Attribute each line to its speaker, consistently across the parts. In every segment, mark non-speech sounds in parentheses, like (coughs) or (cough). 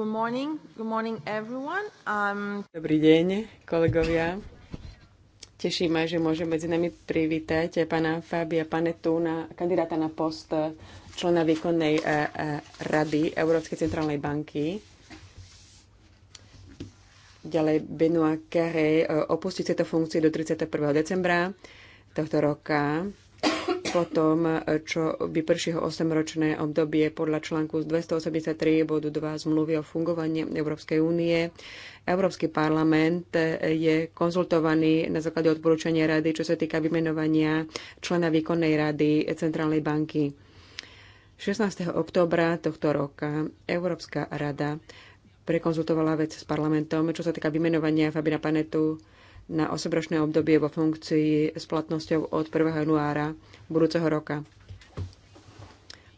Speaker 1: Good morning. Good morning everyone. Um... Dobrý deň,
Speaker 2: kolegovia. Teší ma, že môžem medzi nami privítať pána Fabia Panetu, na, kandidáta na post člena výkonnej e, e, rady Európskej centrálnej banky. Ďalej Benoit Carré e, opustí tieto funkcie do 31. decembra tohto roka potom, čo vyprší ho 8-ročné obdobie podľa článku 283 bodu 2 zmluvy o fungovaní Európskej únie. Európsky parlament je konzultovaný na základe odporúčania rady, čo sa týka vymenovania člena výkonnej rady Centrálnej banky. 16. oktobra tohto roka Európska rada prekonzultovala vec s parlamentom, čo sa týka vymenovania Fabina Panetu na osobročné obdobie vo funkcii s platnosťou od 1. januára budúceho roka.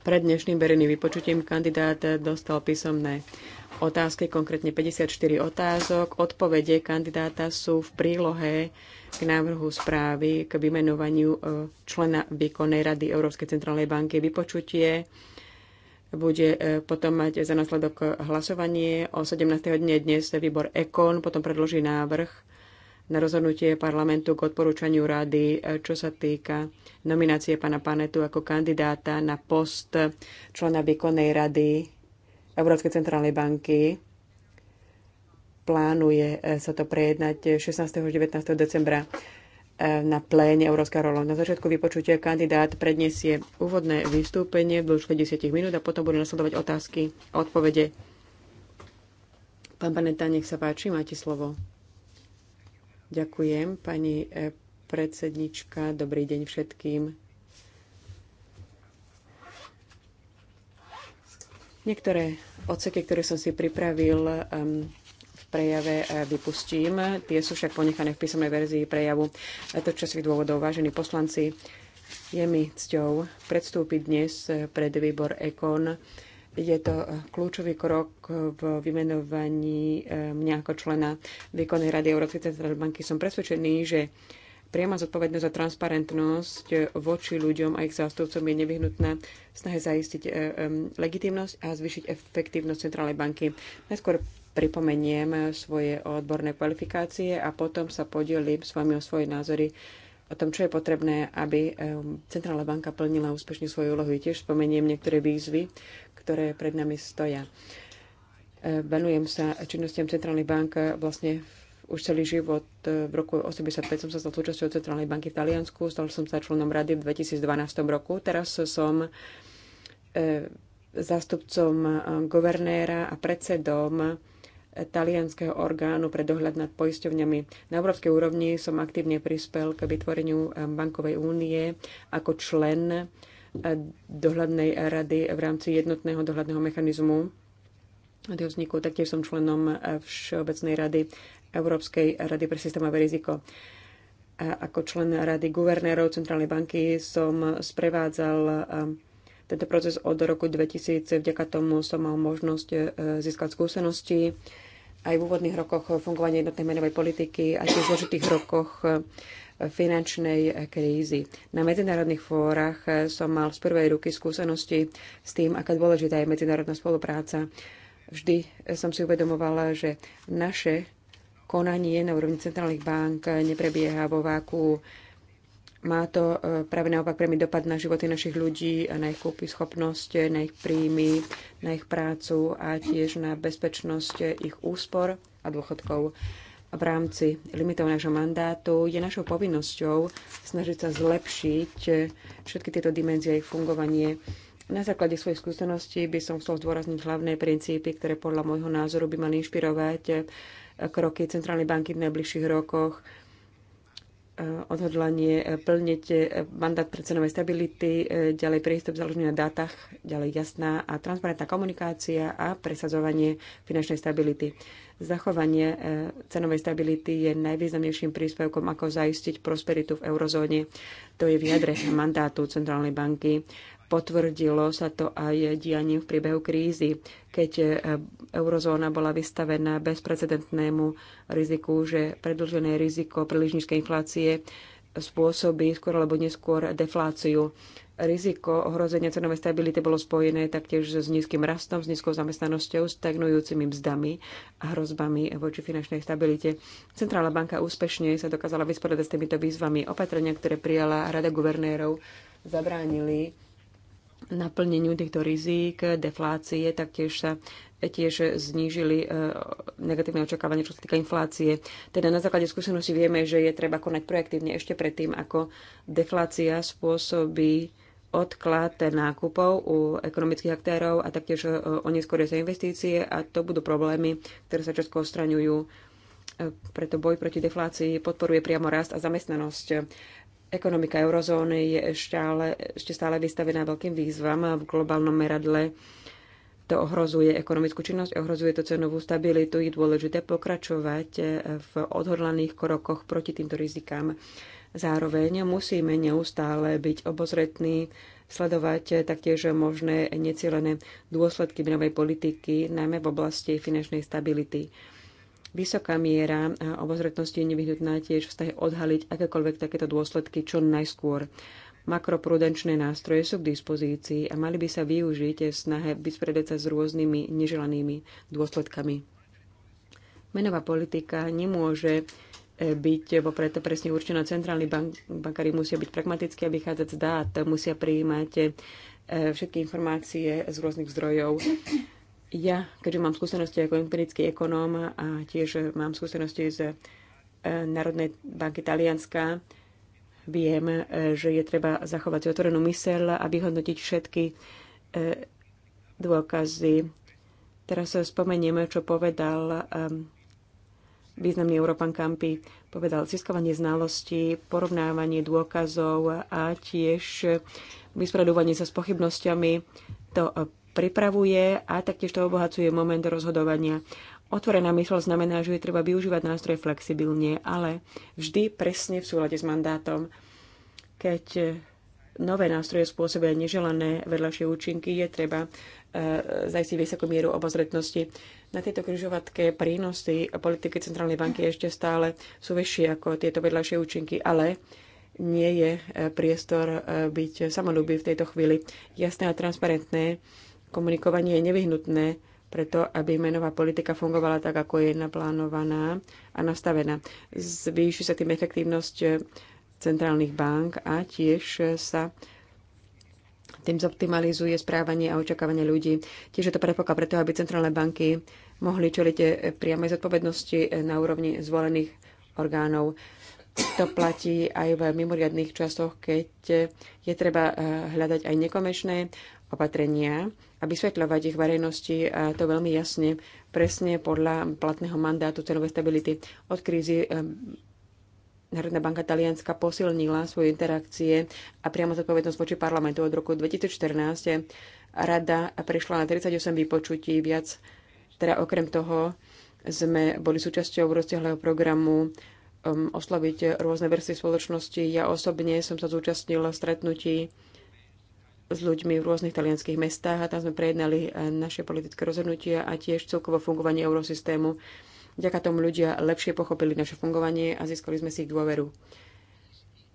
Speaker 2: Pred dnešným verejným vypočutím kandidát dostal písomné otázky, konkrétne 54 otázok. Odpovede kandidáta sú v prílohe k návrhu správy k vymenovaniu e, člena výkonnej rady Európskej centrálnej banky. Vypočutie bude e, potom mať za následok hlasovanie. O 17. hodine dnes výbor EKON potom predloží návrh na rozhodnutie parlamentu k odporúčaniu rady, e, čo sa týka nominácie pána Panetu ako kandidáta na post člena výkonnej rady Európskej centrálnej banky. Plánuje e, sa to prejednať 16. až 19. decembra e, na pléne Európska rolov. Na začiatku vypočutia kandidát predniesie úvodné vystúpenie v dĺžke 10 minút a potom budú nasledovať otázky a odpovede. Pán Paneta, nech sa páči, máte slovo. Ďakujem, pani eh, predsednička. Dobrý deň všetkým. Niektoré odseky, ktoré som si pripravil v prejave, eh, vypustím. Tie sú však ponechané v písomnej verzii prejavu. To časových dôvodov, vážení poslanci, je mi cťou predstúpiť dnes eh, pred výbor EKON je to e, kľúčový krok e, v vymenovaní e, mňa ako člena Výkonnej rady Európskej centrálnej banky. Som presvedčený, že priama zodpovednosť a transparentnosť voči ľuďom a ich zástupcom je nevyhnutná v snahe zaistiť legitimnosť a zvýšiť efektívnosť centrálnej banky. Najskôr pripomeniem svoje odborné kvalifikácie a potom sa podelím s vami o svoje názory o tom, čo je potrebné, aby Centrálna banka plnila úspešne svoju úlohu. Tiež spomeniem niektoré výzvy, ktoré pred nami stoja. E, venujem sa činnostiam centrálnych bank e, vlastne už celý život. E, v roku 1985 som sa stal súčasťou Centrálnej banky v Taliansku, stal som sa členom rady v 2012 roku. Teraz som zástupcom guvernéra a predsedom talianského orgánu pre dohľad nad poisťovňami. Na európskej úrovni som aktívne prispel k vytvoreniu bankovej únie ako člen dohľadnej rady v rámci jednotného dohľadného mechanizmu. Od jeho vzniku taktiež som členom Všeobecnej rady Európskej rady pre systémové riziko. A ako člen rady guvernérov Centrálnej banky som sprevádzal tento proces od roku 2000. Vďaka tomu som mal možnosť e, získať skúsenosti aj v úvodných rokoch fungovania jednotnej menovej politiky, aj v zložitých rokoch finančnej krízy. Na medzinárodných fórach som mal z prvej ruky skúsenosti s tým, aká dôležitá je medzinárodná spolupráca. Vždy som si uvedomovala, že naše konanie na úrovni centrálnych bank neprebieha vo váku. Má to e, práve naopak priamy dopad na životy našich ľudí, na ich kúpy schopnosť, na ich príjmy, na ich prácu a tiež na bezpečnosť ich úspor a dôchodkov v rámci limitov nášho mandátu, je našou povinnosťou snažiť sa zlepšiť všetky tieto dimenzie ich fungovanie. Na základe svojich skúseností by som chcel zdôrazniť hlavné princípy, ktoré podľa môjho názoru by mali inšpirovať kroky Centrálnej banky v najbližších rokoch, odhodlanie plniť mandát pre cenovej stability, ďalej prístup založený na dátach, ďalej jasná a transparentná komunikácia a presadzovanie finančnej stability. Zachovanie e, cenovej stability je najvýznamnejším príspevkom, ako zaistiť prosperitu v eurozóne. To je vyjadre mandátu Centrálnej banky. Potvrdilo sa to aj dianím v priebehu krízy, keď e, eurozóna bola vystavená bezprecedentnému riziku, že predlžené riziko príliš nízkej inflácie spôsobí skôr alebo neskôr defláciu riziko ohrozenia cenovej stability bolo spojené taktiež s nízkym rastom, s nízkou zamestnanosťou, stagnujúcimi mzdami a hrozbami voči finančnej stabilite. Centrálna banka úspešne sa dokázala vysporiadať s týmito výzvami. Opatrenia, ktoré prijala Rada guvernérov, zabránili naplneniu týchto rizík, deflácie, taktiež sa tiež znížili e, negatívne očakávanie, čo sa týka inflácie. Teda na základe skúsenosti vieme, že je treba konať projektívne ešte predtým, ako deflácia spôsobí odklad nákupov u ekonomických aktérov a taktiež e, oneskoria sa investície a to budú problémy, ktoré sa často ostraňujú. E, preto boj proti deflácii podporuje priamo rast a zamestnanosť. Ekonomika eurozóny je ešte, ale, ešte stále vystavená veľkým výzvam v globálnom meradle to ohrozuje ekonomickú činnosť, ohrozuje to cenovú stabilitu. Je dôležité pokračovať v odhodlaných krokoch proti týmto rizikám. Zároveň musíme neustále byť obozretní, sledovať taktiež možné necielené dôsledky menovej politiky, najmä v oblasti finančnej stability. Vysoká miera obozretnosti je nevyhnutná tiež v vztahe odhaliť akékoľvek takéto dôsledky čo najskôr makroprudenčné nástroje sú k dispozícii a mali by sa využiť v snahe vyspredať sa s rôznymi neželanými dôsledkami. Menová politika nemôže eh, byť preto presne určená. centrálny bank- bankári musia byť pragmatickí a vychádzať z dát, musia prijímať eh, všetky informácie z rôznych zdrojov. Ja, keďže mám skúsenosti ako empirický ekonóm a tiež eh, mám skúsenosti z Národnej banky Talianska, Viem, e, že je treba zachovať otvorenú mysel a vyhodnotiť všetky e, dôkazy. Teraz spomeniem, čo povedal významný Európan Kampy. Povedal ciskovanie znalostí, porovnávanie dôkazov a tiež vysporadovanie sa s pochybnosťami. To pripravuje a taktiež to obohacuje moment rozhodovania. Otvorená mysl znamená, že je treba využívať nástroje flexibilne, ale vždy presne v súlade s mandátom. Keď nové nástroje spôsobia neželané vedľajšie účinky, je treba e, zajistiť vysokú mieru obozretnosti. Na tejto križovatke prínosy politiky Centrálnej banky ešte stále sú vyššie ako tieto vedľajšie účinky, ale nie je e, priestor e, byť samolúbý v tejto chvíli. Jasné a transparentné komunikovanie je nevyhnutné preto aby menová politika fungovala tak, ako je naplánovaná a nastavená. Zvýši sa tým efektívnosť eh, centrálnych bank a tiež eh, sa tým zoptimalizuje správanie a očakávanie ľudí. Tiež je to predpoklad preto, aby centrálne banky mohli čeliť eh, priamej zodpovednosti na úrovni zvolených orgánov. To platí aj v mimoriadných časoch, keď je treba hľadať aj nekomečné opatrenia a vysvetľovať ich verejnosti a to veľmi jasne, presne podľa platného mandátu cenovej stability. Od krízy Národná banka Talianska posilnila svoje interakcie a priamo zodpovednosť voči parlamentu od roku 2014. Rada prišla na 38 vypočutí viac, teda okrem toho sme boli súčasťou rozsiahleho programu osloviť rôzne vrstvy spoločnosti. Ja osobne som sa zúčastnila stretnutí s ľuďmi v rôznych talianských mestách a tam sme prejednali eh, naše politické rozhodnutia a tiež celkovo fungovanie eurosystému. Vďaka tomu ľudia lepšie pochopili naše fungovanie a získali sme si ich dôveru.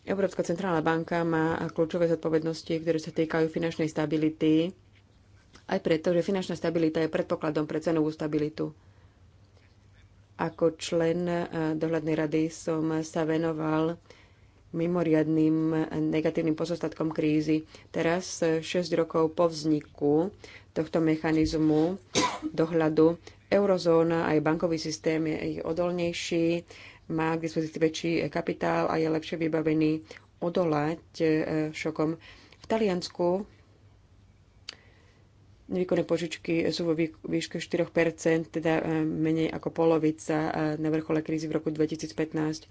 Speaker 2: Európska centrálna banka má kľúčové zodpovednosti, ktoré sa týkajú finančnej stability, aj preto, že finančná stabilita je predpokladom pre cenovú stabilitu. Ako člen eh, dohľadnej rady som sa venoval mimoriadným negatívnym pozostatkom krízy. Teraz, 6 rokov po vzniku tohto mechanizmu dohľadu, eurozóna aj bankový systém je odolnejší, má k dispozícii väčší kapitál a je lepšie vybavený odolať eh, šokom. V Taliansku nevýkonné požičky sú vo výške 4 teda eh, menej ako polovica eh, na vrchole krízy v roku 2015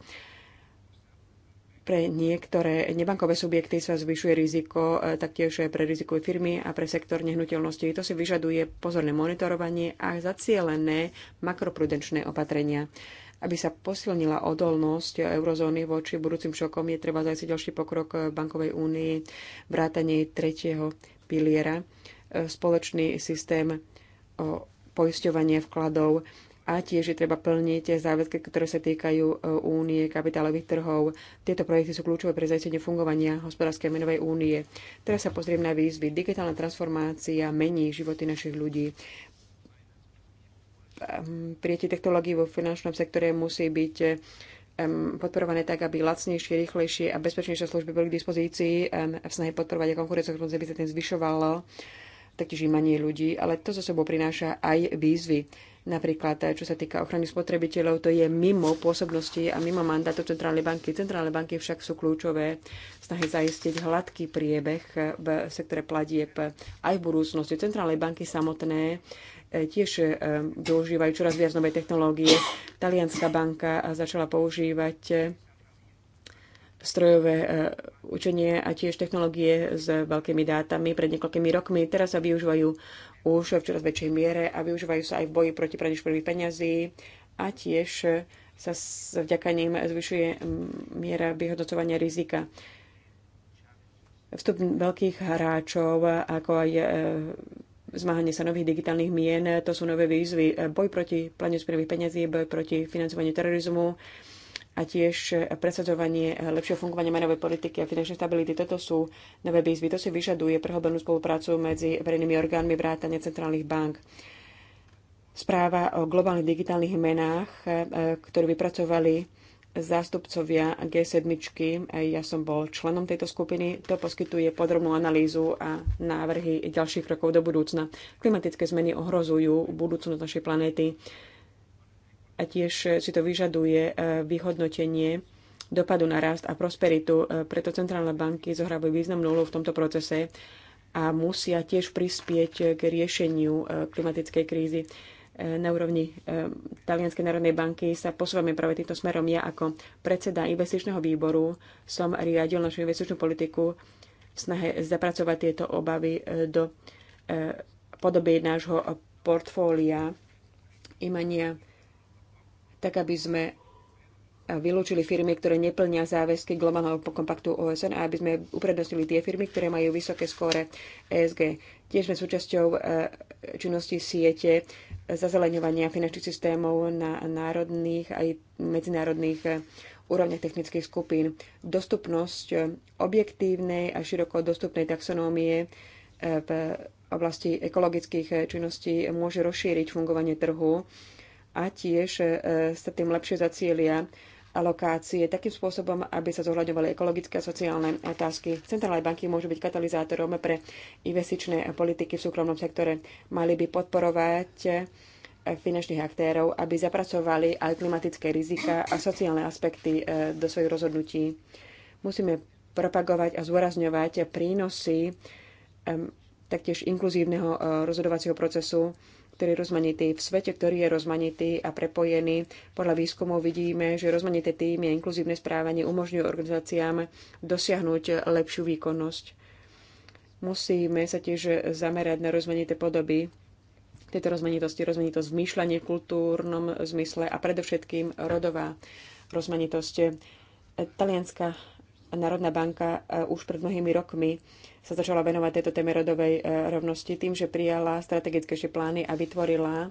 Speaker 2: pre niektoré nebankové subjekty sa zvyšuje riziko e, taktiež aj pre rizikové firmy a pre sektor nehnuteľnosti. To si vyžaduje pozorné monitorovanie a zacielené makroprudenčné opatrenia. Aby sa posilnila odolnosť eurozóny voči budúcim šokom, je treba zajsiť ďalší pokrok bankovej únie, vrátanie tretieho piliera, e, spoločný systém poisťovania vkladov, a tiež je treba plniť záväzky, ktoré sa týkajú e, únie kapitálových trhov. Tieto projekty sú kľúčové pre zajistenie fungovania hospodárskej menovej únie. Teraz sa pozriem na výzvy. Digitálna transformácia mení životy našich ľudí. Ehm, prijatie technológií vo finančnom sektore musí byť ehm, podporované tak, aby lacnejšie, rýchlejšie a bezpečnejšie služby boli k dispozícii ehm, v snahe podporovať a konkurencieschopnosť, aby sa tým zvyšovalo taktiež imanie ľudí, ale to za sebou prináša aj výzvy. Napríklad, čo sa týka ochrany spotrebiteľov, to je mimo pôsobnosti a mimo mandátu centrálnej banky. Centrálne banky však sú kľúčové snahy zaistiť hladký priebeh v sektore platieb aj v budúcnosti. Centrálne banky samotné eh, tiež eh, využívajú čoraz viac nové technológie. Talianská banka eh, začala používať strojové učenie a tiež technológie s veľkými dátami pred niekoľkými rokmi. Teraz sa využívajú už v čoraz väčšej miere a využívajú sa aj v boji proti praniu špinavých peňazí a tiež sa vďaka ním zvyšuje miera vyhodnocovania rizika. Vstup veľkých hráčov, ako aj e, zmáhanie sa nových digitálnych mien, to sú nové výzvy. Boj proti planiu špinavých peňazí, boj proti financovaniu terorizmu, a tiež e, presadzovanie e, lepšieho fungovania menovej politiky a finančnej stability. Toto sú nové výzvy. To si vyžaduje prehlbenú spoluprácu medzi verejnými orgánmi vrátane centrálnych bank. Správa o globálnych digitálnych menách, e, ktorú vypracovali zástupcovia G7, ja som bol členom tejto skupiny, to poskytuje podrobnú analýzu a návrhy ďalších krokov do budúcna. Klimatické zmeny ohrozujú budúcnosť našej planéty a tiež eh, si to vyžaduje eh, vyhodnotenie dopadu na rast a prosperitu. Eh, preto centrálne banky zohrávajú významnú úlohu v tomto procese a musia tiež prispieť k riešeniu klimatickej krízy. Na úrovni Talianskej národnej banky sa posúvame práve týmto smerom. Ja ako predseda investičného výboru som riadil našu investičnú politiku v snahe zapracovať tieto obavy do podoby nášho portfólia imania tak aby sme vylúčili firmy, ktoré neplnia záväzky globálneho kompaktu OSN a aby sme uprednostnili tie firmy, ktoré majú vysoké skóre ESG. Tiež sme súčasťou e, činnosti siete zazeleňovania finančných systémov na národných aj medzinárodných e, úrovniach technických skupín. Dostupnosť objektívnej a široko dostupnej taxonómie e, v oblasti ekologických činností môže rozšíriť fungovanie trhu a tiež e, sa tým lepšie zacielia alokácie takým spôsobom, aby sa zohľadňovali ekologické a sociálne otázky. Centrálne banky môžu byť katalizátorom pre investičné politiky v súkromnom sektore. Mali by podporovať e, finančných aktérov, aby zapracovali aj klimatické rizika a sociálne aspekty e, do svojich rozhodnutí. Musíme propagovať a zdôrazňovať prínosy taktiež inkluzívneho rozhodovacieho procesu ktorý je rozmanitý, v svete, ktorý je rozmanitý a prepojený. Podľa výskumov vidíme, že rozmanité týmy a inkluzívne správanie umožňujú organizáciám dosiahnuť lepšiu výkonnosť. Musíme sa tiež zamerať na rozmanité podoby tejto rozmanitosti, rozmanitosť v myšlení, kultúrnom zmysle a predovšetkým rodová rozmanitosť. Talianská Národná banka eh, už pred mnohými rokmi sa začala venovať tejto téme rodovej e, rovnosti tým, že prijala strategické plány a vytvorila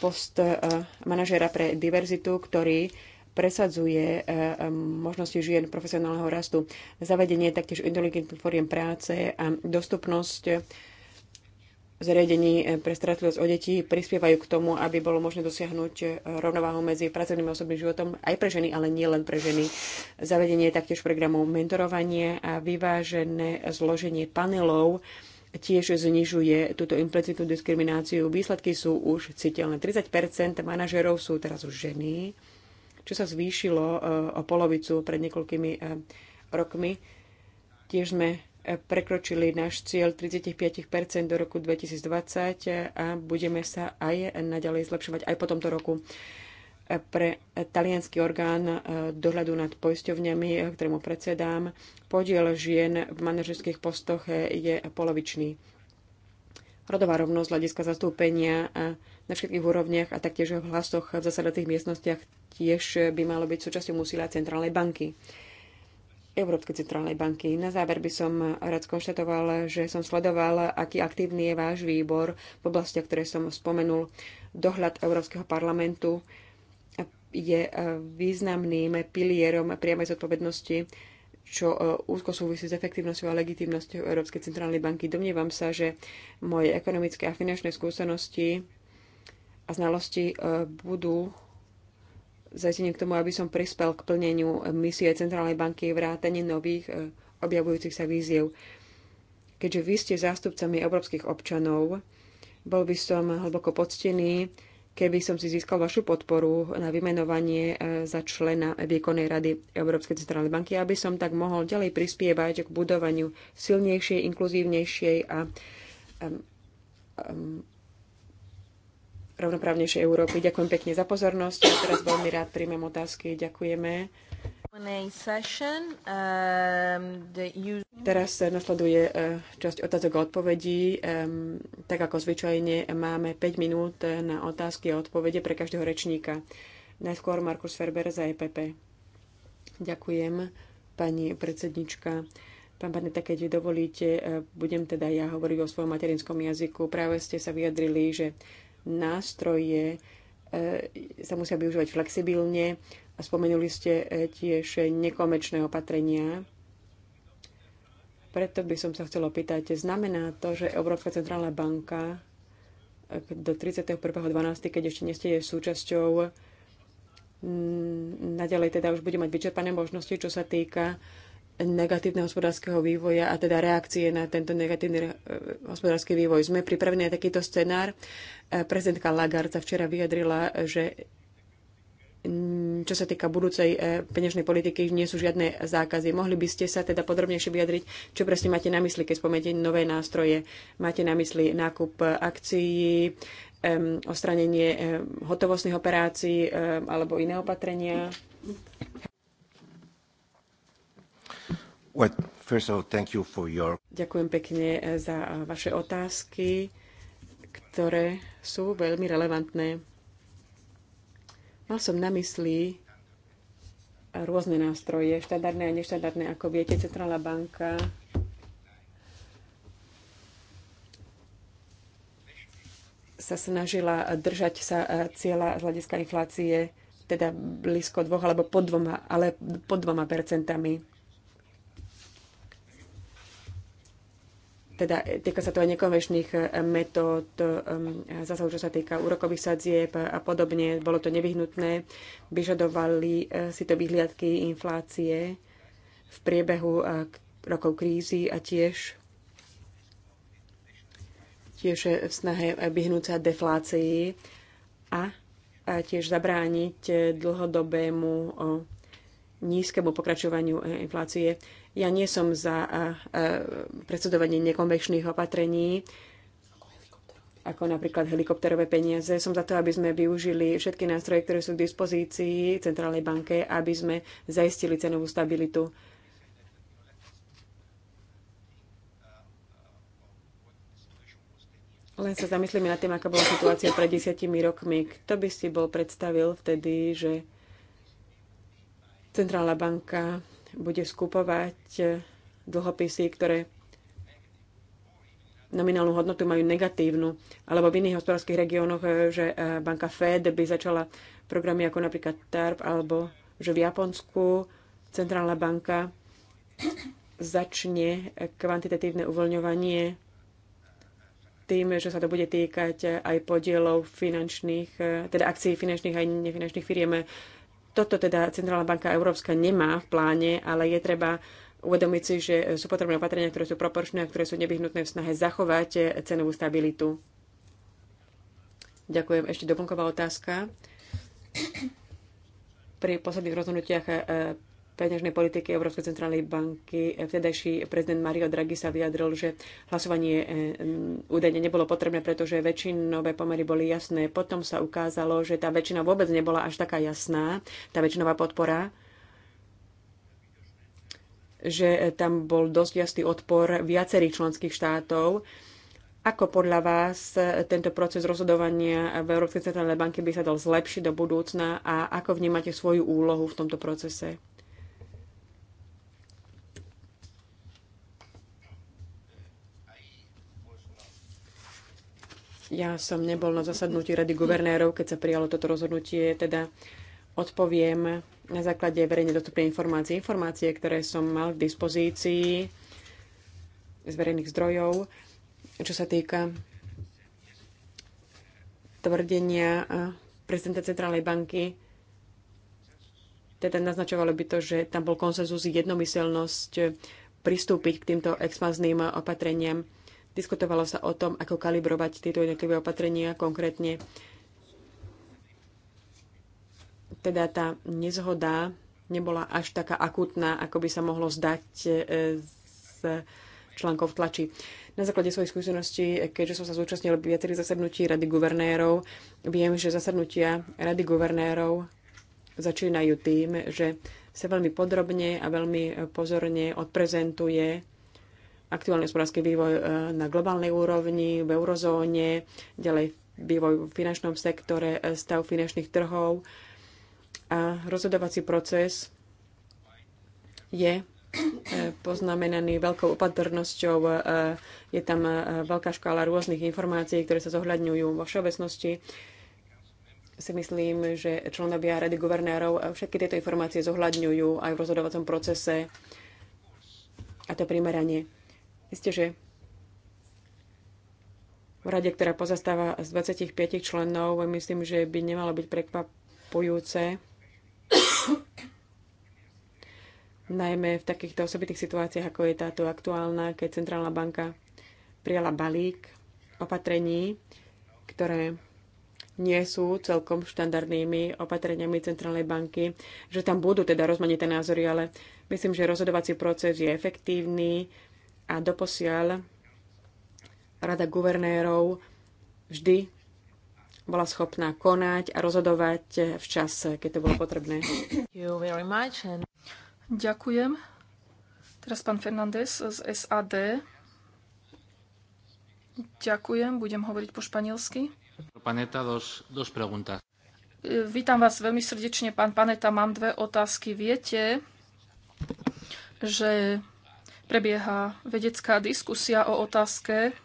Speaker 2: post e, manažera pre diverzitu, ktorý presadzuje e, možnosti žien profesionálneho rastu, zavedenie taktiež inteligentných foriem práce a dostupnosť zariadení eh, pre starostlivosť o deti prispievajú k tomu, aby bolo možné dosiahnuť eh, rovnováhu medzi pracovným a osobným životom aj pre ženy, ale nie len pre ženy. Zavedenie taktiež programov mentorovanie a vyvážené zloženie panelov tiež znižuje túto implicitnú diskrimináciu. Výsledky sú už citeľné. 30 manažerov sú teraz už ženy, čo sa zvýšilo eh, o polovicu pred niekoľkými rokmi. Tiež sme prekročili náš cieľ 35 do roku 2020 a budeme sa aj naďalej zlepšovať aj po tomto roku. Pre talianský orgán e, dohľadu nad poisťovňami, e, ktorému predsedám, podiel žien v manažerských postoch e, je polovičný. Rodová rovnosť hľadiska zastúpenia na všetkých úrovniach a taktiež v hlasoch v zasadatých miestnostiach tiež by malo byť súčasťou úsilia Centrálnej banky. Európskej centrálnej banky. Na záver by som rád skonštatoval, že som sledoval, aký aktívny je váš výbor v oblastiach, ktoré som spomenul. Dohľad Európskeho parlamentu je eh, významným pilierom priamej zodpovednosti, čo eh, úzko súvisí s efektívnosťou a legitimnosťou Európskej centrálnej banky. Domnievam sa, že moje ekonomické a finančné skúsenosti a znalosti eh, budú zajistenie k tomu, aby som prispel k plneniu misie Centrálnej banky vrátane nových e, objavujúcich sa víziev. Keďže vy ste zástupcami európskych občanov, bol by som hlboko poctený, keby som si získal vašu podporu na vymenovanie e, za člena výkonnej rady Európskej centrálnej banky, aby som tak mohol ďalej prispievať k budovaniu silnejšej, inkluzívnejšej a um, um, rovnoprávnejšej Európy. Ďakujem pekne za pozornosť. A teraz veľmi rád príjmem otázky. Ďakujeme.
Speaker 1: Um, teraz
Speaker 2: nasleduje eh, časť otázok a odpovedí. Tak ako zvyčajne máme 5 minút eh, na otázky a odpovede pre každého rečníka. Najskôr Markus Ferber za EPP. Ďakujem, pani predsednička. Pán tak keď dovolíte, eh, budem teda ja hovoriť o svojom materinskom jazyku. Práve ste sa vyjadrili, že nástroje e, sa musia využívať flexibilne a spomenuli ste e, tiež nekomerčné opatrenia. Preto by som sa chcela pýtať, znamená to, že Európska centrálna banka e, do 31.12., keď ešte neste je súčasťou, naďalej teda už bude mať vyčerpané možnosti, čo sa týka negatívneho hospodárskeho vývoja a teda reakcie na tento negatívny eh, hospodársky vývoj. Sme pripravení na takýto scenár. Eh, prezidentka Lagarde sa včera vyjadrila, eh, že mm, čo sa týka budúcej peňažnej politiky, nie sú žiadne zákazy. Mohli by ste sa teda podrobnejšie vyjadriť, čo presne máte na mysli, keď spomeniete nové nástroje. Máte na mysli nákup akcií, ostranenie hotovostných operácií alebo iné opatrenia? Ďakujem pekne eh, za eh, vaše otázky, ktoré sú veľmi relevantné. Mal som na mysli rôzne nástroje, štandardné a neštandardné. Ako viete, Centrálna banka sa snažila eh, držať sa cieľa z hľadiska inflácie teda blízko dvoch alebo pod dvoma, ale pod dvoma percentami. Teda e, týka sa to aj nekonvenčných e, metód, zase, čo sa týka úrokových sadzieb a podobne. Bolo to nevyhnutné. Vyžadovali e, si to vyhliadky inflácie v priebehu rokov krízy a tiež tiež v snahe vyhnúť sa deflácii a tiež zabrániť dlhodobému nízkemu pokračovaniu inflácie. Ja nie som za predsedovanie nekonvenčných opatrení, ako napríklad helikopterové peniaze. Som za to, aby sme využili všetky nástroje, ktoré sú k dispozícii Centrálnej banke, aby sme zaistili cenovú stabilitu. Len sa zamyslíme nad tým, aká bola situácia pred desiatimi rokmi. Kto by si bol predstavil vtedy, že Centrálna banka bude skupovať e, dlhopisy, ktoré nominálnu hodnotu majú negatívnu, alebo v iných hospodárských regiónoch, e, že e, banka Fed by začala programy ako napríklad TARP, alebo že v Japonsku centrálna banka začne kvantitatívne uvoľňovanie tým, že sa to bude týkať aj podielov finančných, teda akcií finančných aj nefinančných firiem. Toto teda Centrálna banka Európska nemá v pláne, ale je treba uvedomiť si, že sú potrebné opatrenia, ktoré sú proporčné a ktoré sú nevyhnutné v snahe zachovať cenovú stabilitu. Ďakujem. Ešte doplnková otázka. Pri posledných rozhodnutiach eh, peňažnej politiky Európskej centrálnej banky. Vtedajší prezident Mario Draghi sa vyjadril, že hlasovanie eh, mm, údajne nebolo potrebné, pretože väčšinové pomery boli jasné. Potom sa ukázalo, že tá väčšina vôbec nebola až taká jasná, tá väčšinová podpora že eh, tam bol dosť jasný odpor viacerých členských štátov. Ako podľa vás eh, tento proces rozhodovania v Európskej centrálnej banke by sa dal zlepšiť do budúcna a ako vnímate svoju úlohu v tomto procese? Ja som nebol na zasadnutí Rady guvernérov, keď sa prijalo toto rozhodnutie, teda odpoviem na základe verejne dostupnej informácie. Informácie, ktoré som mal k dispozícii z verejných zdrojov, čo sa týka tvrdenia eh, prezidenta Centrálnej banky, teda naznačovalo by to, že tam bol konsenzus jednomyselnosť eh, pristúpiť k týmto expanzným opatreniam Diskutovalo sa o tom, ako kalibrovať tieto jednotlivé opatrenia konkrétne. Teda tá nezhoda nebola až taká akutná, ako by sa mohlo zdať e, z článkov v tlači. Na základe svojich skúseností, keďže som sa zúčastnil viacerých zasadnutí Rady guvernérov, viem, že zasadnutia Rady guvernérov začínajú tým, že sa veľmi podrobne a veľmi pozorne odprezentuje aktuálny hospodársky vývoj e, na globálnej úrovni, v eurozóne, ďalej vývoj v finančnom sektore, e, stav finančných trhov a rozhodovací proces je e, poznamenaný veľkou opatrnosťou. Je tam veľká škála rôznych informácií, ktoré sa zohľadňujú vo všeobecnosti. Si myslím, že členovia Rady guvernérov všetky tieto informácie zohľadňujú aj v rozhodovacom procese a to primeranie. Isté, že v rade, ktorá pozastáva z 25 členov, myslím, že by nemalo byť prekvapujúce, najmä v takýchto osobitých situáciách, ako je táto aktuálna, keď Centrálna banka prijala balík opatrení, ktoré nie sú celkom štandardnými opatreniami Centrálnej banky, že tam budú teda rozmanité názory, ale myslím, že rozhodovací proces je efektívny, a doposiaľ rada guvernérov vždy bola schopná konať a rozhodovať v čase, keď to bolo potrebné.
Speaker 1: Ďakujem. Teraz pán Fernández z SAD. Ďakujem, budem hovoriť po španielsky. Paneta, dos, dos preguntas. E, vítam vás veľmi srdečne, pán Paneta. Mám dve otázky. Viete, že prebieha vedecká diskusia o otázke,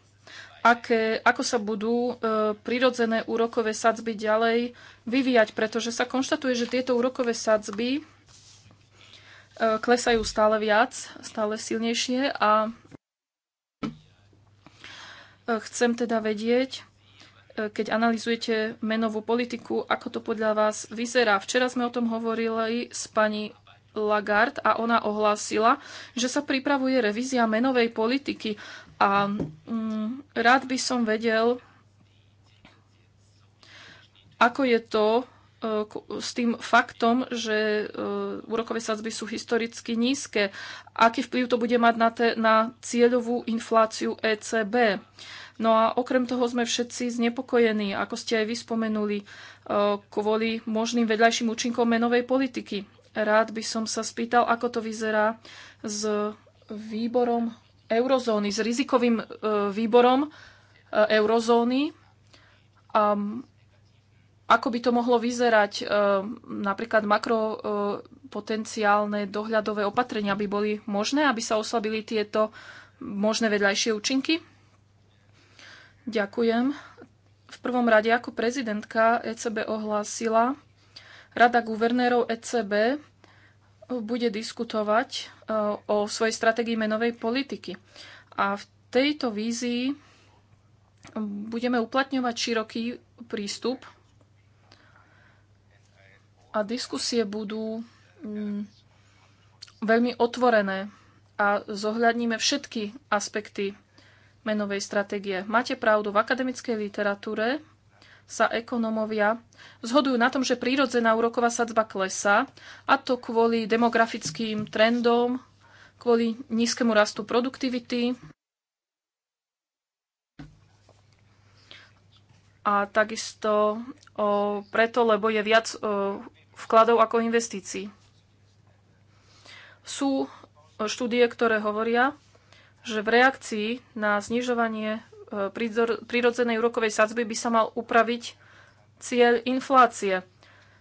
Speaker 1: aké, ako sa budú e, prirodzené úrokové sadzby ďalej vyvíjať, pretože sa konštatuje, že tieto úrokové sadzby e, klesajú stále viac, stále silnejšie a e, chcem teda vedieť, e, keď analizujete menovú politiku, ako to podľa vás vyzerá. Včera sme o tom hovorili s pani Lagarde a ona ohlásila, že sa pripravuje revízia menovej politiky a mm, rád by som vedel, ako je to e, s tým faktom, že e, úrokové sadzby sú historicky nízke. Aký vplyv to bude mať na, te, na cieľovú infláciu ECB? No a okrem toho sme všetci znepokojení, ako ste aj vyspomenuli, e, kvôli možným vedľajším účinkom menovej politiky. Rád by som sa spýtal, ako to vyzerá s výborom eurozóny, s rizikovým e, výborom e, eurozóny. A ako by to mohlo vyzerať, e, napríklad makropotenciálne dohľadové opatrenia by boli možné, aby sa oslabili tieto možné vedľajšie účinky? Ďakujem. V prvom rade ako prezidentka ECB ohlásila, Rada guvernérov ECB eh, bude diskutovať eh, o svojej stratégii menovej politiky. A v tejto vízii eh, budeme uplatňovať široký prístup a diskusie budú mm, veľmi otvorené a zohľadníme všetky aspekty menovej stratégie. Máte pravdu, v akademickej literatúre sa ekonomovia zhodujú na tom, že prírodzená úroková sadzba klesá, a to kvôli demografickým trendom, kvôli nízkemu rastu produktivity a takisto o, preto, lebo je viac o, vkladov ako investícií. Sú štúdie, ktoré hovoria, že v reakcii na znižovanie prírodzenej úrokovej sadzby by sa mal upraviť cieľ inflácie.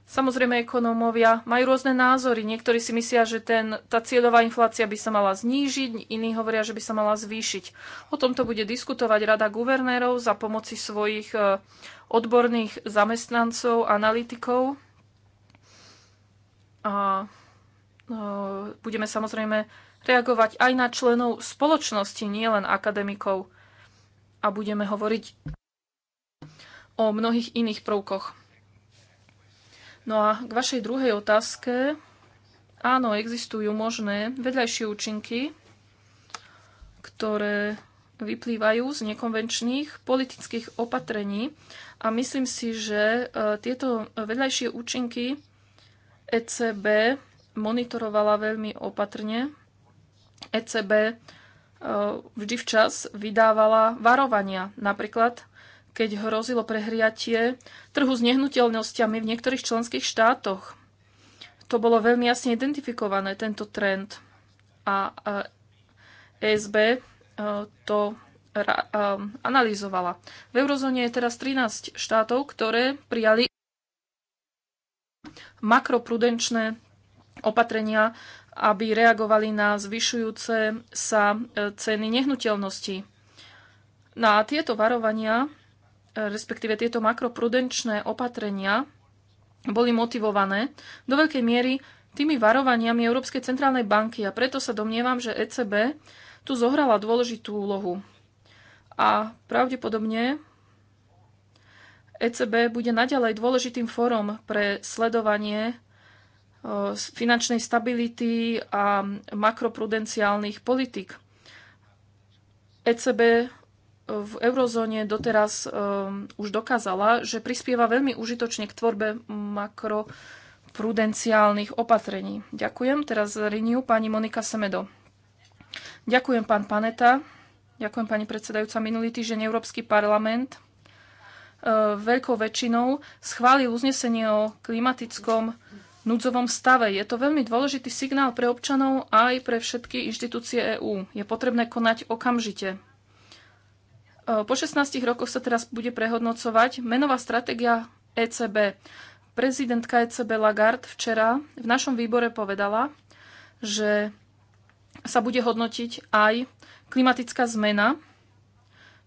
Speaker 1: Samozrejme, ekonómovia majú rôzne názory. Niektorí si myslia, že ten, tá cieľová inflácia by sa mala znížiť, iní hovoria, že by sa mala zvýšiť. O tomto bude diskutovať Rada guvernérov za pomoci svojich e, odborných zamestnancov, analytikov. A e, budeme samozrejme reagovať aj na členov spoločnosti, nielen akademikov a budeme hovoriť o mnohých iných prvkoch. No a k vašej druhej otázke. Áno, existujú možné vedľajšie účinky, ktoré vyplývajú z nekonvenčných politických opatrení a myslím si, že e, tieto vedľajšie účinky ECB monitorovala veľmi opatrne. ECB Eh, vždy včas vydávala varovania. Napríklad, keď hrozilo prehriatie trhu s nehnuteľnosťami v niektorých členských štátoch. To bolo veľmi jasne identifikované, tento trend. A ESB eh, eh, to analyzovala. V eurozóne je teraz 13 štátov, ktoré prijali makroprudenčné opatrenia aby reagovali na zvyšujúce sa e, ceny nehnuteľností. Na no tieto varovania, e, respektíve tieto makroprudenčné opatrenia, boli motivované do veľkej miery tými varovaniami Európskej centrálnej banky a preto sa domnievam, že ECB tu zohrala dôležitú úlohu. A pravdepodobne ECB bude naďalej dôležitým fórom pre sledovanie finančnej stability a makroprudenciálnych politik. ECB v eurozóne doteraz um, už dokázala, že prispieva veľmi užitočne k tvorbe makroprudenciálnych opatrení. Ďakujem. Teraz riniu pani Monika Semedo. Ďakujem, pán Paneta. Ďakujem, pani predsedajúca. Minulý týždeň Európsky parlament uh, veľkou väčšinou schválil uznesenie o klimatickom núdzovom stave. Je to veľmi dôležitý signál pre občanov aj pre všetky inštitúcie EÚ. Je potrebné konať okamžite. E, po 16 rokoch sa teraz bude prehodnocovať menová stratégia ECB. Prezidentka ECB Lagarde včera v našom výbore povedala, že sa bude hodnotiť aj klimatická zmena,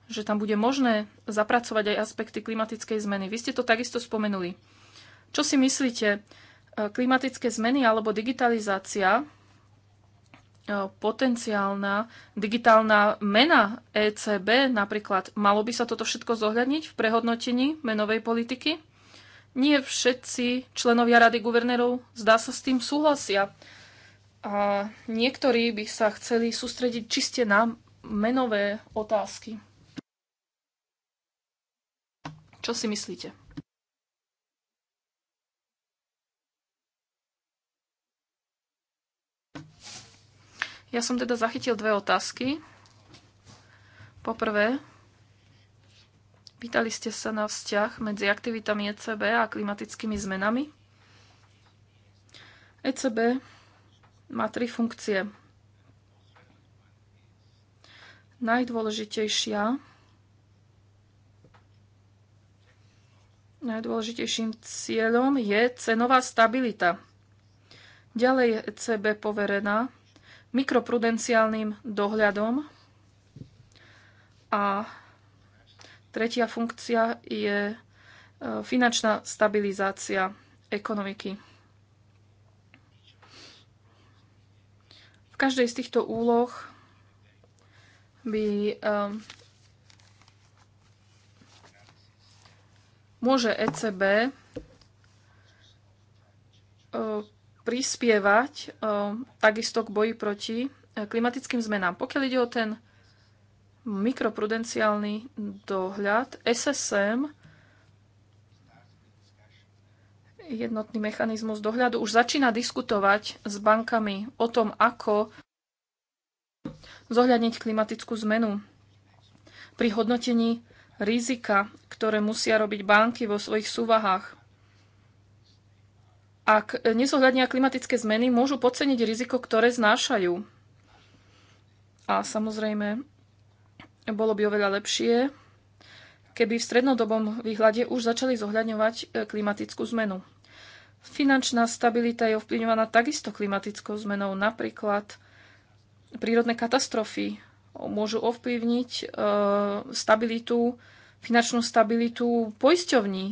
Speaker 1: že tam bude možné zapracovať aj aspekty klimatickej zmeny. Vy ste to takisto spomenuli. Čo si myslíte? E, klimatické zmeny alebo digitalizácia, e, potenciálna digitálna mena ECB napríklad, malo by sa toto všetko zohľadniť v prehodnotení menovej politiky? Nie všetci členovia Rady guvernérov zdá sa s tým súhlasia. A niektorí by sa chceli sústrediť čiste na menové otázky. Čo si myslíte? Ja som teda zachytil dve otázky. Poprvé, pýtali ste sa na vzťah medzi aktivitami ECB a klimatickými zmenami. ECB má tri funkcie. Najdôležitejšia Najdôležitejším cieľom je cenová stabilita. Ďalej je ECB poverená mikroprudenciálnym dohľadom. A tretia funkcia je e, finančná stabilizácia ekonomiky. V každej z týchto úloh by um, môže ECB e, prispievať eh, takisto k boji proti eh, klimatickým zmenám. Pokiaľ ide o ten mikroprudenciálny dohľad, SSM, jednotný mechanizmus dohľadu, už začína diskutovať s bankami o tom, ako zohľadniť klimatickú zmenu pri hodnotení rizika, ktoré musia robiť banky vo svojich súvahách ak nezohľadnia klimatické zmeny, môžu podceniť riziko, ktoré znášajú. A samozrejme, bolo by oveľa lepšie, keby v strednodobom výhľade už začali zohľadňovať e, klimatickú zmenu. Finančná stabilita je ovplyvňovaná takisto klimatickou zmenou. Napríklad prírodné katastrofy môžu ovplyvniť e, stabilitu, finančnú stabilitu poisťovní.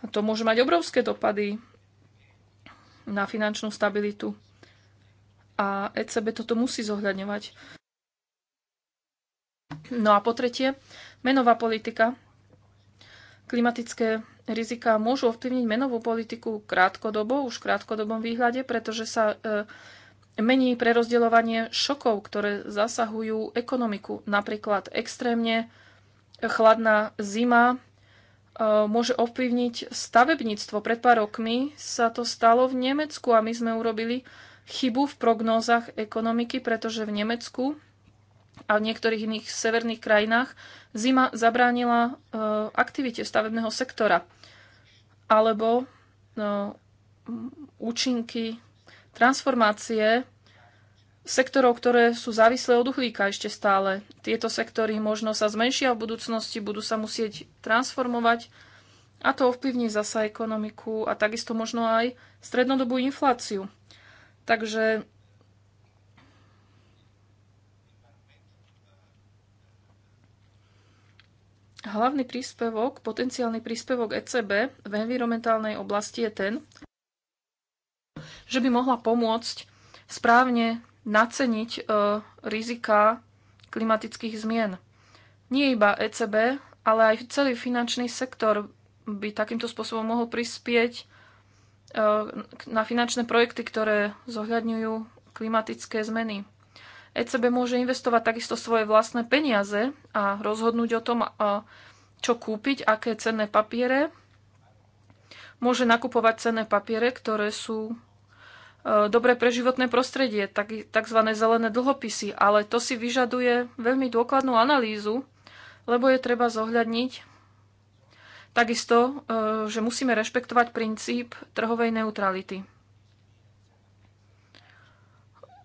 Speaker 1: A to môže mať obrovské dopady na finančnú stabilitu. A ECB toto musí zohľadňovať. No a po tretie, menová politika. Klimatické rizika môžu ovplyvniť menovú politiku krátkodobo, už v krátkodobom výhľade, pretože sa e, mení prerozdeľovanie šokov, ktoré zasahujú ekonomiku. Napríklad extrémne chladná zima Eh, môže ovplyvniť stavebníctvo. Pred pár rokmi sa to stalo v Nemecku a my sme urobili chybu v prognózach ekonomiky, pretože v Nemecku a v niektorých iných severných krajinách zima zabránila eh, aktivite stavebného sektora alebo no, účinky transformácie sektorov, ktoré sú závislé od uhlíka ešte stále. Tieto sektory možno sa zmenšia v budúcnosti, budú sa musieť transformovať a to ovplyvní zasa ekonomiku a takisto možno aj strednodobú infláciu. Takže hlavný príspevok, potenciálny príspevok ECB v environmentálnej oblasti je ten, že by mohla pomôcť správne naceniť e, rizika klimatických zmien. Nie iba ECB, ale aj celý finančný sektor by takýmto spôsobom mohol prispieť e, na finančné projekty, ktoré zohľadňujú klimatické zmeny. ECB môže investovať takisto svoje vlastné peniaze a rozhodnúť o tom, e, čo kúpiť, aké cenné papiere. Môže nakupovať cenné papiere, ktoré sú E, dobré pre životné prostredie, tzv. zelené dlhopisy, ale to si vyžaduje veľmi dôkladnú analýzu, lebo je treba zohľadniť takisto, e, že musíme rešpektovať princíp trhovej neutrality.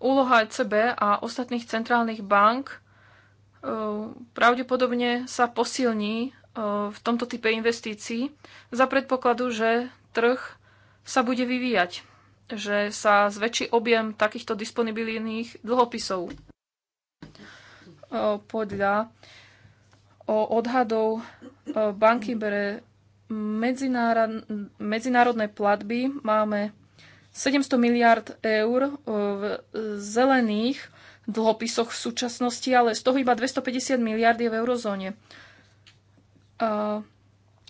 Speaker 1: Úloha ECB a ostatných centrálnych bank e, pravdepodobne sa posilní v tomto type investícií za predpokladu, že trh sa bude vyvíjať že sa zväčší objem takýchto disponibilných dlhopisov. E, podľa odhadov e, banky bere medzinárodné platby. Máme 700 miliard eur e, v zelených dlhopisoch v súčasnosti, ale z toho iba 250 miliard je v eurozóne.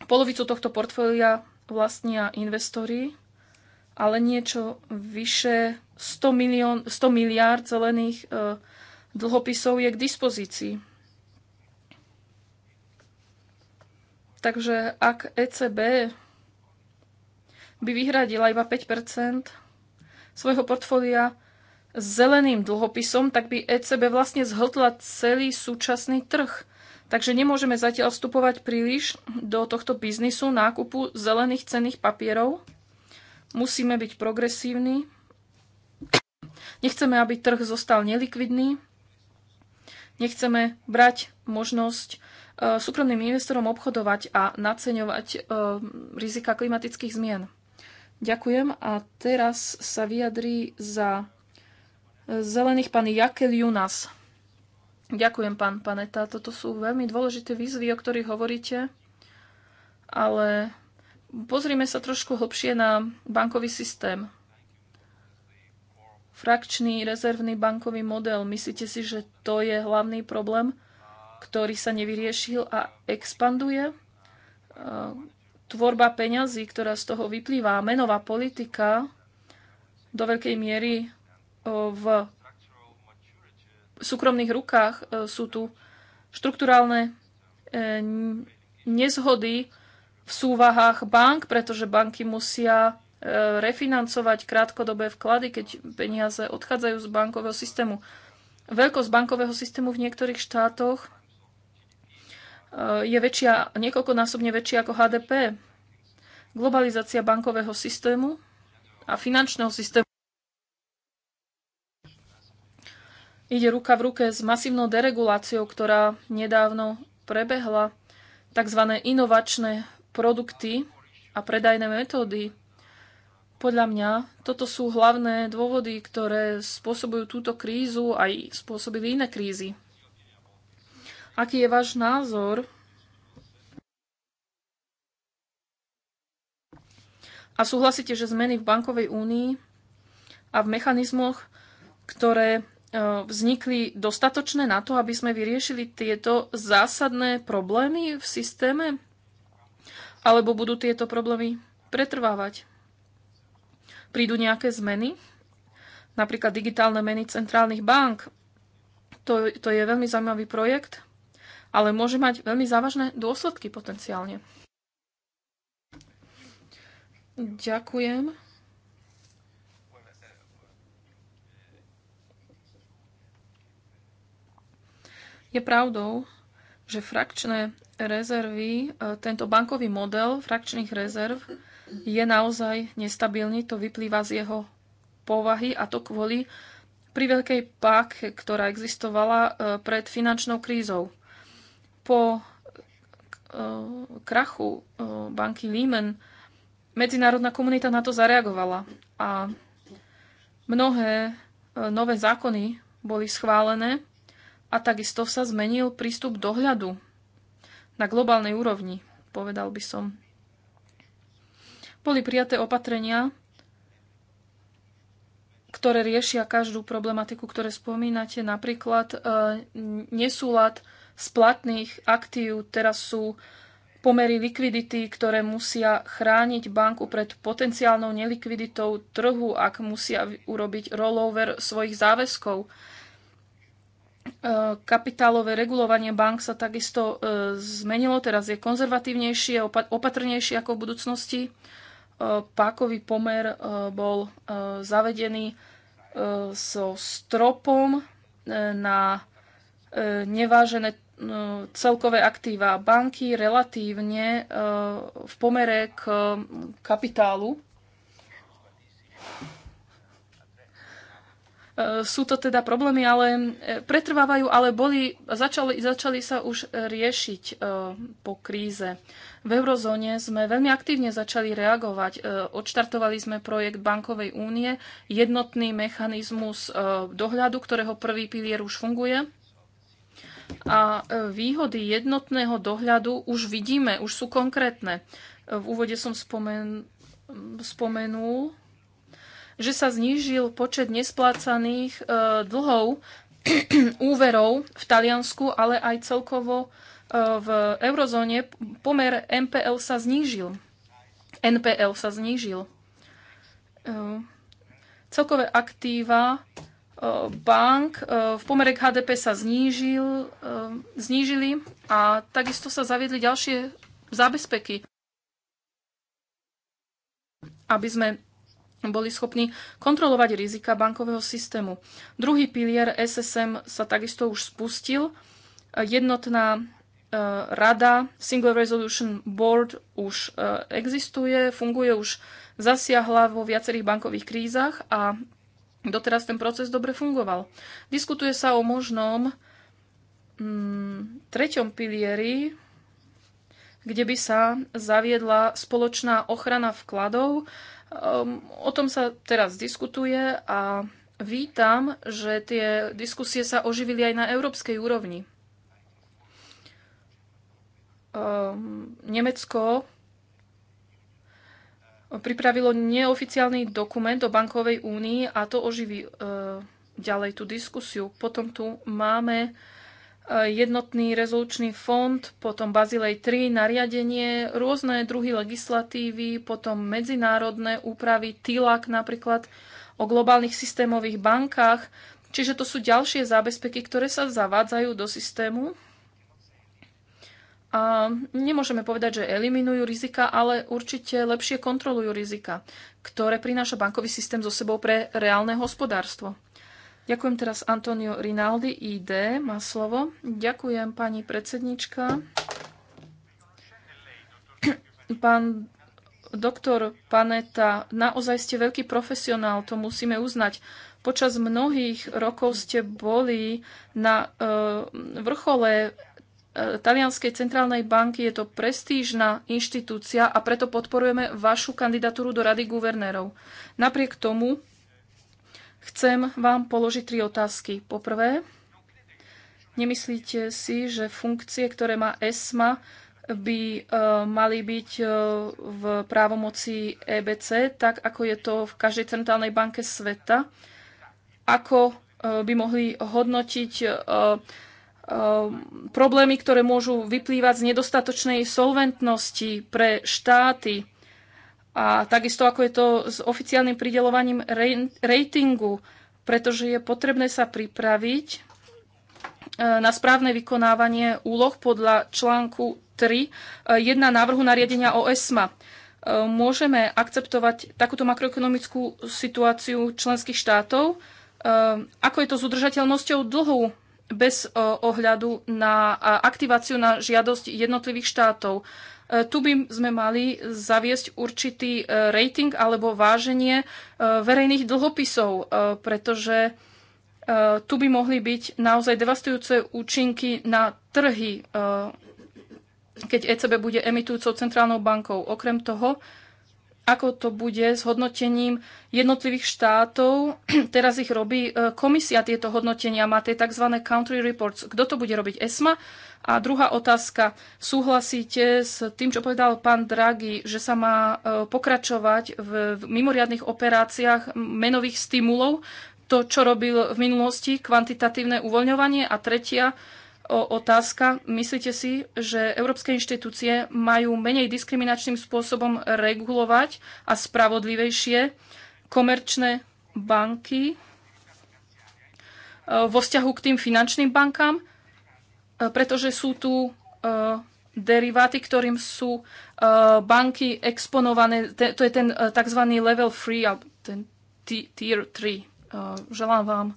Speaker 1: Polovicu tohto portfólia vlastnia investori, ale niečo vyše 100, milión, 100 miliárd zelených e, dlhopisov je k dispozícii. Takže ak ECB by vyhradila iba 5 svojho portfólia zeleným dlhopisom, tak by ECB vlastne zhltla celý súčasný trh. Takže nemôžeme zatiaľ vstupovať príliš do tohto biznisu nákupu zelených cenných papierov Musíme byť progresívni. Nechceme, aby trh zostal nelikvidný. Nechceme brať možnosť e, súkromným investorom obchodovať a naceňovať e, rizika klimatických zmien. Ďakujem a teraz sa vyjadrí za zelených pán Jakel Junas. Ďakujem, pán Paneta. Toto sú veľmi dôležité výzvy, o ktorých hovoríte, ale Pozrime sa trošku hlbšie na bankový systém. Frakčný rezervný bankový model, myslíte si, že to je hlavný problém, ktorý sa nevyriešil a expanduje? E, tvorba peňazí, ktorá z toho vyplýva, menová politika do veľkej miery e, v súkromných rukách e, sú tu štruktúrálne nezhody, v súvahách bank, pretože banky musia e, refinancovať krátkodobé vklady, keď peniaze odchádzajú z bankového systému. Veľkosť bankového systému v niektorých štátoch e, je väčšia, niekoľkonásobne väčšia ako HDP. Globalizácia bankového systému a finančného systému ide ruka v ruke s masívnou dereguláciou, ktorá nedávno prebehla. Takzvané inovačné produkty a predajné metódy. Podľa mňa toto sú hlavné dôvody, ktoré spôsobujú túto krízu aj spôsobili iné krízy. Aký je váš názor? A súhlasíte, že zmeny v bankovej únii a v mechanizmoch, ktoré e, vznikli dostatočné na to, aby sme vyriešili tieto zásadné problémy v systéme? Alebo budú tieto problémy pretrvávať? Prídu nejaké zmeny? Napríklad digitálne meny centrálnych bank. To, to je veľmi zaujímavý projekt, ale môže mať veľmi závažné dôsledky potenciálne. Ďakujem. Je pravdou, že frakčné rezervy, e, tento bankový model frakčných rezerv je naozaj nestabilný, to vyplýva z jeho povahy a to kvôli pri veľkej páke, ktorá existovala e, pred finančnou krízou. Po e, krachu banky Lehman medzinárodná komunita na to zareagovala a mnohé nové zákony boli schválené a takisto sa zmenil prístup dohľadu na globálnej úrovni, povedal by som. Boli prijaté opatrenia, ktoré riešia každú problematiku, ktoré spomínate, napríklad e, nesúlad splatných aktív, teraz sú pomery likvidity, ktoré musia chrániť banku pred potenciálnou nelikviditou trhu, ak musia urobiť rollover svojich záväzkov. Kapitálové regulovanie bank sa takisto e, zmenilo, teraz je konzervatívnejšie, opatrnejšie ako v budúcnosti. E, pákový pomer e, bol zavedený so stropom na nevážené celkové aktíva banky relatívne v pomere k kapitálu. E, sú to teda problémy, ale e, pretrvávajú, ale boli, začali, začali sa už riešiť e, po kríze. V eurozóne sme veľmi aktívne začali reagovať. Odštartovali sme projekt Bankovej únie, jednotný mechanizmus dohľadu, ktorého prvý pilier už funguje. A výhody jednotného dohľadu už vidíme, už sú konkrétne. V úvode som spomen, spomenul, že sa znížil počet nesplácaných e, dlhov (clears throat) úverov v Taliansku, ale aj celkovo e, v eurozóne pomer NPL sa znížil. NPL sa znížil. E, celkové aktíva bank v pomere k HDP sa znížil, znížili a takisto sa zaviedli ďalšie zábezpeky, aby sme boli schopní kontrolovať rizika bankového systému. Druhý pilier SSM sa takisto už spustil. Jednotná e, rada, Single Resolution Board už e, existuje, funguje, už zasiahla vo viacerých bankových krízach a doteraz ten proces dobre fungoval. Diskutuje sa o možnom mm, treťom pilieri, kde by sa zaviedla spoločná ochrana vkladov Um, o tom sa teraz diskutuje a vítam, že tie diskusie sa oživili aj na európskej úrovni. Um, Nemecko pripravilo neoficiálny dokument o bankovej únii a to oživí ehm, ďalej tú diskusiu. Potom tu máme jednotný rezolučný fond, potom Bazilej 3, nariadenie, rôzne druhy legislatívy, potom medzinárodné úpravy, TILAK napríklad o globálnych systémových bankách. Čiže to sú ďalšie zábezpeky, ktoré sa zavádzajú do systému. A nemôžeme povedať, že eliminujú rizika, ale určite lepšie kontrolujú rizika, ktoré prináša bankový systém so sebou pre reálne hospodárstvo. Ďakujem teraz Antonio Rinaldi, ID, má slovo. Ďakujem pani predsednička. Pán doktor Paneta, naozaj ste veľký profesionál, to musíme uznať. Počas mnohých rokov ste boli na e, vrchole e, Talianskej centrálnej banky je to prestížna inštitúcia a preto podporujeme vašu kandidatúru do Rady guvernérov. Napriek tomu Chcem vám položiť tri otázky. Poprvé, nemyslíte si, že funkcie, ktoré má ESMA, by e, mali byť e, v právomoci EBC, tak ako je to v každej centrálnej banke sveta, ako e, by mohli hodnotiť problémy, ktoré môžu vyplývať z nedostatočnej solventnosti pre štáty, a takisto ako je to s oficiálnym pridelovaním ratingu, pretože je potrebné sa pripraviť e, na správne vykonávanie úloh podľa článku 3 1 e, návrhu nariadenia o ESMA. E, môžeme akceptovať takúto makroekonomickú situáciu členských štátov. Ako je to s udržateľnosťou dlhu bez ohľadu na aktiváciu na žiadosť jednotlivých štátov? E, tu by sme mali zaviesť určitý e, rating alebo váženie e, verejných dlhopisov, pretože tu by mohli byť naozaj devastujúce účinky na trhy, keď ECB bude emitujúcou centrálnou bankou. Okrem toho, ako to bude s hodnotením jednotlivých štátov, (clears throat) teraz ich robí komisia tieto hodnotenia, má tie tzv. country reports. Kto to bude robiť? ESMA? A druhá otázka. Súhlasíte s tým, čo povedal pán Draghi, že sa má e, pokračovať v, mimoriadných operáciách menových stimulov, to, čo robil v minulosti, kvantitatívne uvoľňovanie? A tretia otázka. Myslíte si, že európske inštitúcie majú menej diskriminačným spôsobom regulovať a spravodlivejšie komerčné banky e, vo vzťahu k tým finančným bankám? E, pretože sú tu e, deriváty, ktorým sú e, banky exponované. To je ten tzv. level 3 a ten tier 3. Želám vám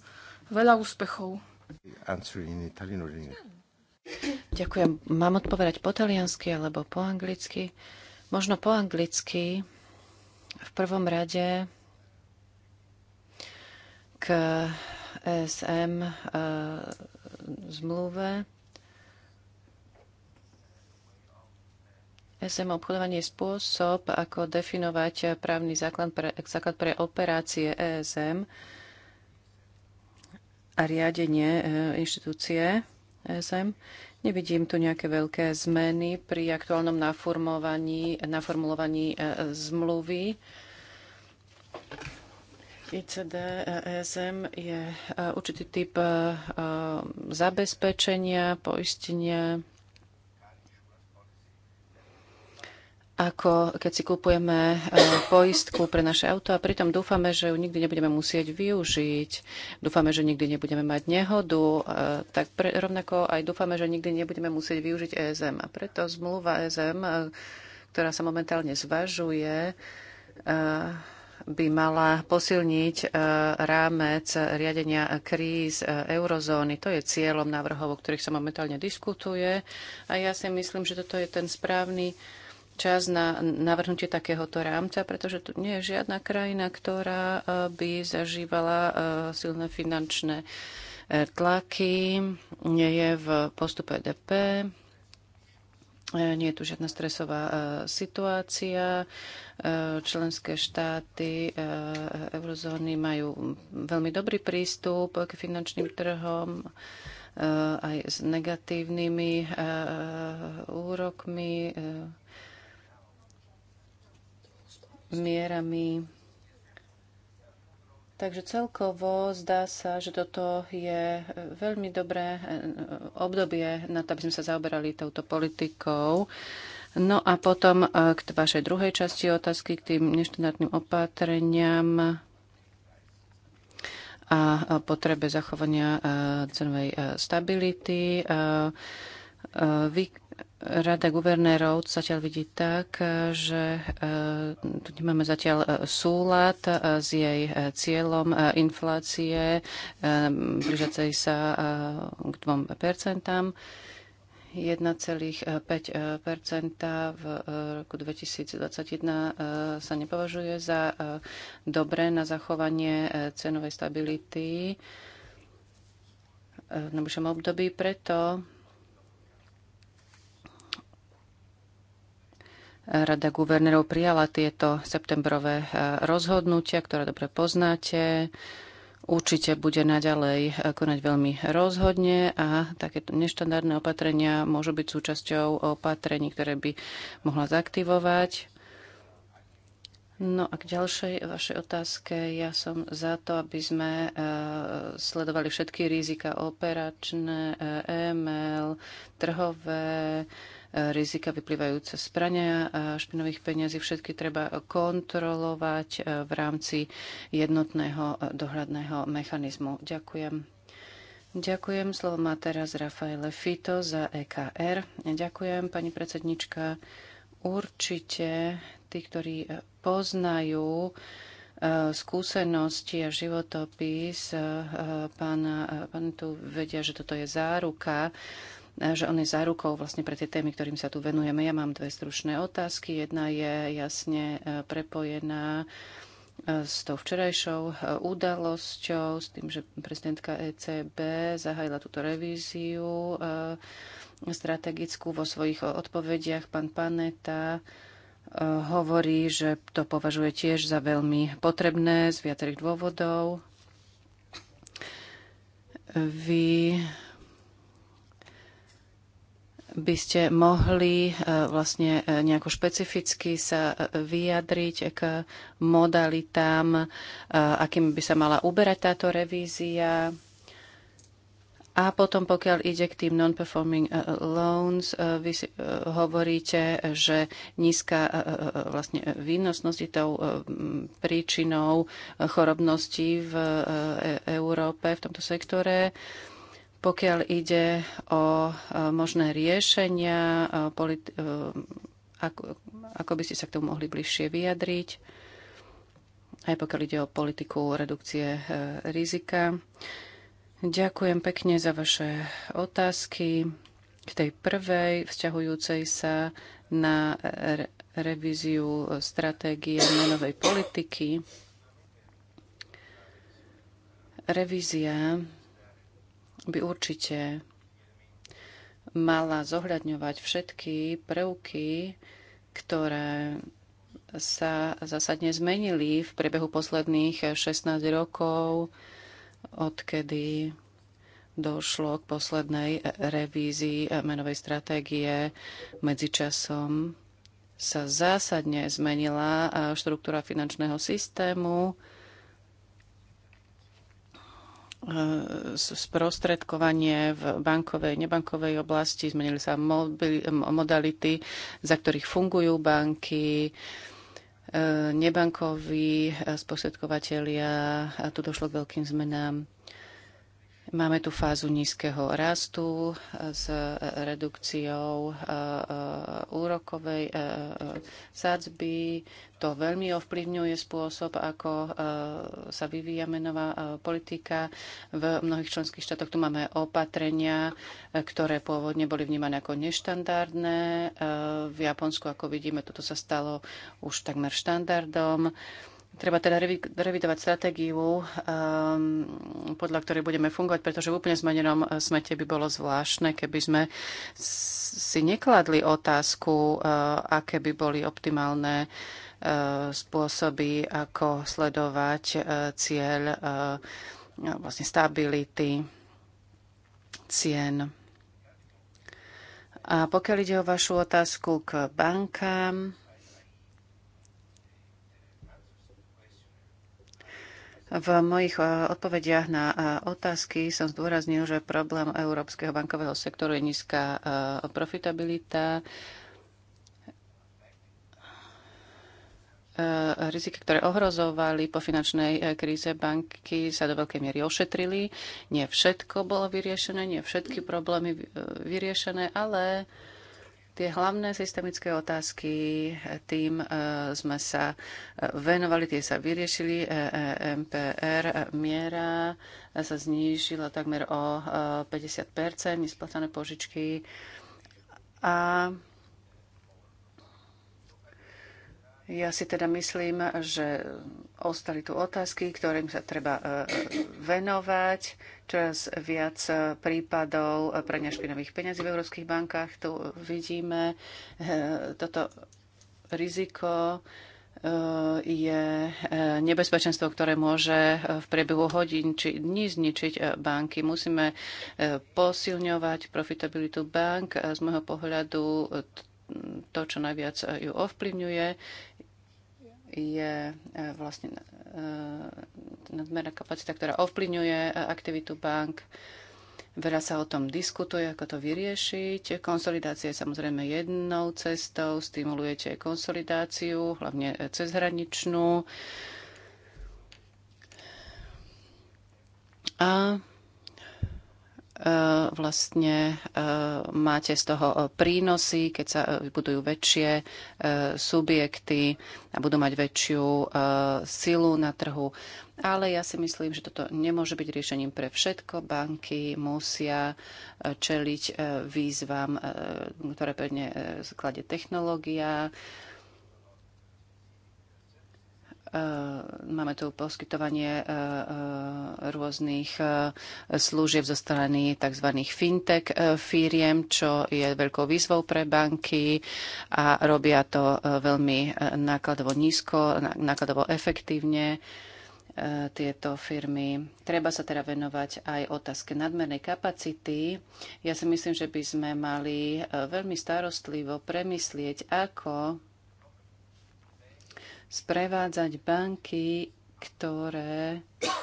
Speaker 1: veľa úspechov.
Speaker 3: Ďakujem. Mám odpovedať po taliansky alebo po anglicky? Možno po anglicky. V prvom rade k ESM zmluve. SM obchodovanie je spôsob, ako definovať právny základ pre, základ pre operácie ESM a riadenie e, inštitúcie ESM. Nevidím tu nejaké veľké zmeny pri aktuálnom naformovaní, naformulovaní e, zmluvy. ICD ESM e je určitý typ zabezpečenia, poistenia, ako keď si kupujeme e, poistku pre naše auto a pritom dúfame, že ju nikdy nebudeme musieť využiť. Dúfame, že nikdy nebudeme mať nehodu, e, tak pre, rovnako aj dúfame, že nikdy nebudeme musieť využiť ESM. A preto zmluva ESM, e, ktorá sa momentálne zvažuje, by mala posilniť rámec riadenia kríz eurozóny. To je cieľom návrhov, o ktorých sa momentálne diskutuje. A ja si myslím, že toto je ten správny čas na navrhnutie takéhoto rámca, pretože tu nie je žiadna krajina, ktorá eh, by zažívala eh, silné finančné eh, tlaky, nie je v postupe e DP, nie je tu žiadna stresová situácia. Členské štáty eurozóny majú veľmi dobrý prístup k finančným trhom aj s negatívnymi úrokmi mierami. Takže celkovo zdá sa, že toto je veľmi dobré eh, obdobie na to, aby sme sa zaoberali touto politikou. No a potom eh, k vašej druhej časti otázky, k tým neštandardným opatreniam a potrebe zachovania eh, cenovej stability. Vy Rada guvernérov zatiaľ vidí tak, že eh, tu nemáme zatiaľ eh, súlad eh, s jej cieľom inflácie blížacej sa k 2 1,5 v roku 2021 sa nepovažuje za dobré na zachovanie cenovej stability v najbližšom období. Preto Rada guvernérov prijala tieto septembrové e, rozhodnutia, ktoré dobre poznáte. Určite bude naďalej e, konať veľmi rozhodne a takéto neštandardné opatrenia môžu byť súčasťou opatrení, ktoré by mohla zaktivovať. No a k ďalšej vašej otázke, ja som za to, aby sme e, sledovali všetky rizika operačné, e, mail trhové, rizika vyplývajúce z prania e, špinových peniazí. Všetky treba kontrolovať e, v rámci jednotného e, dohľadného mechanizmu. Ďakujem. Ďakujem. Slovo má teraz Rafaele Fito za EKR. Ďakujem, pani predsednička. Určite tí, ktorí poznajú skúsenosti a životopis pána, pán tu vedia, že toto je záruka že on je zárukou vlastne pre tie témy, ktorým sa tu venujeme. Ja mám dve stručné otázky. Jedna je jasne e, prepojená e, s tou včerajšou e, udalosťou, s tým, že prezidentka ECB zahájila túto revíziu strategickú vo svojich odpovediach. Pán Paneta hovorí, že to považuje tiež za veľmi potrebné z viacerých dôvodov. Vy by ste mohli e, vlastne e, nejako špecificky sa e, vyjadriť k modalitám, akým by sa mala uberať táto revízia. A potom, pokiaľ ide k tým non-performing loans, vy hovoríte, že nízka vlastne výnosnosť je tou príčinou chorobnosti v Európe v tomto sektore. Pokiaľ ide o e, možné riešenia, e, e, ako, ako by ste sa k tomu mohli bližšie vyjadriť, aj pokiaľ ide o politiku redukcie rizika. Ďakujem pekne za vaše otázky. K tej prvej, vzťahujúcej sa na re revíziu stratégie menovej politiky. Revízia by určite mala zohľadňovať všetky prvky, ktoré sa zásadne zmenili v priebehu posledných 16 rokov, odkedy došlo k poslednej revízii menovej stratégie. Medzičasom sa zásadne zmenila štruktúra finančného systému, sprostredkovanie v bankovej, nebankovej oblasti, zmenili sa modality, za ktorých fungujú banky, e, nebankoví e, sprostredkovateľia a tu došlo k veľkým zmenám. Máme tu fázu nízkeho rastu s redukciou e, e, úrokovej e, sadzby. To veľmi ovplyvňuje spôsob, ako sa vyvíja menová politika. V mnohých členských štátoch tu máme opatrenia, ktoré pôvodne boli vnímané ako neštandardné. V Japonsku, ako vidíme, toto sa stalo už takmer štandardom. Treba teda revidovať stratégiu, um, podľa ktorej budeme fungovať, pretože v úplne zmenenom eh, smete by bolo zvláštne, keby sme si nekladli otázku, uh, aké by boli optimálne uh, spôsoby, ako sledovať uh, cieľ uh, vlastne stability cien. A pokiaľ ide o vašu otázku k bankám, V mojich eh, odpovediach na eh, otázky som zdôraznil, že problém európskeho bankového sektoru je nízka eh, profitabilita, riziky, ktoré ohrozovali po finančnej kríze banky, sa do veľkej miery ošetrili. Nie všetko bolo vyriešené, nie všetky problémy vyriešené, ale Tie hlavné systemické otázky, eh, tým eh, sme sa eh, venovali, tie sa vyriešili. MPR miera sa znížila takmer o 50 nesplatané požičky a Ja si teda myslím, že ostali tu otázky, ktorým sa treba e, venovať. Čoraz viac e, prípadov e, prania špinavých peniazí v európskych bankách. Tu vidíme toto riziko je nebezpečenstvo, ktoré môže v priebehu hodín či dní zničiť banky. Musíme posilňovať profitabilitu bank. Z môjho pohľadu to, čo najviac ju ovplyvňuje, je e, vlastne e, nadmerná kapacita, ktorá ovplyvňuje e, aktivitu bank. Veľa sa o tom diskutuje, ako to vyriešiť. Konsolidácia je samozrejme jednou cestou, stimulujete konsolidáciu, hlavne cezhraničnú. A E, vlastne e, máte z toho e, prínosy, keď sa budujú väčšie subjekty a budú mať väčšiu silu na trhu. Ale ja si myslím, že toto nemôže byť riešením pre všetko. Banky musia čeliť výzvam, ktoré pevne sklade technológia, Eh, máme tu poskytovanie eh, eh, rôznych služieb zo strany tzv. fintech firiem, čo je veľkou výzvou pre banky a robia to veľmi nákladovo nízko, nákladovo efektívne tieto firmy. Treba sa teda venovať aj otázke nadmernej kapacity. Ja si myslím, že by sme mali veľmi starostlivo premyslieť, ako sprevádzať banky, ktoré (coughs) eh,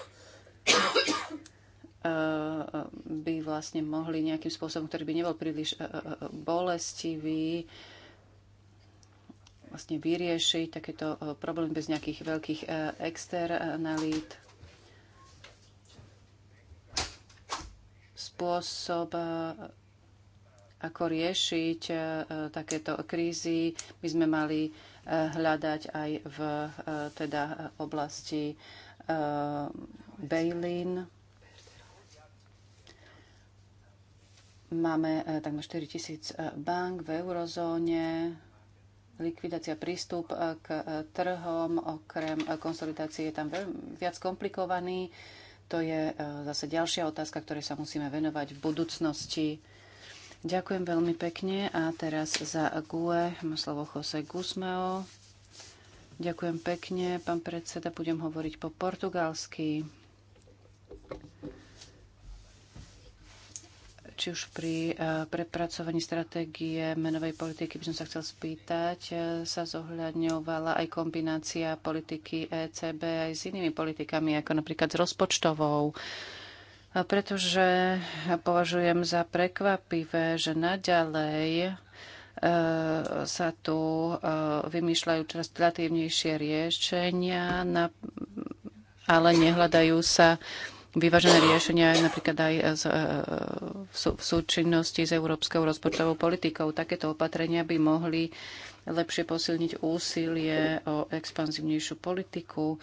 Speaker 3: by vlastne mohli nejakým spôsobom, ktorý by nebol príliš eh, eh, bolestivý, vlastne vyriešiť takéto problémy bez nejakých veľkých externalít. Spôsob, ako riešiť takéto krízy, by sme mali hľadať aj v eh, teda oblasti eh, Bejlín. Máme eh, takmer 4 tisíc bank v eurozóne, likvidácia prístup k trhom, okrem konsolidácie je tam viac komplikovaný. To je zase ďalšia otázka, ktorej sa musíme venovať v budúcnosti. Ďakujem veľmi pekne a teraz za GUE má slovo Jose Gusmeo. Ďakujem pekne, pán predseda, budem hovoriť po portugalsky. či už pri eh, prepracovaní stratégie menovej politiky by som sa chcel spýtať, eh, sa zohľadňovala aj kombinácia politiky ECB aj s inými politikami, ako napríklad s rozpočtovou. Uh, pretože považujem za prekvapivé, že naďalej e, sa tu e, vymýšľajú čoraz kreatívnejšie riešenia, ale nehľadajú sa vyvážené riešenia napríklad aj e, v súčinnosti s európskou rozpočtovou politikou. Takéto opatrenia by mohli lepšie posilniť úsilie o expanzívnejšiu politiku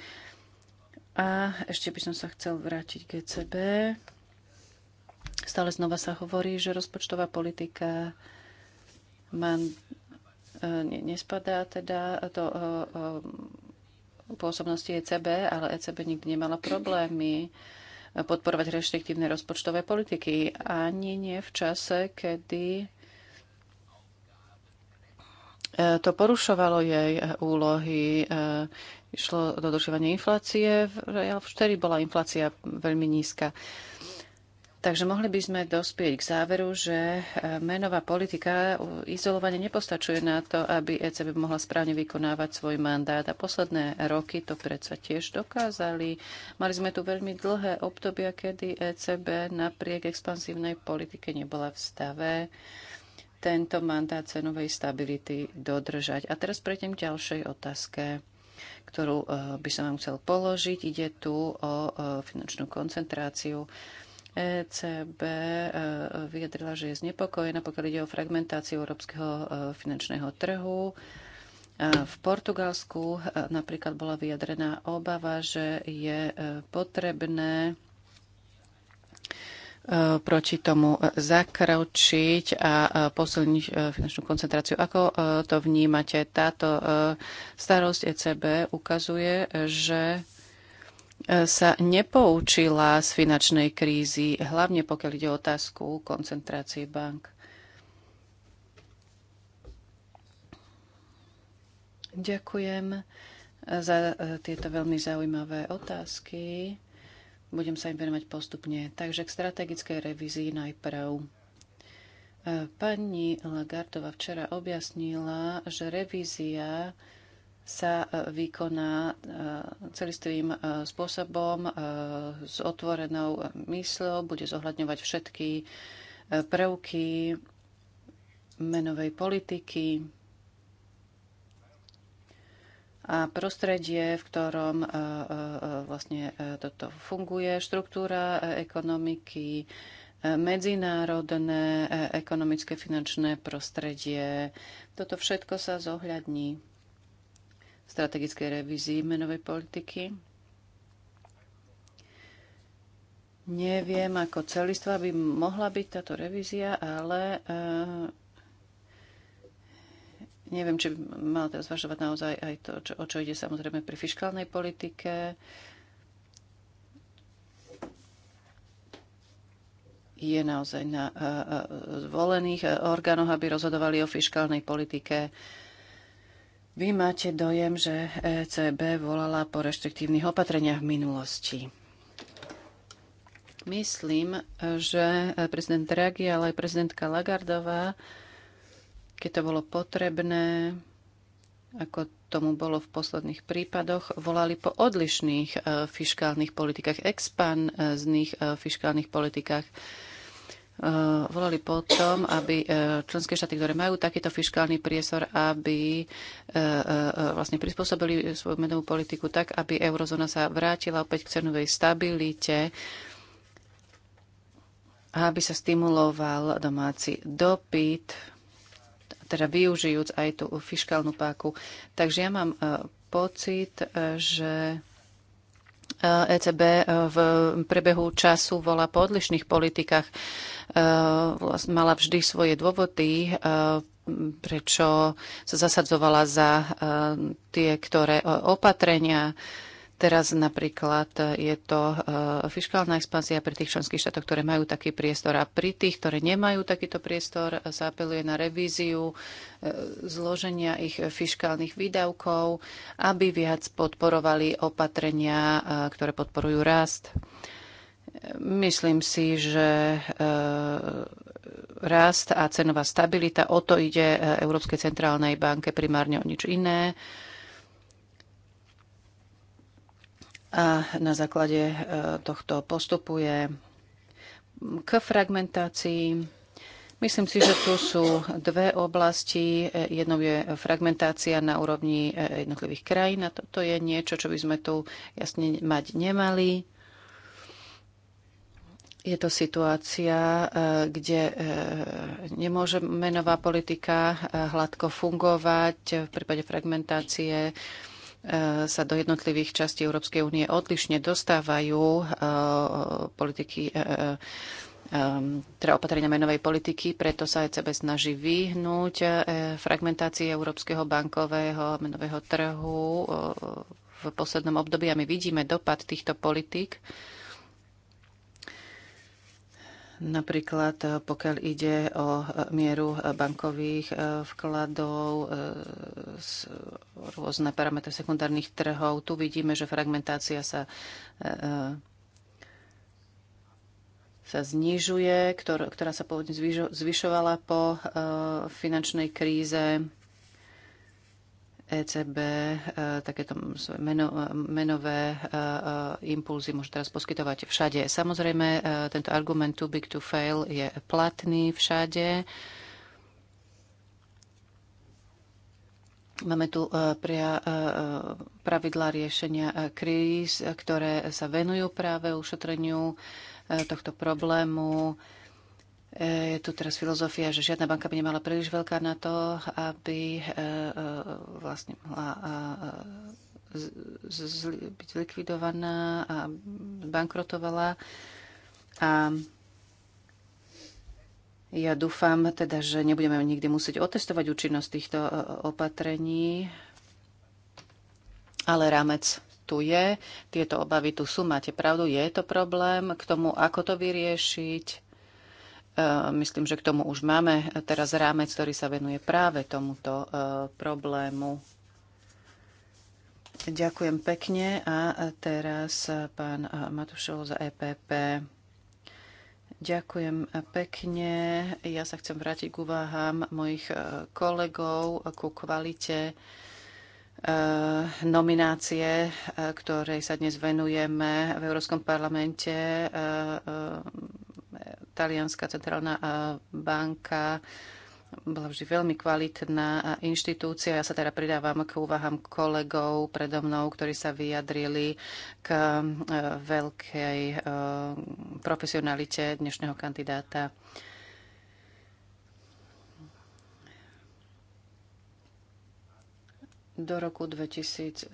Speaker 3: a ešte by som sa chcel vrátiť k ECB. Stále znova sa hovorí, že rozpočtová politika má, e, ne, nespadá teda do e, e, pôsobnosti ECB, ale ECB nikdy nemala problémy podporovať reštriktívne rozpočtové politiky. Ani nie v čase, kedy E, to porušovalo jej e, úlohy. E, išlo do dodržovania inflácie. Vtedy bola inflácia veľmi nízka. Takže mohli by sme dospieť k záveru, že menová politika izolovanie nepostačuje na to, aby ECB mohla správne vykonávať svoj mandát. A posledné roky to predsa tiež dokázali. Mali sme tu veľmi dlhé obdobia, kedy ECB napriek expansívnej politike nebola v stave tento mandát cenovej stability dodržať. A teraz prejdem k ďalšej otázke ktorú eh, by som vám chcel položiť. Ide tu o eh, finančnú koncentráciu. ECB eh, vyjadrila, že je znepokojená, pokiaľ ide o fragmentáciu európskeho finančného trhu. V Portugalsku napríklad bola vyjadrená obava, že je potrebné proti tomu zakročiť a posilniť e, finančnú koncentráciu. Ako e, to vnímate? Táto e, starosť ECB ukazuje, že sa nepoučila z finančnej krízy, hlavne pokiaľ ide o otázku koncentrácie bank. Ďakujem za tieto veľmi zaujímavé otázky. Budem sa im venovať postupne. Takže k strategickej revízii najprv. E, pani Lagartova včera objasnila, že revízia sa e, vykoná e, celistvým spôsobom s otvorenou mysľou, bude zohľadňovať všetky prvky menovej politiky, a prostredie, v ktorom e, e, e, vlastne toto funguje, štruktúra ekonomiky, medzinárodné ekonomické finančné prostredie. Toto všetko sa zohľadní v strategickej revízii menovej politiky. Neviem, ako celistva by mohla byť táto revízia, ale Neviem, či mal teraz zvažovať naozaj aj to, čo, o čo ide samozrejme pri fiskálnej politike. Je naozaj na zvolených e, orgánoch, aby rozhodovali o fiskálnej politike. Vy máte dojem, že ECB volala po reštriktívnych opatreniach v minulosti. Myslím, že prezident Draghi, ale aj prezidentka Lagardová keď to bolo potrebné, ako tomu bolo v posledných prípadoch, volali po odlišných e, fiškálnych politikách, expanzných e, fiškálnych politikách. E, volali po tom, aby členské štáty, ktoré majú takýto fiškálny priesor, aby vlastne prispôsobili svoju menovú politiku tak, aby eurozóna sa vrátila opäť k cenovej stabilite a aby sa stimuloval domáci dopyt teda využijúc aj tú fiskálnu páku. Takže ja mám e, pocit, e, že ECB e v prebehu času volá po odlišných politikách. Mala vždy svoje dôvody, prečo sa zasadzovala za tie, ktoré opatrenia Teraz napríklad je to eh, fiskálna expanzia pre tých členských štátov, ktoré majú taký priestor a pri tých, ktoré nemajú takýto priestor, eh, sa apeluje na revíziu eh, zloženia ich fiskálnych výdavkov, aby viac podporovali opatrenia, ktoré podporujú rast. Myslím si, že rast a cenová stabilita, o to ide Európskej centrálnej banke primárne o nič iné. A na základe e, tohto postupuje k fragmentácii. Myslím si, že tu sú dve oblasti. E, jednou je fragmentácia na úrovni e, jednotlivých krajín. A toto je niečo, čo by sme tu jasne mať nemali. Je to situácia, kde nemôže menová politika hladko fungovať v prípade fragmentácie E, sa do jednotlivých častí Európskej únie odlišne dostávajú e, politiky e, teda opatrenia menovej politiky, preto sa ECB snaží vyhnúť fragmentácii európskeho bankového menového trhu v poslednom období a my vidíme dopad týchto politik Napríklad e, pokiaľ ide o e, mieru e, bankových vkladov, rôzne parametre sekundárnych trhov, tu vidíme, že fragmentácia sa sa znižuje, ktorá sa pôvodne zvyšovala po finančnej kríze. ECB e, takéto meno, e, menové e, impulzy môže teraz poskytovať všade. Samozrejme, tento argument too big to fail je platný všade. Máme tu pria, pravidlá riešenia kríz, ktoré sa venujú práve ušetreniu tohto problému E, je tu teraz filozofia, že žiadna banka by nemala príliš veľká na to, aby e, e, vlastne mohla byť likvidovaná a bankrotovala. A ja dúfam teda, že nebudeme nikdy musieť otestovať účinnosť týchto opatrení, ale rámec tu je, tieto obavy tu sú, máte pravdu, je to problém. K tomu, ako to vyriešiť, E, myslím, že k tomu už máme teraz rámec, ktorý sa venuje práve tomuto e, problému. Ďakujem pekne. A teraz pán e, Matušov za EPP. Ďakujem pekne. Ja sa chcem vrátiť k úvahám mojich kolegov ku kvalite nominácie, ktorej sa dnes venujeme v Európskom parlamente Talianská centrálna banka bola vždy veľmi kvalitná inštitúcia. Ja sa teda pridávam k úvahám kolegov predo mnou, ktorí sa vyjadrili k veľkej profesionalite dnešného kandidáta. do roku 2023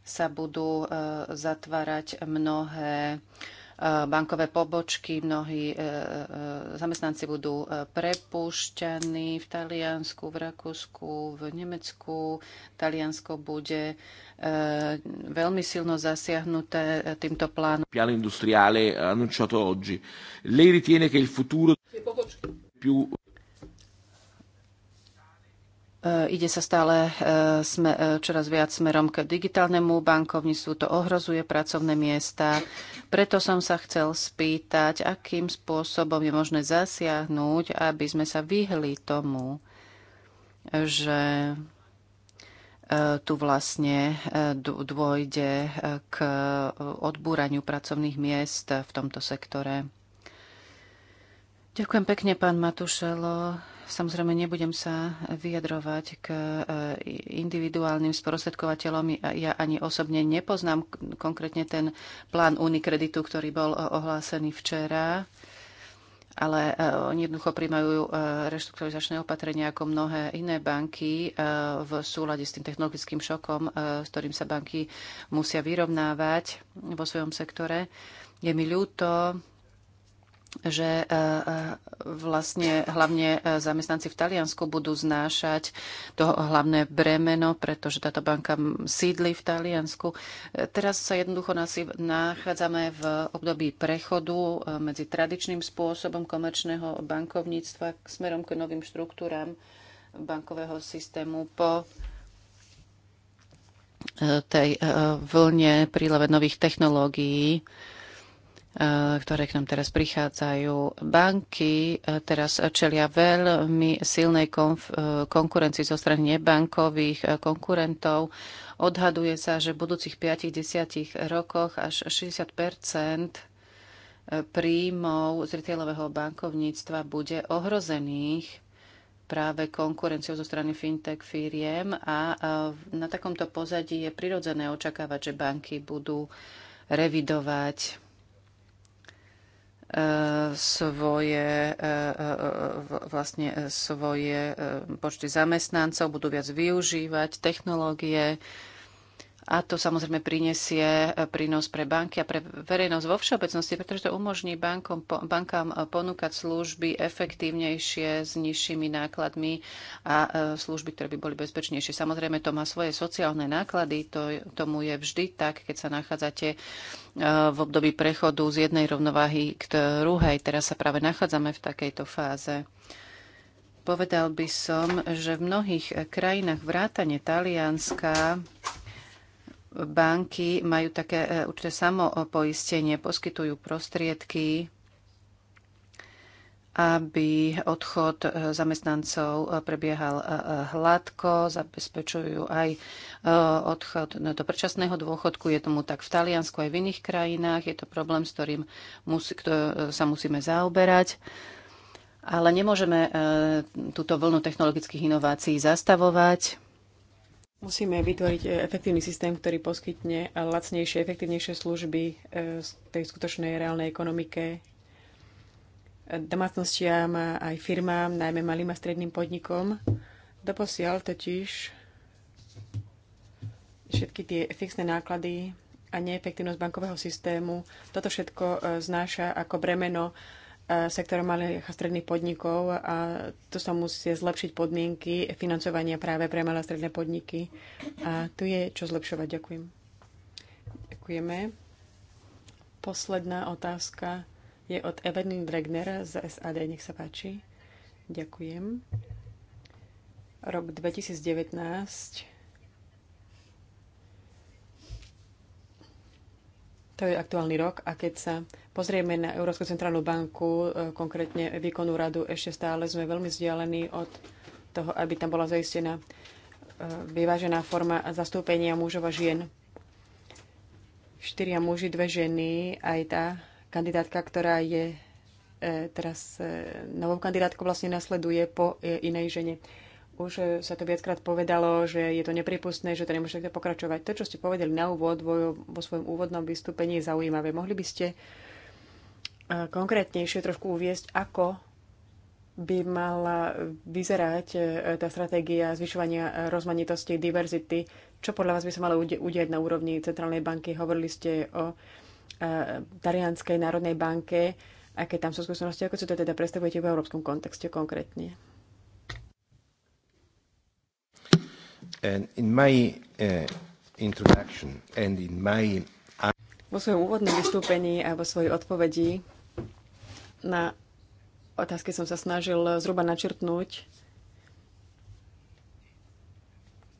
Speaker 3: sa budú zatvárať mnohé bankové pobočky, mnohí e, e, zamestnanci budú e, prepušťaní v Taliansku, v Rakúsku, v Nemecku. Taliansko bude veľmi silno zasiahnuté týmto plánom. Piano
Speaker 2: industriale annunciato oggi. Lei ritiene che il futuro più
Speaker 3: E, ide sa stále e, sme, e, čoraz viac smerom k digitálnemu bankovníctvu, to ohrozuje pracovné miesta. Preto som sa chcel spýtať, akým spôsobom je možné zasiahnuť, aby sme sa vyhli tomu, že tu vlastne dôjde k odbúraniu pracovných miest v tomto sektore. Ďakujem pekne, pán Matušelo. Samozrejme, nebudem sa vyjadrovať k e, individuálnym sprostredkovateľom. Ja ani osobne nepoznám konkrétne ten plán Unikreditu, ktorý bol e, ohlásený včera, ale e, oni jednoducho príjmajú reštrukturalizačné opatrenia ako mnohé iné banky v súlade s tým technologickým šokom, s ktorým sa banky musia vyrovnávať vo svojom sektore. Je mi ľúto, že e, e, vlastne hlavne e, zamestnanci v Taliansku budú znášať to hlavné bremeno, pretože táto banka sídli v Taliansku. Teraz sa jednoducho nachádzame v období prechodu medzi tradičným spôsobom komerčného bankovníctva k smerom k novým štruktúram bankového systému po tej vlne príleve nových technológií Eh, ktoré k nám teraz prichádzajú. Banky eh, teraz čelia veľmi silnej eh, konkurencii zo strany nebankových konkurentov. Odhaduje sa, že v budúcich 5-10 rokoch až 60 príjmov z retailového bankovníctva bude ohrozených práve konkurenciou zo strany fintech firiem a na takomto pozadí je prirodzené očakávať, že banky budú revidovať svoje, e, e, e, vlastne svoje počty zamestnancov, budú viac využívať technológie, a to samozrejme prinesie e, prínos pre banky a pre verejnosť vo všeobecnosti, pretože to umožní bankom, bankám e, ponúkať služby efektívnejšie s nižšími nákladmi a e, služby, ktoré by boli bezpečnejšie. Samozrejme, to má svoje sociálne náklady, to, tomu je vždy tak, keď sa nachádzate v období prechodu z jednej rovnováhy k druhej. Teraz sa práve nachádzame v takejto fáze. Povedal by som, že v mnohých krajinách vrátane Talianska banky majú také e, určité samopoistenie, poskytujú prostriedky, aby odchod e, zamestnancov e, prebiehal hladko, zabezpečujú aj odchod do predčasného dôchodku. Je tomu tak v Taliansku aj v iných krajinách. Je to problém, s ktorým musí, sa musíme zaoberať. Ale nemôžeme túto vlnu technologických inovácií zastavovať Musíme
Speaker 2: vytvoriť e, efektívny systém, ktorý poskytne lacnejšie, efektívnejšie služby e, z tej skutočnej reálnej ekonomike e, domácnostiam aj firmám, najmä malým a stredným podnikom. Doposiaľ totiž všetky tie fixné náklady a neefektívnosť bankového systému, toto všetko znáša ako bremeno sektorom malých a stredných podnikov a tu sa musí zlepšiť podmienky financovania práve pre malé a stredné podniky. A tu je čo zlepšovať. Ďakujem. Ďakujeme. Posledná otázka je od Evelyn Dregner z SAD. Nech sa páči. Ďakujem. Rok 2019 To je aktuálny rok a keď sa pozrieme na Európsku centrálnu banku, e, konkrétne výkonnú radu, ešte stále sme veľmi vzdialení od toho, aby tam bola zaistená e, vyvážená forma zastúpenia mužov a žien. Štyria muži, dve ženy, aj tá kandidátka, ktorá je e, teraz novou kandidátkou, vlastne nasleduje po inej žene. Už sa to viackrát povedalo, že je to nepripustné, že to nemôže takto pokračovať. To, čo ste povedali na úvod vo, vo svojom úvodnom vystúpení je zaujímavé. Mohli by ste konkrétnejšie trošku uviesť, ako by mala vyzerať e, tá stratégia zvyšovania e, rozmanitosti, diverzity? Čo podľa vás by sa malo udiať na úrovni Centrálnej banky? Hovorili ste o e, tarianskej národnej banke. Aké tam sú skúsenosti? Ako si to teda predstavujete v európskom kontexte konkrétne? Uh, uh, vo svojom úvodnom vystúpení a vo svojej odpovedi na otázky som sa snažil zhruba načrtnúť,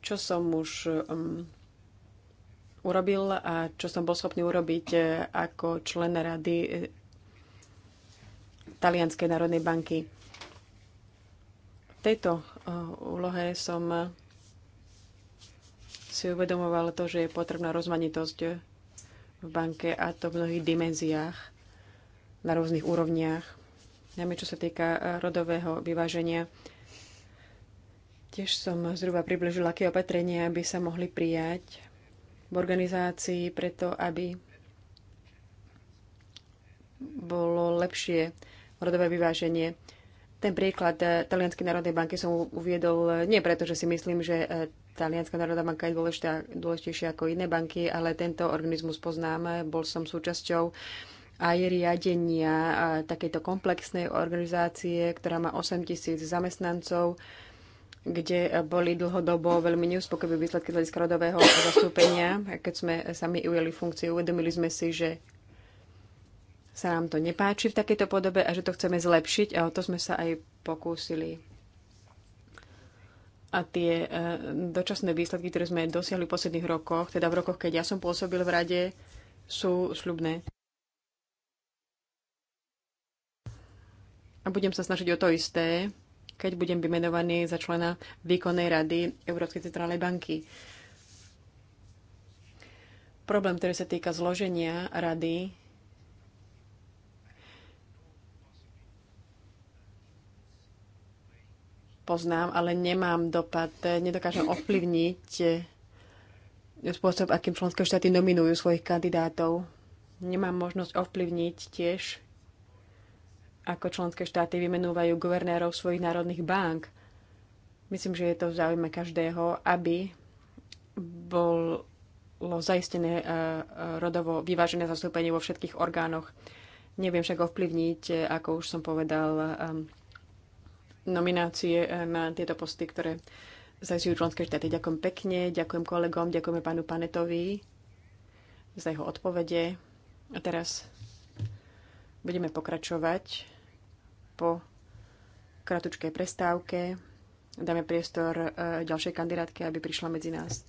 Speaker 2: čo som už um, urobil a čo som bol schopný urobiť uh, ako člen rady Talianskej národnej banky. V tejto úlohe som si uvedomoval to, že je potrebná rozmanitosť v banke a to v mnohých dimenziách, na rôznych úrovniach, najmä čo sa týka eh, rodového vyváženia. Tiež som zhruba približila, aké opatrenia by sa mohli prijať v organizácii preto, aby bolo lepšie rodové vyváženie. Ten príklad eh, Talianskej národnej banky som uviedol eh, nie preto, že si myslím, že Talianská národná banka je dôležitá, dôležitejšia ako iné banky, ale tento organizmus poznám, bol som súčasťou aj riadenia takejto komplexnej organizácie, ktorá má 8 tisíc zamestnancov, kde boli dlhodobo veľmi neuspokojivé výsledky hľadiska rodového zastúpenia. Keď sme sami ujeli funkciu, uvedomili sme si, že sa nám to nepáči v takejto podobe a že to chceme zlepšiť a o to sme sa aj pokúsili a tie e, dočasné výsledky, ktoré sme dosiahli v posledných rokoch, teda v rokoch, keď ja som pôsobil v rade, sú sľubné. A budem sa snažiť o to isté, keď budem vymenovaný za člena výkonnej rady Európskej centrálnej banky. Problém, ktorý sa týka zloženia rady, poznám, ale nemám dopad, nedokážem ovplyvniť eh, spôsob, akým členské štáty nominujú svojich kandidátov. Nemám možnosť ovplyvniť tiež, ako členské štáty vymenúvajú guvernérov svojich národných bank. Myslím, že je to v záujme každého, aby bolo zaistené eh, eh, rodovo vyvážené zastúpenie vo všetkých orgánoch. Neviem však ovplyvniť, ako už som povedal, nominácie eh, na tieto posty, ktoré zajzujú členské štáty. Ďakujem pekne, ďakujem kolegom, ďakujeme pánu Panetovi za jeho odpovede. A teraz budeme pokračovať po kratučkej prestávke. Dáme priestor eh, ďalšej kandidátke, aby prišla medzi nás.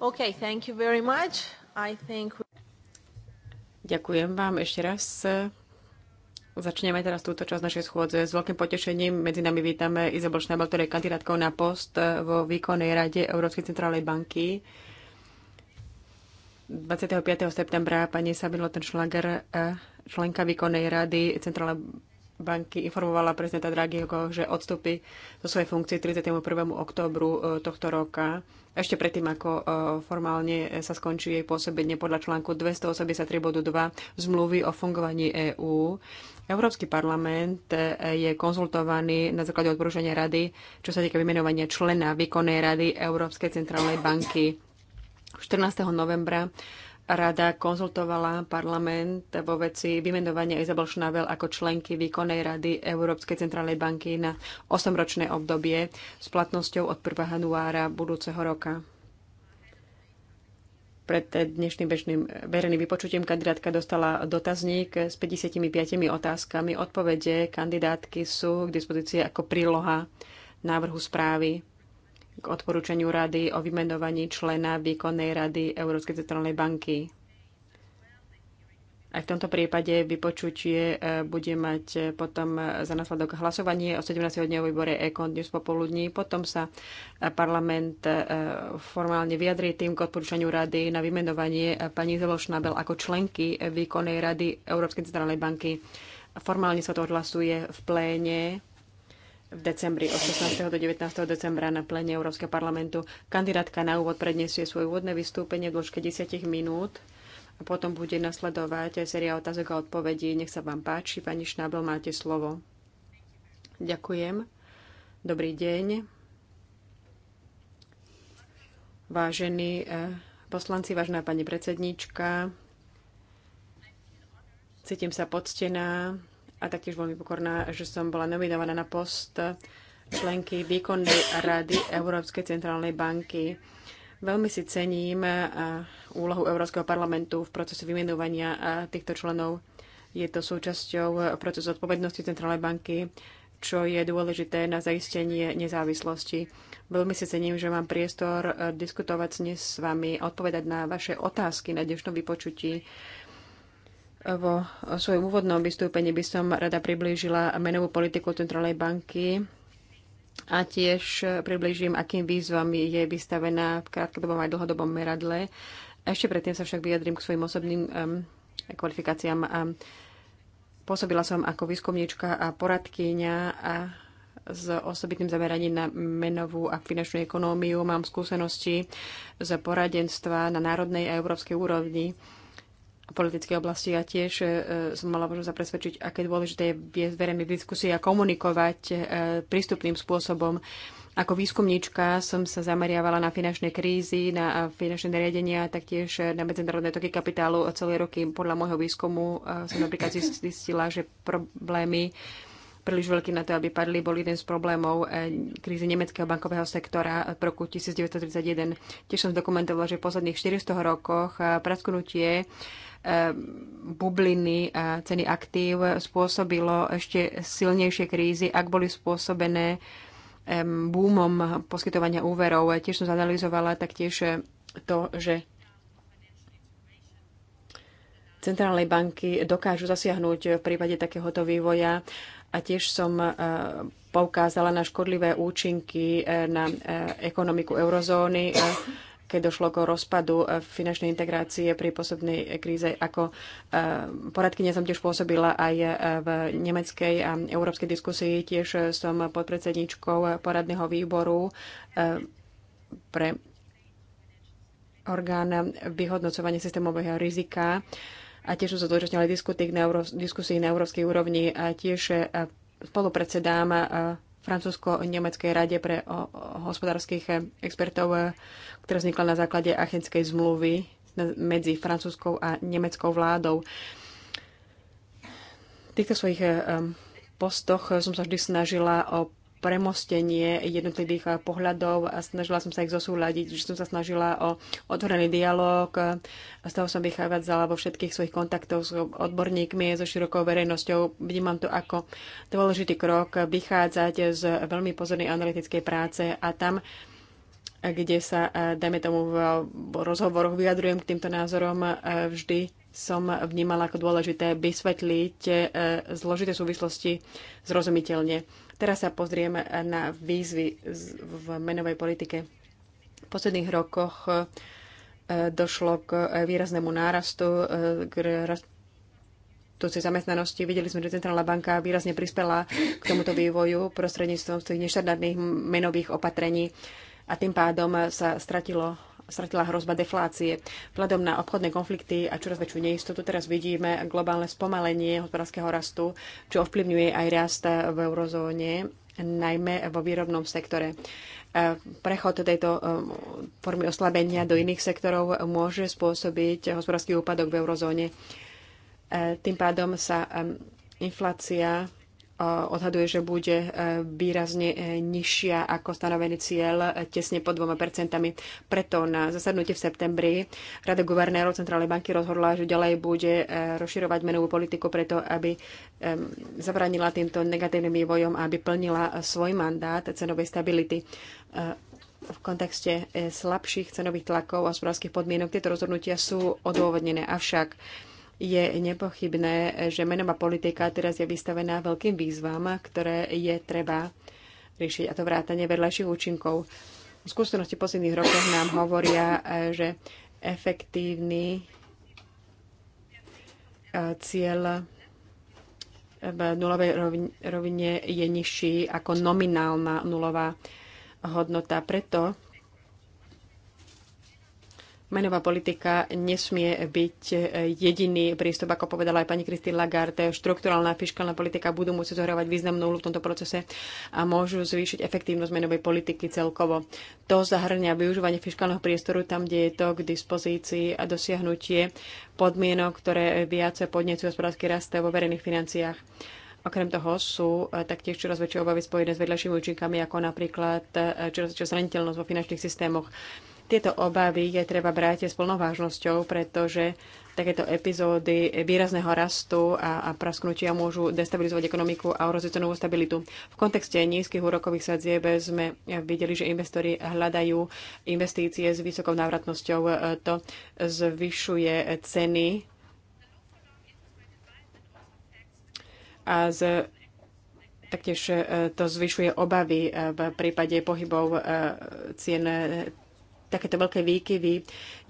Speaker 1: Okay, thank you very much. I think...
Speaker 2: Ďakujem vám ešte raz. Začneme teraz túto časť našej schôdze. S veľkým potešením medzi nami vítame Izabel Šnabel, ktorý je kandidátkou na post vo výkonnej rade Európskej centrálnej banky. 25. septembra pani Sabine Lottenschlager, eh, členka výkonnej rady Centrálnej banky informovala prezidenta Draghiho, že odstúpi zo svojej funkcie 31. oktobru e, tohto roka, ešte predtým, ako e, formálne sa skončí jej pôsobenie podľa článku 283 bodu 2 zmluvy o fungovaní EÚ. Európsky parlament e, je konzultovaný na základe odporúčania rady, čo sa týka vymenovania člena výkonnej rady Európskej centrálnej banky. 14. novembra rada konzultovala parlament vo veci vymenovania Izabel Schnabel ako členky výkonnej rady Európskej centrálnej banky na 8-ročné obdobie s platnosťou od 1. januára budúceho roka. Pred dnešným bežným verejným vypočutím kandidátka dostala dotazník s 55 otázkami. Odpovede kandidátky sú k dispozícii ako príloha návrhu správy k odporúčaniu rady o vymenovaní člena výkonnej rady Európskej centrálnej banky. Aj v tomto prípade vypočutie e, bude mať e, potom za následok hlasovanie o 17. o výbore Econ dnes popoludní. Potom sa e, parlament formálne vyjadrí tým k odporúčaniu rady na vymenovanie pani Zelošnabel ako členky výkonnej rady Európskej centrálnej banky. Formálne sa to odhlasuje v pléne v decembri od 16. do 19. decembra na plene Európskeho parlamentu. Kandidátka na úvod predniesie svoje úvodné vystúpenie v dĺžke 10 minút a potom bude nasledovať aj séria otázok a odpovedí. Nech sa vám páči, pani Šnábel, máte slovo. Ďakujem. Dobrý deň. Vážení eh, poslanci, vážená pani predsednička, cítim sa poctená, a taktiež veľmi pokorná, že som bola nominovaná na post členky výkonnej rady Európskej centrálnej banky. Veľmi si cením úlohu Európskeho parlamentu v procese vymenovania týchto členov. Je to súčasťou procesu odpovednosti Centrálnej banky, čo je dôležité na zaistenie nezávislosti. Veľmi si cením, že mám priestor diskutovať dnes s vami, odpovedať na vaše otázky na dnešnom vypočutí. Vo svojom úvodnom vystúpení by som rada priblížila menovú politiku Centrálnej banky a tiež priblížim, akým výzvam je vystavená v krátkodobom aj dlhodobom meradle. Ešte predtým sa však vyjadrím k svojim osobným um, kvalifikáciám. a pôsobila som ako výskumníčka a poradkyňa a s osobitným zameraním na menovú a finančnú ekonómiu. Mám skúsenosti z poradenstva na národnej a európskej úrovni politickej oblasti. Ja tiež e, som mala možnosť zapresvedčiť, aké dôležité je viesť verejné diskusie a komunikovať e, prístupným spôsobom. Ako výskumníčka som sa zameriavala na finančné krízy, na finančné nariadenia, taktiež na medzinárodné toky kapitálu celé roky. Podľa môjho výskumu e, som napríklad zistila, že problémy príliš veľký na to, aby padli, bol jeden z problémov eh, krízy nemeckého bankového sektora v roku 1931. Tiež som zdokumentovala, že v posledných 400 rokoch eh, prasknutie eh, bubliny a ceny aktív spôsobilo ešte silnejšie krízy, ak boli spôsobené boomom poskytovania úverov. Tiež som zanalizovala taktiež to, že centrálnej banky dokážu zasiahnuť v prípade takéhoto vývoja. A tiež som e, poukázala na škodlivé účinky e, na e, ekonomiku eurozóny, keď došlo k rozpadu finančnej integrácie pri posobnej kríze. Ako poradkynia som tiež pôsobila aj v nemeckej a európskej diskusii. Tiež som podpredsedničkou poradného výboru pre orgán vyhodnocovania systémového rizika a tiež sú zúčastnila diskusí na európskej úrovni a tiež e, spolupredsedám e, Francúzsko-Nemeckej rade pre hospodárskych e, expertov, ktorá vznikla na základe Achenskej zmluvy medzi francúzskou a nemeckou vládou. V týchto svojich postoch som sa vždy snažila o premostenie jednotlivých eh, pohľadov a snažila som sa ich zosúľadiť, že som sa snažila o otvorený dialog eh, a z toho som vychádzala vo všetkých svojich kontaktoch s odborníkmi, so širokou verejnosťou. Vnímam to ako dôležitý krok vychádzať z veľmi pozornej analytickej práce a tam eh, kde sa, dajme tomu, v rozhovoroch vyjadrujem k týmto názorom, vždy som vnímala ako dôležité vysvetliť zložité súvislosti zrozumiteľne. Teraz sa pozrieme na výzvy v menovej politike. V posledných rokoch e, došlo k e, výraznému nárastu, e, k rastúcej zamestnanosti. Videli sme, že Centrálna banka výrazne prispela k tomuto vývoju prostredníctvom tých neštandardných menových opatrení a tým pádom sa stratilo stratila hrozba deflácie. Vzhľadom na obchodné konflikty a čoraz väčšiu neistotu teraz vidíme globálne spomalenie hospodárskeho rastu, čo ovplyvňuje aj rast v eurozóne, najmä vo výrobnom sektore. E, prechod tejto e, formy oslabenia do iných sektorov môže spôsobiť hospodársky úpadok v eurozóne. E, tým pádom sa inflácia Eh, odhaduje, že bude eh, výrazne eh, nižšia ako stanovený cieľ, tesne pod 2%. Preto na zasadnutie v septembri Rada guvernérov Centrálnej banky rozhodla, že ďalej bude rozširovať menovú politiku preto, aby zabránila týmto negatívnym vývojom a aby plnila svoj mandát cenovej stability v kontexte slabších cenových tlakov a hospodárskych podmienok tieto rozhodnutia sú odôvodnené. Avšak je nepochybné, že menová politika teraz je vystavená veľkým výzvam, ktoré je treba riešiť, a to vrátanie vedľajších účinkov. V skúsenosti posledných rokov nám hovoria, že efektívny e, cieľ v nulovej rovine je nižší ako nominálna nulová hodnota. Preto Menová politika nesmie byť jediný prístup, ako povedala aj pani Christine Lagarde. Štrukturálna fiskálna politika budú musieť zohrávať významnú úlohu v tomto procese a môžu zvýšiť efektívnosť menovej politiky celkovo. To zahrňa využívanie fiskálneho priestoru tam, kde je to k dispozícii a dosiahnutie podmienok, ktoré viac podnecujú hospodársky rast vo verejných financiách. Okrem toho sú eh, taktiež čoraz väčšie obavy spojené s vedľajšími účinkami, ako napríklad eh, čoraz väčšia zraniteľnosť vo finančných systémoch. Tieto obavy je treba brať s plnou vážnosťou, pretože takéto epizódy výrazného rastu a, a prasknutia môžu destabilizovať ekonomiku a ohroziť novú stabilitu. V kontexte nízkych úrokových sadzieb sme videli, že investori hľadajú investície s vysokou návratnosťou. To zvyšuje ceny a z, taktiež e, to zvyšuje obavy e, v prípade pohybov e, cien takéto veľké výkyvy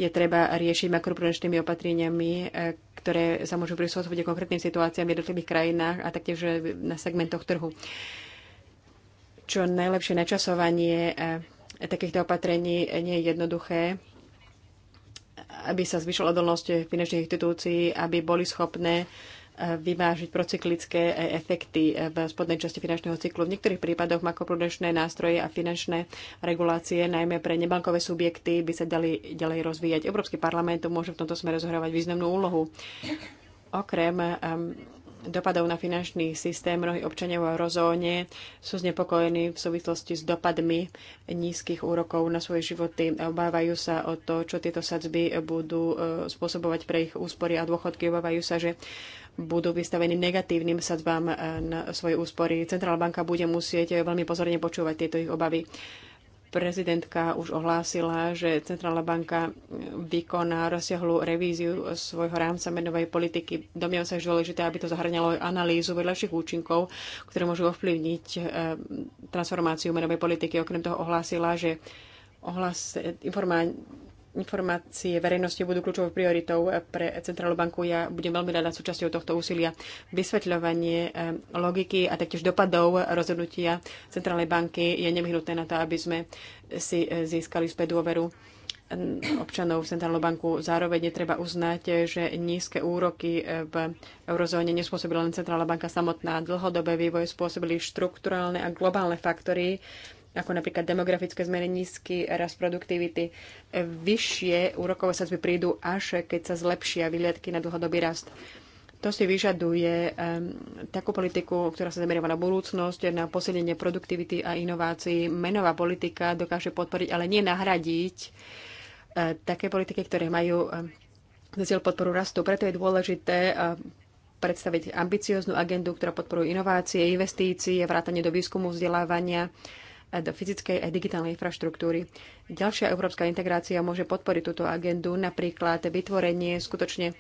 Speaker 2: je treba riešiť makroprudenčnými opatreniami, e, ktoré sa môžu prispôsobiť konkrétnym situáciám v jednotlivých krajinách a taktiež e, na segmentoch trhu. Čo najlepšie načasovanie e, takýchto opatrení nie je jednoduché, aby sa zvyšila odolnosť finančných inštitúcií, aby boli schopné vyvážiť procyklické e, efekty e, v spodnej časti finančného cyklu. V niektorých prípadoch makroprudenčné nástroje a finančné regulácie, najmä pre nebankové subjekty, by sa dali ďalej rozvíjať. Európsky parlament môže v tomto smere zohrávať významnú úlohu. Okrem dopadov na finančný systém, mnohí občania v eurozóne sú znepokojení v súvislosti s dopadmi nízkych úrokov na svoje životy. Obávajú sa o to, čo tieto sadzby budú e, spôsobovať pre ich úspory a dôchodky. Obávajú sa, že budú vystavení negatívnym sadzbám eh, na svoje úspory. Centrálna banka bude musieť eh, veľmi pozorne počúvať tieto ich obavy. Prezidentka už ohlásila, že Centrálna banka eh, vykoná rozsiahlu revíziu svojho rámca menovej politiky. Domnievam sa, že dôležité, aby to zahrňalo aj analýzu vedľajších účinkov, ktoré môžu ovplyvniť transformáciu menovej politiky. Okrem toho ohlásila, že ohlas, informa, informácie verejnosti budú kľúčovou prioritou pre Centrálnu banku. Ja budem veľmi rada súčasťou tohto úsilia vysvetľovanie eh, logiky a taktiež dopadov rozhodnutia Centrálnej banky je nevyhnutné na to, aby sme si eh, získali späť dôveru mm, občanov v Centrálnu banku. Zároveň je treba uznať, že nízke úroky eh, v eurozóne nespôsobila len Centrálna banka samotná. Dlhodobé vývoje spôsobili štrukturálne a globálne faktory, ako napríklad demografické zmeny, nízky rast produktivity. Vyššie úrokové sadzby prídu až, keď sa zlepšia výhľadky na dlhodobý rast. To si vyžaduje um, takú politiku, ktorá sa zameriava na budúcnosť, na posilnenie produktivity a inovácií. Menová politika dokáže podporiť, ale nie nahradiť uh, eh, také politiky, ktoré majú uh, cieľ podporu rastu. Preto je dôležité uh, predstaviť ambicióznu agendu, ktorá podporuje inovácie, investície, vrátanie do výskumu, vzdelávania. Uh, do fyzickej a digitálnej infraštruktúry. Ďalšia európska integrácia môže podporiť túto agendu, napríklad vytvorenie skutočne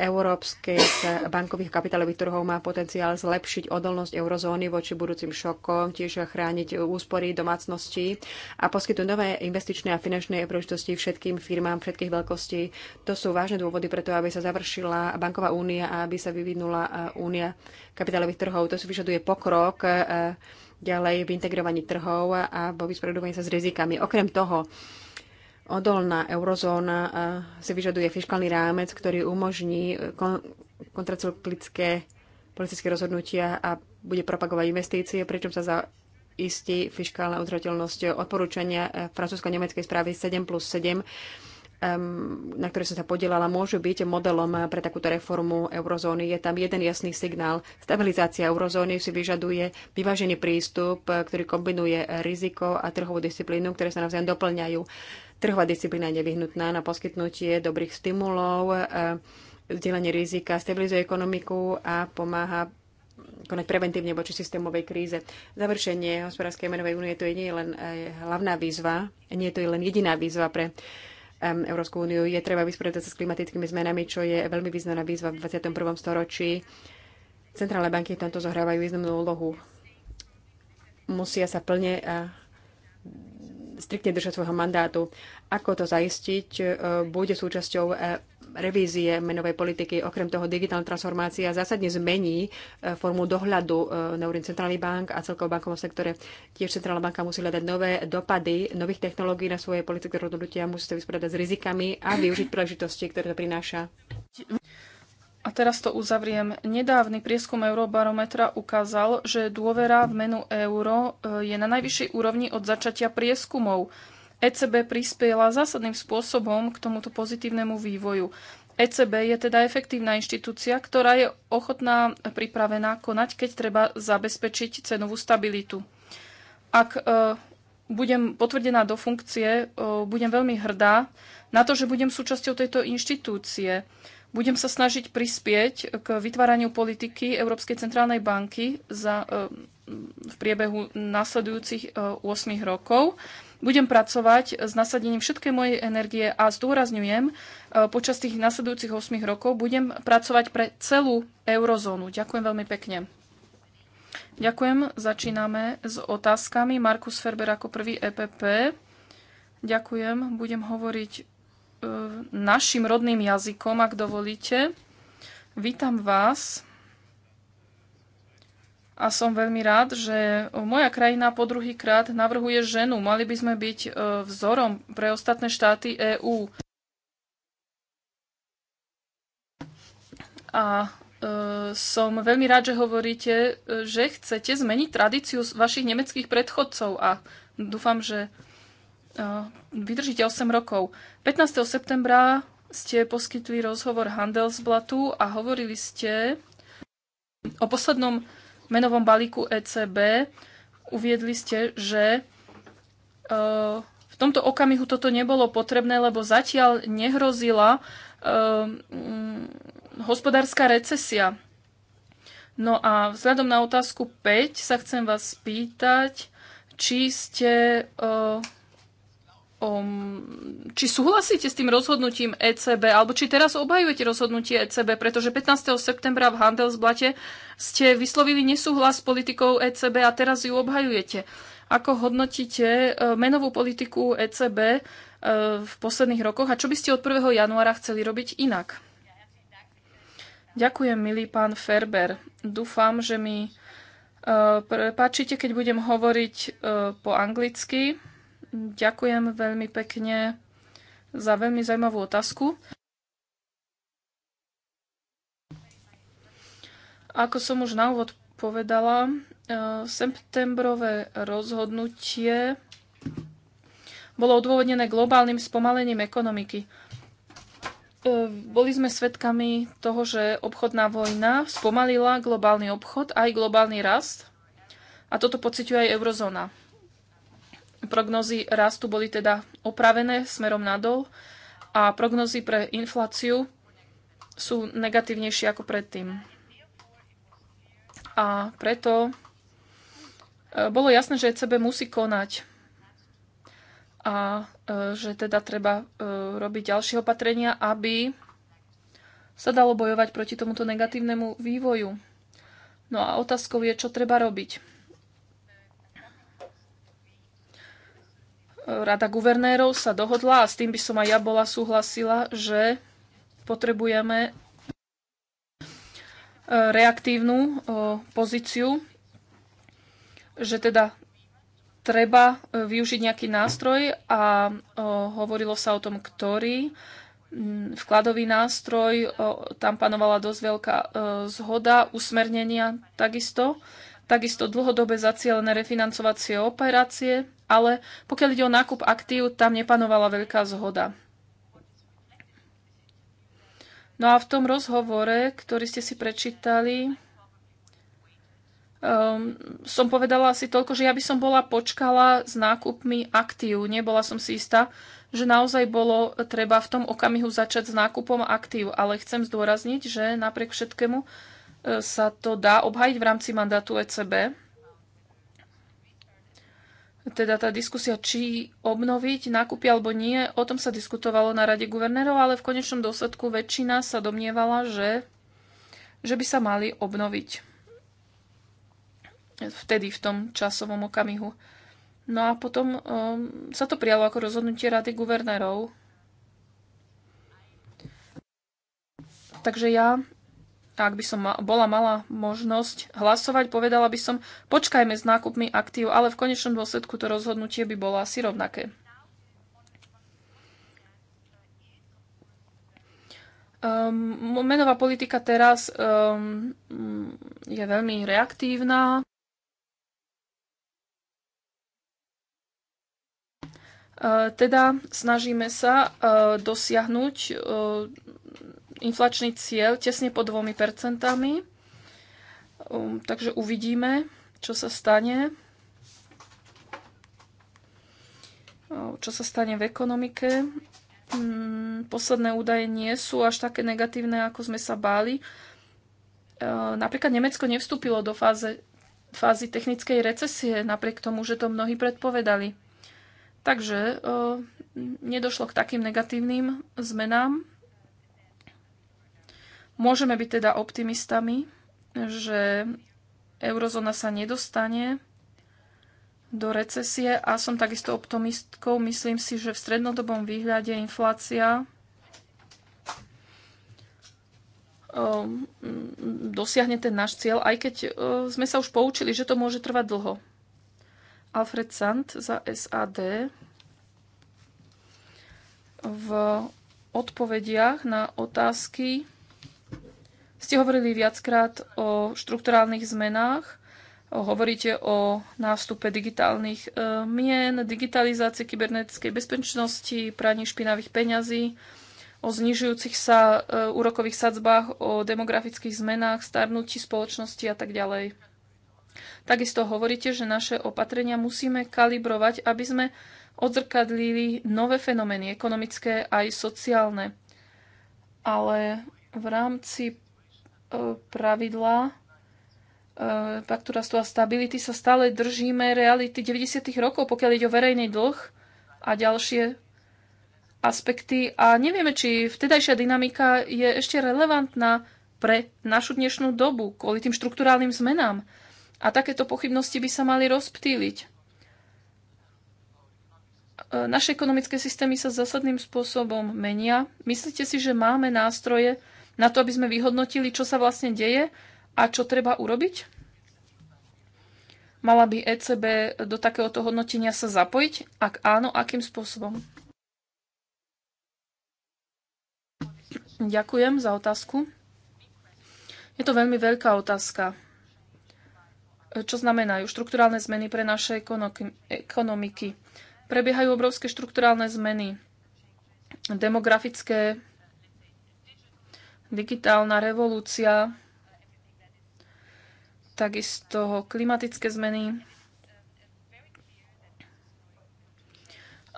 Speaker 2: európskych bankových kapitálových trhov má potenciál zlepšiť odolnosť eurozóny voči budúcim šokom, tiež chrániť úspory domácností a poskytnúť nové investičné a finančné príležitosti všetkým firmám všetkých veľkostí. To sú vážne dôvody preto, aby sa završila banková únia a aby sa vyvinula únia kapitálových trhov. To si vyžaduje pokrok ďalej v integrovaní trhov a vo vysporiadovaní sa s rizikami. Okrem toho, odolná eurozóna si vyžaduje fiskálny rámec, ktorý umožní e, kon- kontracyklické politické rozhodnutia a bude propagovať investície, pričom sa zaistí fiskálna udržateľnosť odporúčania e, francúzsko-nemeckej správy 7 plus 7 na ktoré som sa podielala, môžu byť modelom pre takúto reformu eurozóny. Je tam jeden jasný signál. Stabilizácia eurozóny si vyžaduje vyvážený prístup, ktorý kombinuje riziko a trhovú disciplínu, ktoré sa navzájom doplňajú. Trhová disciplína je nevyhnutná na poskytnutie dobrých stimulov, e, vzdielanie rizika, stabilizuje ekonomiku a pomáha konať preventívne voči systémovej kríze. Završenie hospodárskej menovej únie to je nie len e, hlavná výzva, nie je to len jediná výzva pre Európsku úniu. Je treba vysporiadať sa s klimatickými zmenami, čo je veľmi významná výzva v 21. storočí. Centrálne banky v tomto zohrávajú významnú úlohu. Musia sa plne a striktne držať svojho mandátu. Ako to zaistiť, e, bude súčasťou e, revízie menovej politiky. Okrem toho digitálna transformácia zásadne zmení e, formu dohľadu e, na úrovni centrálnych bank a celkovo bankovom sektore. Tiež centrálna banka musí hľadať nové dopady nových technológií na svoje politické rozhodnutia, musí
Speaker 1: sa vysporiadať s rizikami a využiť príležitosti, ktoré to prináša. A teraz to uzavriem. Nedávny prieskum Eurobarometra ukázal, že dôvera v menu euro e, je na najvyššej úrovni od začatia prieskumov. ECB prispiela zásadným spôsobom k tomuto pozitívnemu vývoju. ECB je teda efektívna inštitúcia, ktorá je ochotná pripravená konať, keď treba zabezpečiť cenovú stabilitu. Ak e, budem potvrdená do funkcie, e, budem veľmi hrdá na to, že budem súčasťou tejto inštitúcie. Budem sa snažiť prispieť k vytváraniu politiky Európskej centrálnej banky za, e, v priebehu nasledujúcich 8 e, rokov budem pracovať s nasadením všetkej mojej energie a zdôrazňujem, e, počas tých nasledujúcich 8 rokov budem pracovať pre celú eurozónu. Ďakujem veľmi pekne. Ďakujem. Začíname s otázkami. Markus Ferber ako prvý EPP. Ďakujem. Budem hovoriť e, našim rodným jazykom, ak dovolíte. Vítam vás a som veľmi rád, že moja krajina po druhý krát navrhuje ženu. Mali by sme byť e, vzorom pre ostatné štáty EÚ. A e, som veľmi rád, že hovoríte, e, že chcete zmeniť tradíciu vašich nemeckých predchodcov a dúfam, že vydržíte 8 rokov. 15. septembra ste poskytli rozhovor Handelsblatu a hovorili ste o poslednom menovom balíku ECB uviedli ste, že e, v tomto okamihu toto nebolo potrebné, lebo zatiaľ nehrozila e, mm, hospodárska recesia. No a vzhľadom na otázku 5 sa chcem vás spýtať, či ste e, Um, či súhlasíte s tým rozhodnutím ECB, alebo či teraz obhajujete rozhodnutie ECB, pretože 15. septembra v Handelsblate ste vyslovili nesúhlas s politikou ECB a teraz ju obhajujete. Ako hodnotíte e, menovú politiku ECB e, v posledných rokoch a čo by ste od 1. januára chceli robiť inak? Ďakujem, milý pán Ferber. Dúfam, že mi e, páčite, keď budem hovoriť po anglicky Ďakujem veľmi pekne za veľmi zaujímavú otázku. Ako som už na úvod povedala, eh, septembrové rozhodnutie bolo odôvodnené globálnym spomalením ekonomiky. Eh, boli sme svedkami toho, že obchodná vojna spomalila globálny obchod aj globálny rast. A toto pociťuje aj eurozóna. Prognozy rastu boli teda opravené smerom nadol a prognozy pre infláciu sú negatívnejšie ako predtým. A preto e, bolo jasné, že ECB musí konať a e, že teda treba e, robiť ďalšie opatrenia, aby sa dalo bojovať proti tomuto negatívnemu vývoju. No a otázkou je, čo treba robiť. Rada guvernérov sa dohodla a s tým by som aj ja bola súhlasila, že potrebujeme eh, reaktívnu eh, pozíciu, že teda treba eh, využiť nejaký nástroj a hovorilo sa o tom, ktorý mm, vkladový nástroj, tam panovala dosť veľká zhoda, usmernenia takisto takisto dlhodobé zacielené refinancovacie operácie, ale pokiaľ ide o nákup aktív, tam nepanovala veľká zhoda. No a v tom rozhovore, ktorý ste si prečítali, um, som povedala asi toľko, že ja by som bola počkala s nákupmi aktív. Nebola som si istá, že naozaj bolo treba v tom okamihu začať s nákupom aktív. Ale chcem zdôrazniť, že napriek všetkému E, sa to dá obhajiť v rámci mandátu ECB? Teda tá diskusia, či obnoviť nákupy alebo nie, o tom sa diskutovalo na Rade guvernérov, ale v konečnom dôsledku väčšina sa domnievala, že, že by sa mali obnoviť vtedy v tom časovom okamihu. No a potom um, sa to prijalo ako rozhodnutie Rady guvernérov. Takže ja ak by som ma, bola mala možnosť hlasovať, povedala by som, počkajme s nákupmi aktív, ale v konečnom dôsledku to rozhodnutie by bolo asi rovnaké. Um, menová politika teraz um, je veľmi reaktívna. Uh, teda snažíme sa uh, dosiahnuť uh, inflačný cieľ tesne pod dvomi percentami. Um, takže uvidíme, čo sa stane. Um, čo sa stane v ekonomike. Um, posledné údaje nie sú až také negatívne, ako sme sa báli. Uh, napríklad Nemecko nevstúpilo do fáze, fázy technickej recesie, napriek tomu, že to mnohí predpovedali. Takže uh, nedošlo k takým negatívnym zmenám Môžeme byť teda optimistami, že eurozóna sa nedostane do recesie a som takisto optimistkou. Myslím si, že v strednodobom výhľade inflácia ehm, dosiahne ten náš cieľ, aj keď ehm, sme sa už poučili, že to môže trvať dlho. Alfred Sand za SAD v odpovediach na otázky ste hovorili viackrát o štrukturálnych zmenách, hovoríte o nástupe digitálnych e, mien, digitalizácie kybernetickej bezpečnosti, praní špinavých peňazí, o znižujúcich sa e, úrokových sadzbách, o demografických zmenách, starnutí spoločnosti a tak ďalej. Takisto hovoríte, že naše opatrenia musíme kalibrovať, aby sme odzrkadlili nové fenomény, ekonomické aj sociálne. Ale v rámci E, pravidlá paktu e, rastu a stability sa stále držíme reality 90. rokov, pokiaľ ide o verejný dlh a ďalšie aspekty. A nevieme, či vtedajšia dynamika je ešte relevantná pre našu dnešnú dobu, kvôli tým štruktúrálnym zmenám. A takéto pochybnosti by sa mali rozptýliť. E, naše ekonomické systémy sa zásadným spôsobom menia. Myslíte si, že máme nástroje, na to, aby sme vyhodnotili, čo sa vlastne deje a čo treba urobiť? Mala by ECB do takéhoto hodnotenia sa zapojiť? Ak áno, akým spôsobom? Ďakujem za otázku. Je to veľmi veľká otázka. Čo znamenajú štruktúrálne zmeny pre naše ekonomiky? Prebiehajú obrovské štruktúrálne zmeny. Demografické digitálna revolúcia, takisto klimatické zmeny.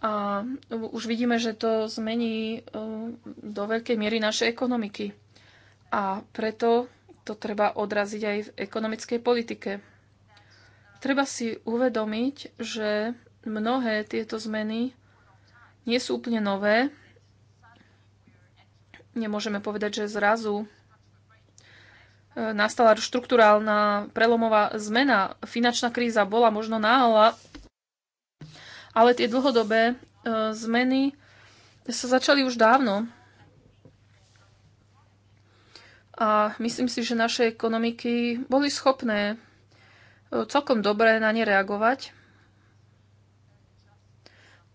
Speaker 1: A už vidíme, že to zmení e, do veľkej miery naše ekonomiky. A preto to treba odraziť aj v ekonomickej politike. Treba si uvedomiť, že mnohé tieto zmeny nie sú úplne nové, Nemôžeme povedať, že zrazu e, nastala štruktúrálna prelomová zmena. Finančná kríza bola možno náhala, ale tie dlhodobé e, zmeny sa začali už dávno. A myslím si, že naše ekonomiky boli schopné e, celkom dobre na ne reagovať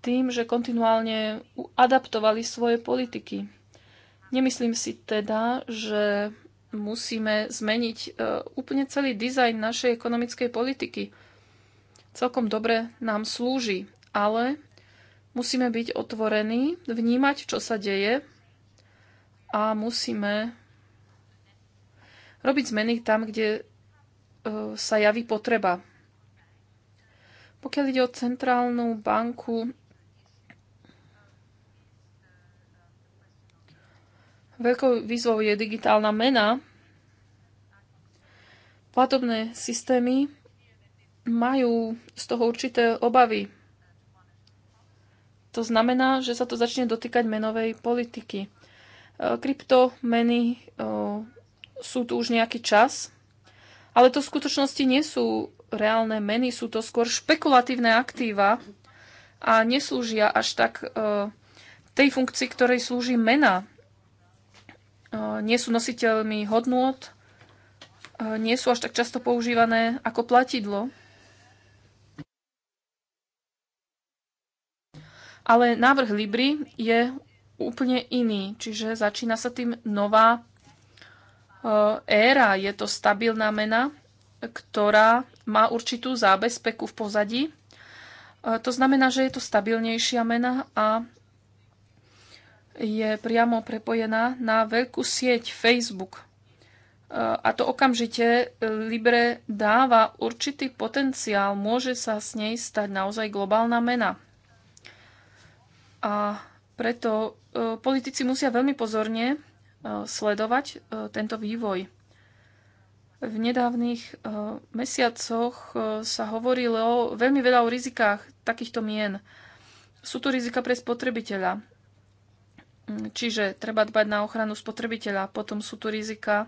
Speaker 1: tým, že kontinuálne adaptovali svoje politiky. Nemyslím si teda, že musíme zmeniť e, úplne celý dizajn našej ekonomickej politiky. Celkom dobre nám slúži, ale musíme byť otvorení, vnímať, čo sa deje a musíme robiť zmeny tam, kde e, sa javí potreba. Pokiaľ ide o centrálnu banku, Veľkou výzvou je digitálna mena. Platobné systémy majú z toho určité obavy. To znamená, že sa to začne dotýkať menovej politiky. E, kryptomeny e, sú tu už nejaký čas, ale to v skutočnosti nie sú reálne meny, sú to skôr špekulatívne aktíva a neslúžia až tak e, tej funkcii, ktorej slúži mena nie sú nositeľmi hodnôt, nie sú až tak často používané ako platidlo. Ale návrh Libri je úplne iný, čiže začína sa tým nová éra. Je to stabilná mena, ktorá má určitú zábezpeku v pozadí. To znamená, že je to stabilnejšia mena a je priamo prepojená na veľkú sieť Facebook. E, a to okamžite e, Libre dáva určitý potenciál, môže sa s nej stať naozaj globálna mena. A preto e, politici musia veľmi pozorne sledovať tento vývoj. V nedávnych mesiacoch sa hovorilo veľmi veľa o rizikách takýchto mien. Sú tu rizika pre spotrebiteľa, Mm, čiže treba dbať na ochranu spotrebiteľa. Potom sú tu rizika, e,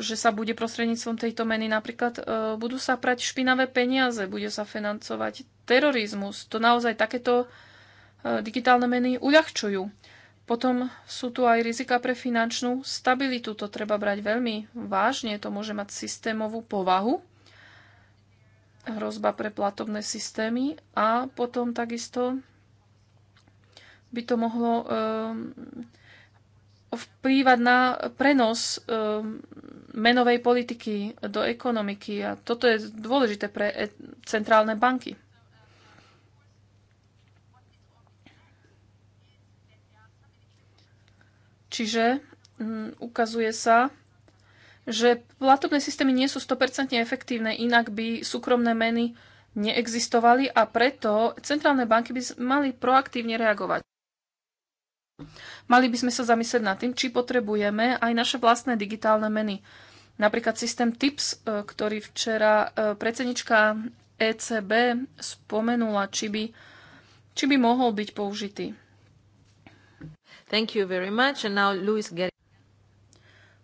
Speaker 1: že sa bude prostredníctvom tejto meny napríklad e, budú sa prať špinavé peniaze, bude sa financovať terorizmus. To naozaj takéto e, digitálne meny uľahčujú. Potom sú tu aj rizika pre finančnú stabilitu. To treba brať veľmi vážne. To môže mať systémovú povahu hrozba pre platobné systémy a potom takisto by to mohlo ehm, vplývať na prenos ehm, menovej politiky do ekonomiky. A toto je dôležité pre e- centrálne banky. Čiže hm, ukazuje sa, že platobné systémy nie sú 100% efektívne, inak by súkromné meny neexistovali a preto centrálne banky by mali proaktívne reagovať. Mali by sme sa zamyslieť nad tým, či potrebujeme aj naše vlastné digitálne meny. Napríklad systém TIPS, e, ktorý včera e, predsednička ECB spomenula, či by, či by mohol byť použitý. Thank you very much. And now Luis, Gar-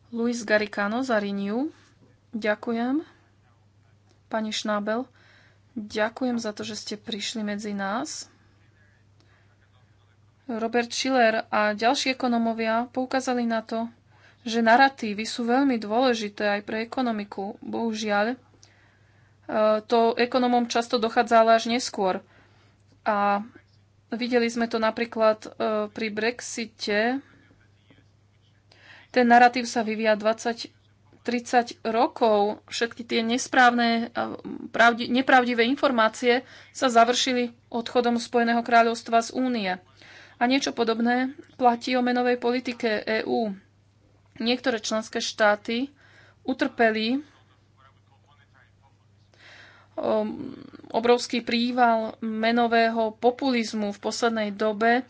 Speaker 1: Luis Garicano za Renew. Ďakujem. Pani Šnábel, ďakujem za to, že ste prišli medzi nás. Robert Schiller a ďalší ekonomovia poukázali na to, že naratívy sú veľmi dôležité aj pre ekonomiku. Bohužiaľ, e, to ekonomom často dochádzalo až neskôr. A videli sme to napríklad e, pri Brexite. Ten narratív sa vyvíja 20 30 rokov všetky tie nesprávne, e, pravdi, nepravdivé informácie sa završili odchodom Spojeného kráľovstva z únie. A niečo podobné platí o menovej politike EÚ. Niektoré členské štáty utrpeli um, obrovský príval menového populizmu v poslednej dobe.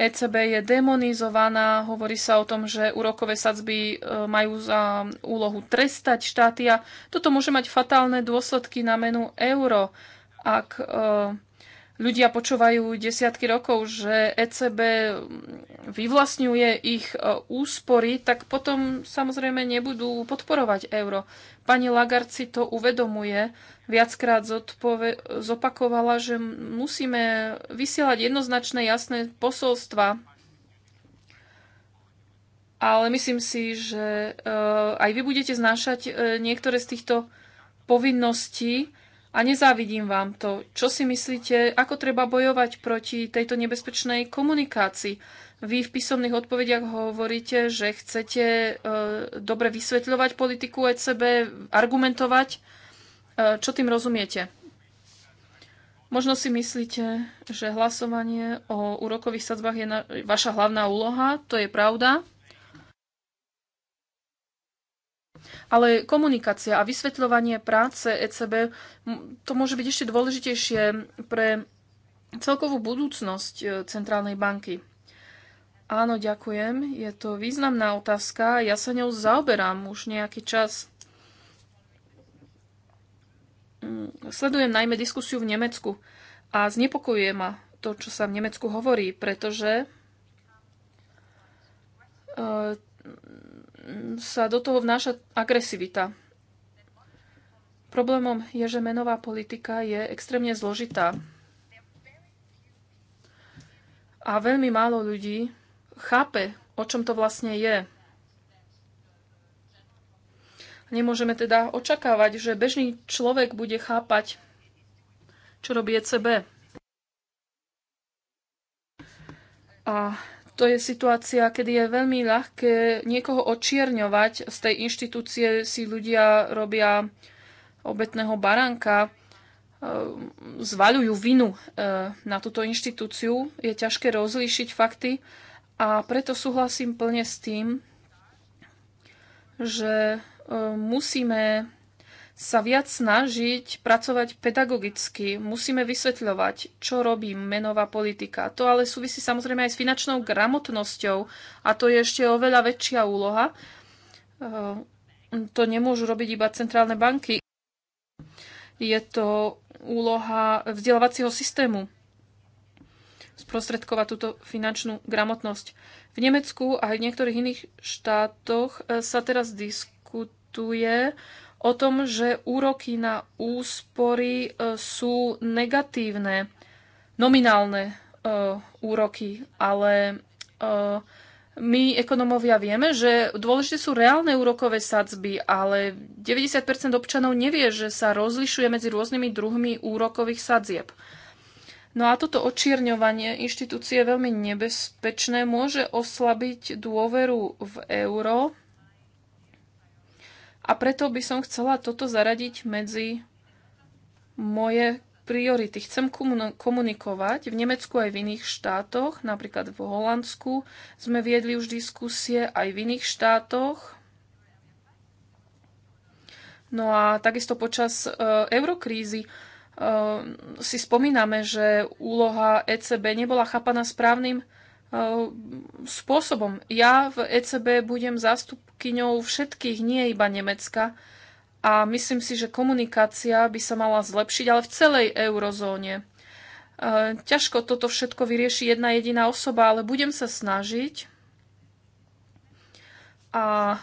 Speaker 1: ECB je demonizovaná, hovorí sa o tom, že úrokové sadzby e, majú za úlohu trestať štáty a toto môže mať fatálne dôsledky na menu euro. Ak e, ľudia počúvajú desiatky rokov, že ECB vyvlastňuje ich e, úspory, tak potom samozrejme nebudú podporovať euro. Pani Lagarde si to uvedomuje, viackrát zopakovala, že musíme vysielať jednoznačné jasné posolstva. Ale myslím si, že e, aj vy budete znášať e, niektoré z týchto povinností, a nezávidím vám to. Čo si myslíte, ako treba bojovať proti tejto nebezpečnej komunikácii? Vy v písomných odpovediach hovoríte, že chcete e, dobre vysvetľovať politiku ECB, argumentovať. E, čo tým rozumiete? Možno si myslíte, že hlasovanie o úrokových sadzbách je na, vaša hlavná úloha, to je pravda. Ale komunikácia a vysvetľovanie práce ECB, to môže byť ešte dôležitejšie pre celkovú budúcnosť e, Centrálnej banky. Áno, ďakujem. Je to významná otázka. Ja sa ňou zaoberám už nejaký čas. Mm, sledujem najmä diskusiu v Nemecku a znepokojuje ma to, čo sa v Nemecku hovorí, pretože e, sa do toho vnáša agresivita. Problémom je, že menová politika je extrémne zložitá. A veľmi málo ľudí chápe, o čom to vlastne je. Nemôžeme teda očakávať, že bežný človek bude chápať, čo robí ECB. A to je situácia, kedy je veľmi ľahké niekoho očierňovať. Z tej inštitúcie si ľudia robia obetného baránka, e, zvaľujú vinu e, na túto inštitúciu. Je ťažké rozlíšiť fakty a preto súhlasím plne s tým, že e, musíme sa viac snažiť pracovať pedagogicky. Musíme vysvetľovať, čo robí menová politika. To ale súvisí samozrejme aj s finančnou gramotnosťou a to je ešte oveľa väčšia úloha. Eh, to nemôžu robiť iba centrálne banky. Je to úloha vzdelávacieho systému sprostredkovať túto finančnú gramotnosť. V Nemecku a aj v niektorých iných štátoch eh, sa teraz diskutuje o tom, že úroky na úspory e, sú negatívne, nominálne e, úroky, ale e, my ekonomovia vieme, že dôležité sú reálne úrokové sadzby, ale 90% občanov nevie, že sa rozlišuje medzi rôznymi druhmi úrokových sadzieb. No a toto očierňovanie inštitúcie je veľmi nebezpečné, môže oslabiť dôveru v euro a preto by som chcela toto zaradiť medzi moje priority. Chcem komunikovať v Nemecku aj v iných štátoch, napríklad v Holandsku sme viedli už diskusie aj v iných štátoch. No a takisto počas uh, eurokrízy uh, si spomíname, že úloha ECB nebola chápaná správnym Eh, spôsobom. Ja v ECB budem zástupkyňou všetkých, nie iba Nemecka. A myslím si, že komunikácia by sa mala zlepšiť, ale v celej eurozóne. Eh, ťažko toto všetko vyrieši jedna jediná osoba, ale budem sa snažiť. A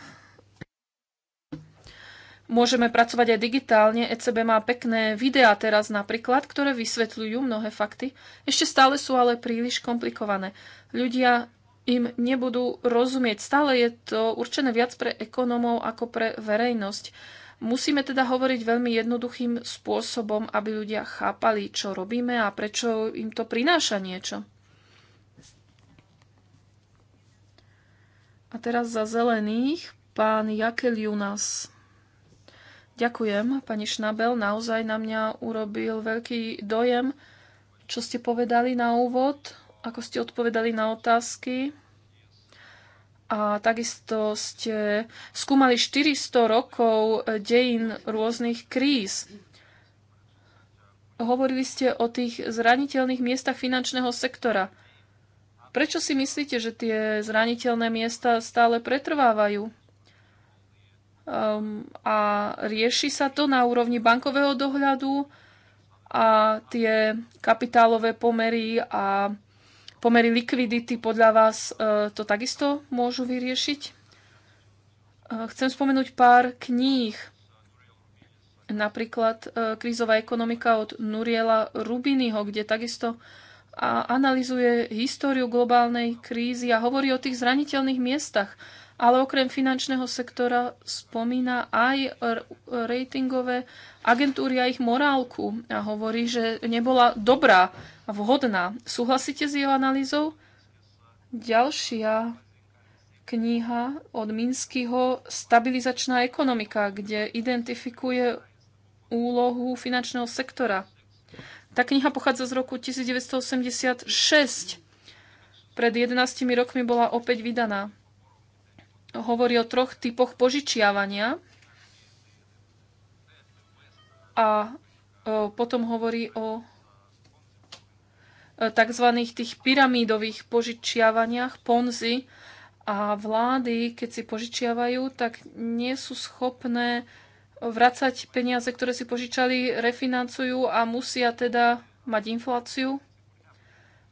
Speaker 1: Môžeme pracovať aj digitálne. ECB má pekné videá teraz napríklad, ktoré vysvetľujú mnohé fakty. Ešte stále sú ale príliš komplikované. Ľudia im nebudú rozumieť. Stále je to určené viac pre ekonómov ako pre verejnosť. Musíme teda hovoriť veľmi jednoduchým spôsobom, aby ľudia chápali, čo robíme a prečo im to prináša niečo. A teraz za zelených pán Jakel Junas. Ďakujem, pani Šnabel, naozaj na mňa urobil veľký dojem, čo ste povedali na úvod, ako ste odpovedali na otázky. A takisto ste skúmali 400 rokov dejín rôznych kríz. Hovorili ste o tých zraniteľných miestach finančného sektora. Prečo si myslíte, že tie zraniteľné miesta stále pretrvávajú? um, a rieši sa to na úrovni bankového dohľadu a tie kapitálové pomery a pomery likvidity podľa vás uh, to takisto môžu vyriešiť. Uh, chcem spomenúť pár kníh, napríklad uh, Krízová ekonomika od Nuriela Rubinyho, kde takisto a analizuje históriu globálnej krízy a hovorí o tých zraniteľných miestach ale okrem finančného sektora spomína aj ratingové agentúry a ich morálku a hovorí, že nebola dobrá a vhodná. Súhlasíte s jeho analýzou? Ďalšia kniha od Minskyho Stabilizačná ekonomika, kde identifikuje úlohu finančného sektora. Tá kniha pochádza z roku 1986. Pred 11 rokmi bola opäť vydaná hovorí o troch typoch požičiavania a e, potom hovorí o e, tzv. tých pyramídových požičiavaniach, ponzi a vlády, keď si požičiavajú, tak nie sú schopné vracať peniaze, ktoré si požičali, refinancujú a musia teda mať infláciu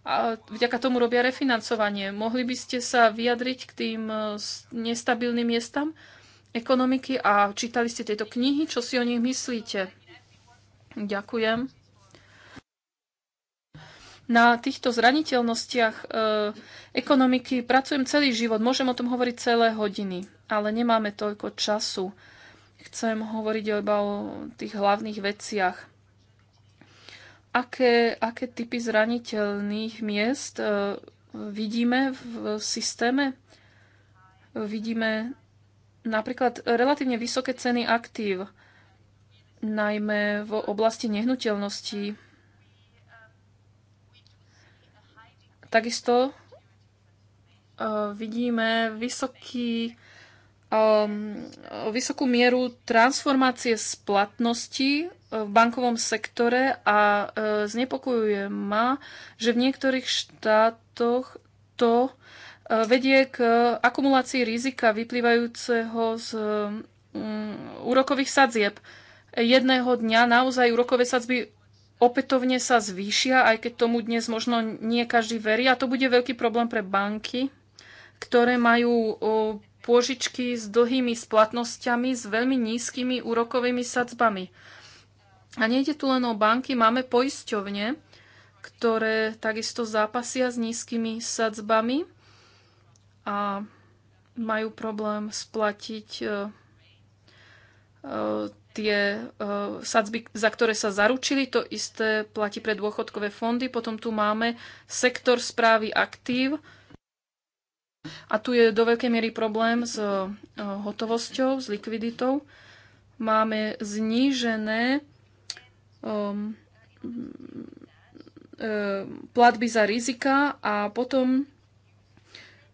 Speaker 1: a vďaka tomu robia refinancovanie. Mohli by ste sa vyjadriť k tým e, nestabilným miestam ekonomiky a čítali ste tieto knihy, čo si o nich myslíte? Ďakujem. Na týchto zraniteľnostiach e, ekonomiky pracujem celý život, môžem o tom hovoriť celé hodiny, ale nemáme toľko času. Chcem hovoriť iba o tých hlavných veciach aké, aké typy zraniteľných miest e, vidíme v systéme. Vidíme napríklad relatívne vysoké ceny aktív, najmä v oblasti nehnuteľností. Takisto e, vidíme vysoký Um, vysokú mieru transformácie splatnosti eh, v bankovom sektore a eh, znepokojuje ma, že v niektorých štátoch to eh, vedie k akumulácii rizika vyplývajúceho z mm, úrokových sadzieb. Jedného dňa naozaj úrokové sadzby opätovne sa zvýšia, aj keď tomu dnes možno nie každý verí. A to bude veľký problém pre banky, ktoré majú pôžičky s dlhými splatnosťami, s veľmi nízkymi úrokovými sadzbami. A nejde tu len o banky, máme poisťovne, ktoré takisto zápasia s nízkymi sadzbami a majú problém splatiť e, e, tie e, sadzby, za ktoré sa zaručili. To isté platí pre dôchodkové fondy. Potom tu máme sektor správy aktív, a tu je do veľkej miery problém s e, hotovosťou, s likviditou. Máme znížené um, e, platby za rizika a potom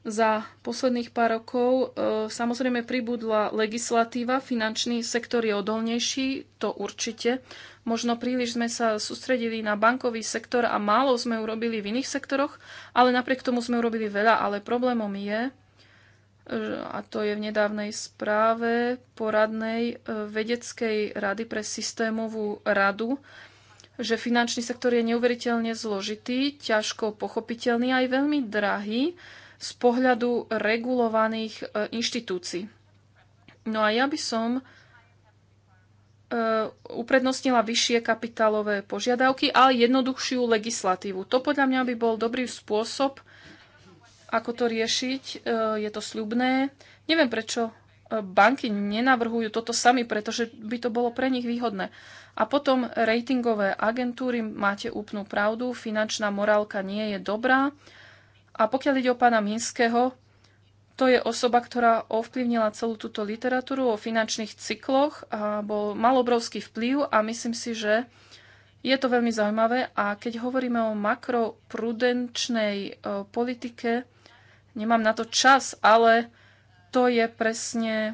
Speaker 1: za posledných pár rokov e, samozrejme pribudla legislatíva, finančný sektor je odolnejší, to určite, Možno príliš sme sa sústredili na bankový sektor a málo sme urobili v iných sektoroch, ale napriek tomu sme urobili veľa. Ale problémom je, a to je v nedávnej správe poradnej e, vedeckej rady pre systémovú radu, že finančný sektor je neuveriteľne zložitý, ťažko pochopiteľný aj veľmi drahý z pohľadu regulovaných e, inštitúcií. No a ja by som E, uprednostnila vyššie kapitálové požiadavky, ale jednoduchšiu legislatívu. To podľa mňa by bol dobrý spôsob, ako to riešiť. E, je to sľubné. Neviem, prečo e, banky nenavrhujú toto sami, pretože by to bolo pre nich výhodné. A potom ratingové agentúry, máte úplnú pravdu, finančná morálka nie je dobrá. A pokiaľ ide o pána Minského, to je osoba, ktorá ovplyvnila celú túto literatúru o finančných cykloch a bol, mal obrovský vplyv a myslím si, že je to veľmi zaujímavé a keď hovoríme o makroprudenčnej e, politike, nemám na to čas, ale to je presne e,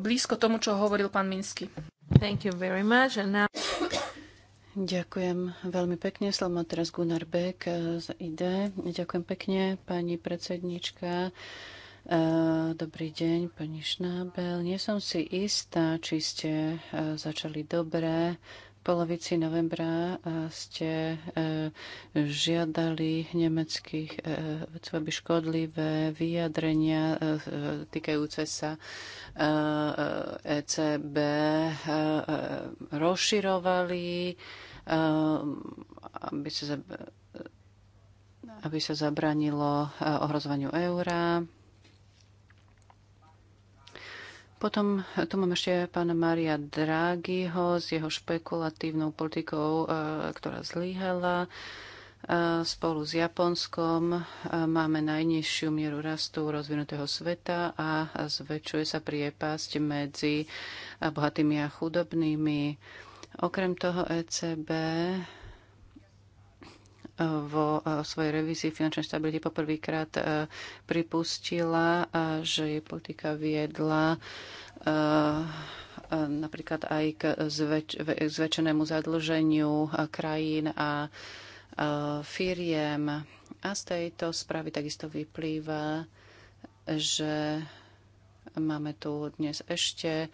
Speaker 1: blízko tomu, čo hovoril pán Minsky. Thank you very much. And now...
Speaker 3: Ďakujem veľmi pekne. Slovo má teraz Gunnar Beck eh, z ID. Ďakujem pekne, pani predsednička. Eh, dobrý deň, pani Šnábel. Nie som si istá, či ste eh, začali dobre polovici novembra eh, ste eh, žiadali nemeckých eh, vedcov, škodlivé vyjadrenia týkajúce sa ECB e rozširovali, aby sa, aby sa zabranilo ohrozovaniu eura potom tu mám ešte pána Maria Draghiho s jeho špekulatívnou politikou, e, ktorá zlyhala. E, spolu s Japonskom e, máme najnižšiu mieru rastu rozvinutého sveta a zväčšuje sa priepasť medzi bohatými a chudobnými. Okrem toho ECB vo e, svojej revízii finančnej stability poprvýkrát e, pripustila, e, že jej politika viedla napríklad aj k zväč- zväčšenému zadlženiu krajín a firiem. A z tejto správy takisto vyplýva, že máme tu dnes ešte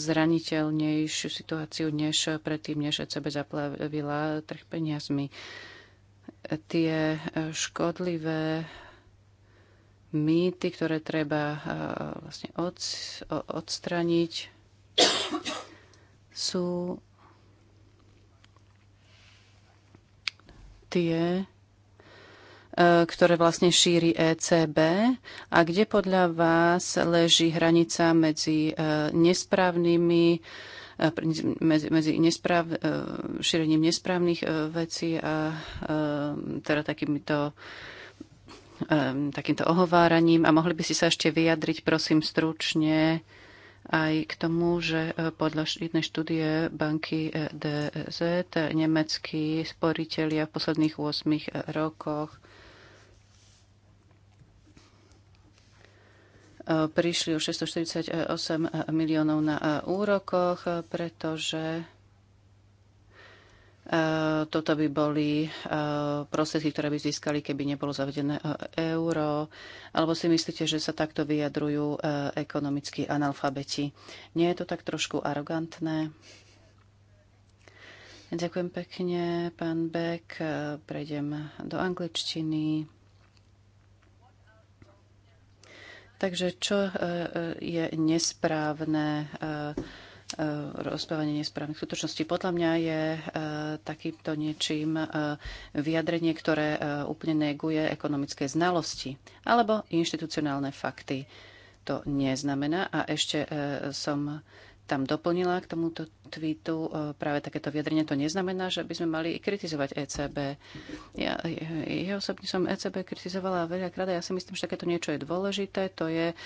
Speaker 3: zraniteľnejšiu situáciu než predtým, než ECB zaplavila trh peniazmi tie e, škodlivé mýty, ktoré treba e, vlastne od, odstraniť, sú tie, e, ktoré vlastne šíri ECB a kde podľa vás leží hranica medzi nesprávnymi Eh, medzi, medzi nespráv, eh, šírením nesprávnych eh, vecí a teda takýmito takýmto ohováraním. A mohli by si sa ešte vyjadriť, prosím, stručne aj k tomu, že podľa jednej štúdie banky DZ nemeckí sporiteľia v posledných 8 rokoch prišli o 648 miliónov na e, úrokoch, pretože e, toto by boli e, prostriedky, ktoré by získali, keby nebolo zavedené euro. Alebo si myslíte, že sa takto vyjadrujú ekonomickí analfabeti? Nie je to tak trošku arogantné? Ďakujem pekne, pán Beck. Prejdem do angličtiny. Takže čo e, e, je nesprávne e, rozprávanie nesprávnych skutočností. Podľa mňa je e, takýmto niečím e, vyjadrenie, ktoré e, úplne neguje ekonomické znalosti alebo inštitucionálne fakty. To neznamená a ešte som tam doplnila k tomuto tweetu e, práve takéto vyjadrenie. To neznamená, že by sme mali kritizovať ECB. Ja, ja, ja osobne som ECB kritizovala veľakrát a ja si myslím, že takéto niečo je dôležité. To je e,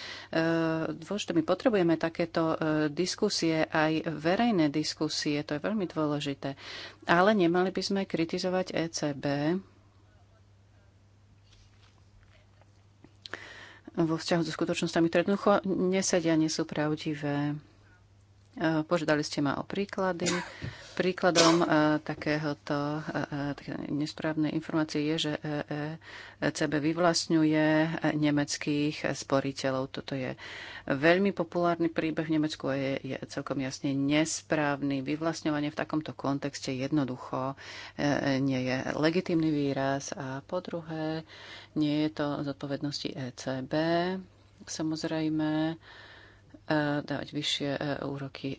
Speaker 3: dôležité. My potrebujeme takéto e, diskusie, aj verejné diskusie. To je veľmi dôležité. Ale nemali by sme kritizovať ECB vo vzťahu so skutočnosťami, ktoré jednoducho nesedia, nie sú pravdivé. Eh, požiadali ste ma o príklady. Príkladom eh, takéhoto, eh, takéto nesprávnej informácie je, že ECB e vyvlastňuje nemeckých sporiteľov. Toto je veľmi populárny príbeh v Nemecku a je, je celkom jasne nesprávny. Vyvlastňovanie v takomto kontexte jednoducho nie je legitímny výraz a po druhé nie je to zodpovednosti ECB. Samozrejme, dávať vyššie e, úroky e,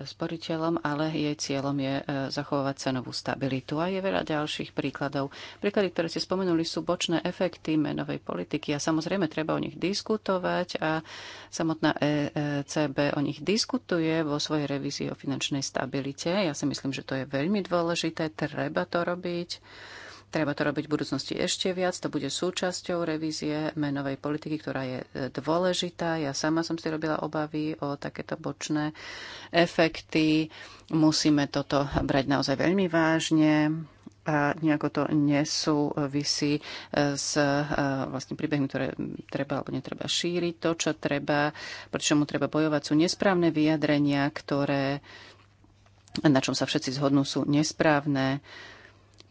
Speaker 3: sporiteľom, ale jej cieľom je e, zachovať cenovú stabilitu. A je veľa ďalších príkladov. Príklady, ktoré ste spomenuli, sú bočné efekty menovej politiky a samozrejme treba o nich diskutovať a samotná ECB o nich diskutuje vo svojej revízii o finančnej stabilite. Ja si myslím, že to je veľmi dôležité, treba to robiť Treba to robiť v budúcnosti ešte viac. To bude súčasťou revízie menovej politiky, ktorá je e, dôležitá. Ja sama som si robila obavy o takéto bočné efekty. Musíme toto brať naozaj veľmi vážne a nejako to nesúvisí e, s vlastne príbehmi, ktoré treba alebo netreba šíriť. To, čo treba, proti čomu treba bojovať, sú nesprávne vyjadrenia, ktoré na čom sa všetci zhodnú, sú nesprávne. Uh,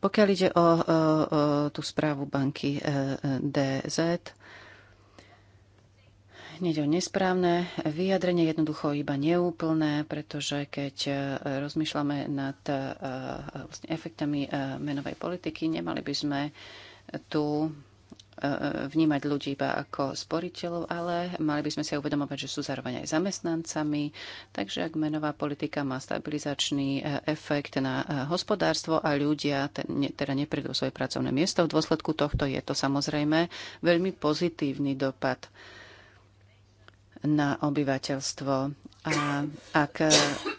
Speaker 3: pokiaľ ide o, o, o tú správu banky e, e, DZ, Nede o nesprávne vyjadrenie, jednoducho iba neúplné, pretože keď e, rozmýšľame nad vlastne efektami menovej politiky, nemali by sme tu E, vnímať ľudí iba ako sporiteľov, ale mali by sme si uvedomovať, že sú zároveň aj zamestnancami. Takže ak menová politika má stabilizačný e, efekt na e, hospodárstvo a ľudia teda neprídu svoje pracovné miesto, v dôsledku tohto je to samozrejme veľmi pozitívny dopad na obyvateľstvo. A ak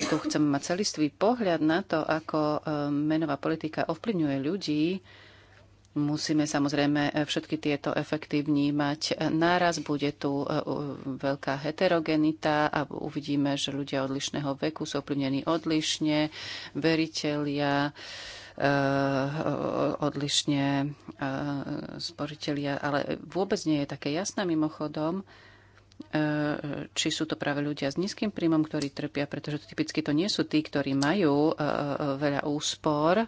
Speaker 3: tu chceme mať celistvý pohľad na to, ako menová politika ovplyvňuje ľudí, Musíme samozrejme všetky tieto efekty vnímať náraz. Bude tu e, veľká heterogenita a uvidíme, že ľudia odlišného veku sú ovplyvnení odlišne, veritelia, e, odlišne e, sporitelia, ale vôbec nie je také jasné mimochodom, či sú to práve ľudia s nízkym príjmom, ktorí trpia, pretože typicky to nie sú tí, ktorí majú veľa úspor,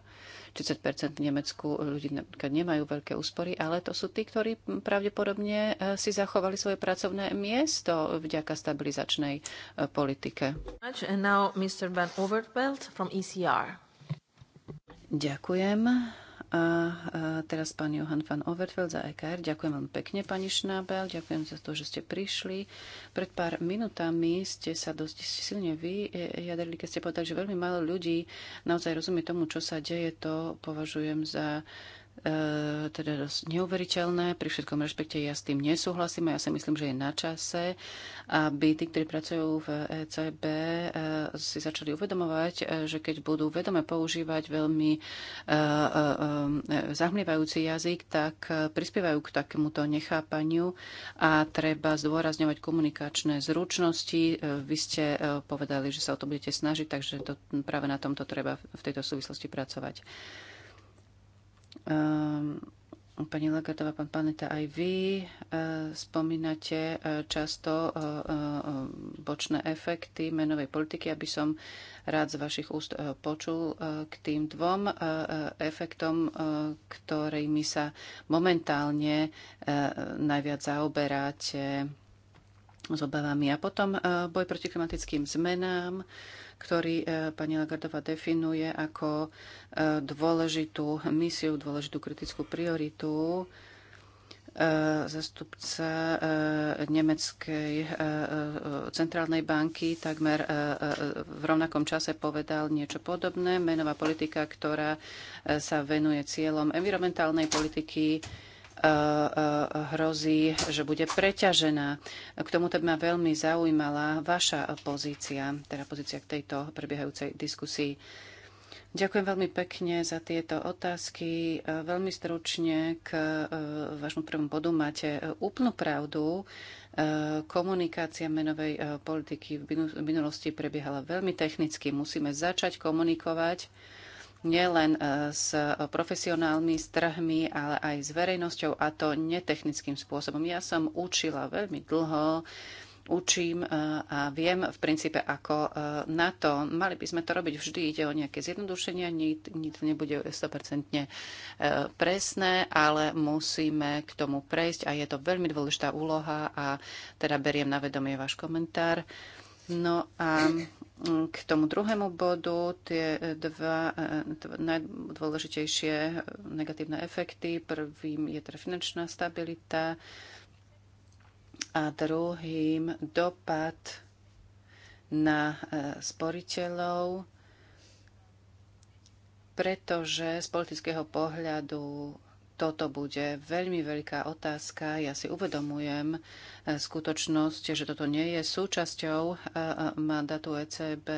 Speaker 3: 30 v Nemecku ľudí napríklad nemajú veľké úspory, ale to sú tí, ktorí pravdepodobne e, si zachovali svoje pracovné miesto vďaka stabilizačnej e, politike. E Ďakujem. A teraz pán Johan van Overfeld za EKR. Ďakujem veľmi pekne, pani Šnábel. Ďakujem za to, že ste prišli. Pred pár minutami ste sa dosť silne vyjadrili, keď ste povedali, že veľmi málo ľudí naozaj rozumie tomu, čo sa deje. To považujem za E, teda dosť neuveriteľné. Pri všetkom rešpekte ja s tým nesúhlasím a ja si myslím, že je na čase, aby tí, ktorí pracujú v ECB, e, si začali uvedomovať, e, že keď budú vedome používať veľmi zahmlievajúci jazyk, tak prispievajú k takémuto nechápaniu a treba zdôrazňovať komunikačné zručnosti. Vy ste povedali, že sa o to budete snažiť, takže to, práve na tomto treba v tejto súvislosti pracovať. Ehm, pani Legatová, pán Paneta, aj vy e, spomínate e, často e, bočné efekty menovej politiky. Aby som rád z vašich úst počul k tým dvom efektom, ktorými sa momentálne najviac zaoberáte s obavami. A potom boj proti klimatickým zmenám ktorý e, pani Lagardová definuje ako e, dôležitú misiu, dôležitú kritickú prioritu e, zastupca Nemeckej centrálnej banky takmer v rovnakom čase povedal niečo podobné. Menová politika, ktorá sa venuje cieľom environmentálnej politiky, E, e, hrozí, že bude preťažená. K tomuto by ma veľmi zaujímala vaša pozícia, teda pozícia k tejto prebiehajúcej diskusii. Ďakujem veľmi pekne za tieto otázky. E, veľmi stručne k vášmu prvom bodu máte úplnú pravdu. Komunikácia menovej politiky v minulosti prebiehala veľmi technicky. Musíme začať komunikovať nielen e, s profesionálmi, s trhmi, ale aj s verejnosťou a to netechnickým spôsobom. Ja som učila veľmi dlho, učím e, a viem v princípe ako e, na to. Mali by sme to robiť vždy, ide o nejaké zjednodušenia, nič nebude 100% presné, ale musíme k tomu prejsť a je to veľmi dôležitá úloha a teda beriem na vedomie váš komentár. No a k tomu druhému bodu tie eh, eh, dva najdôležitejšie eh, negatívne efekty. Prvým je teda finančná stabilita a druhým dopad na sporiteľov, pretože z politického pohľadu toto bude veľmi veľká otázka. Ja si uvedomujem e, skutočnosť, že toto nie je súčasťou e, e, mandátu ECB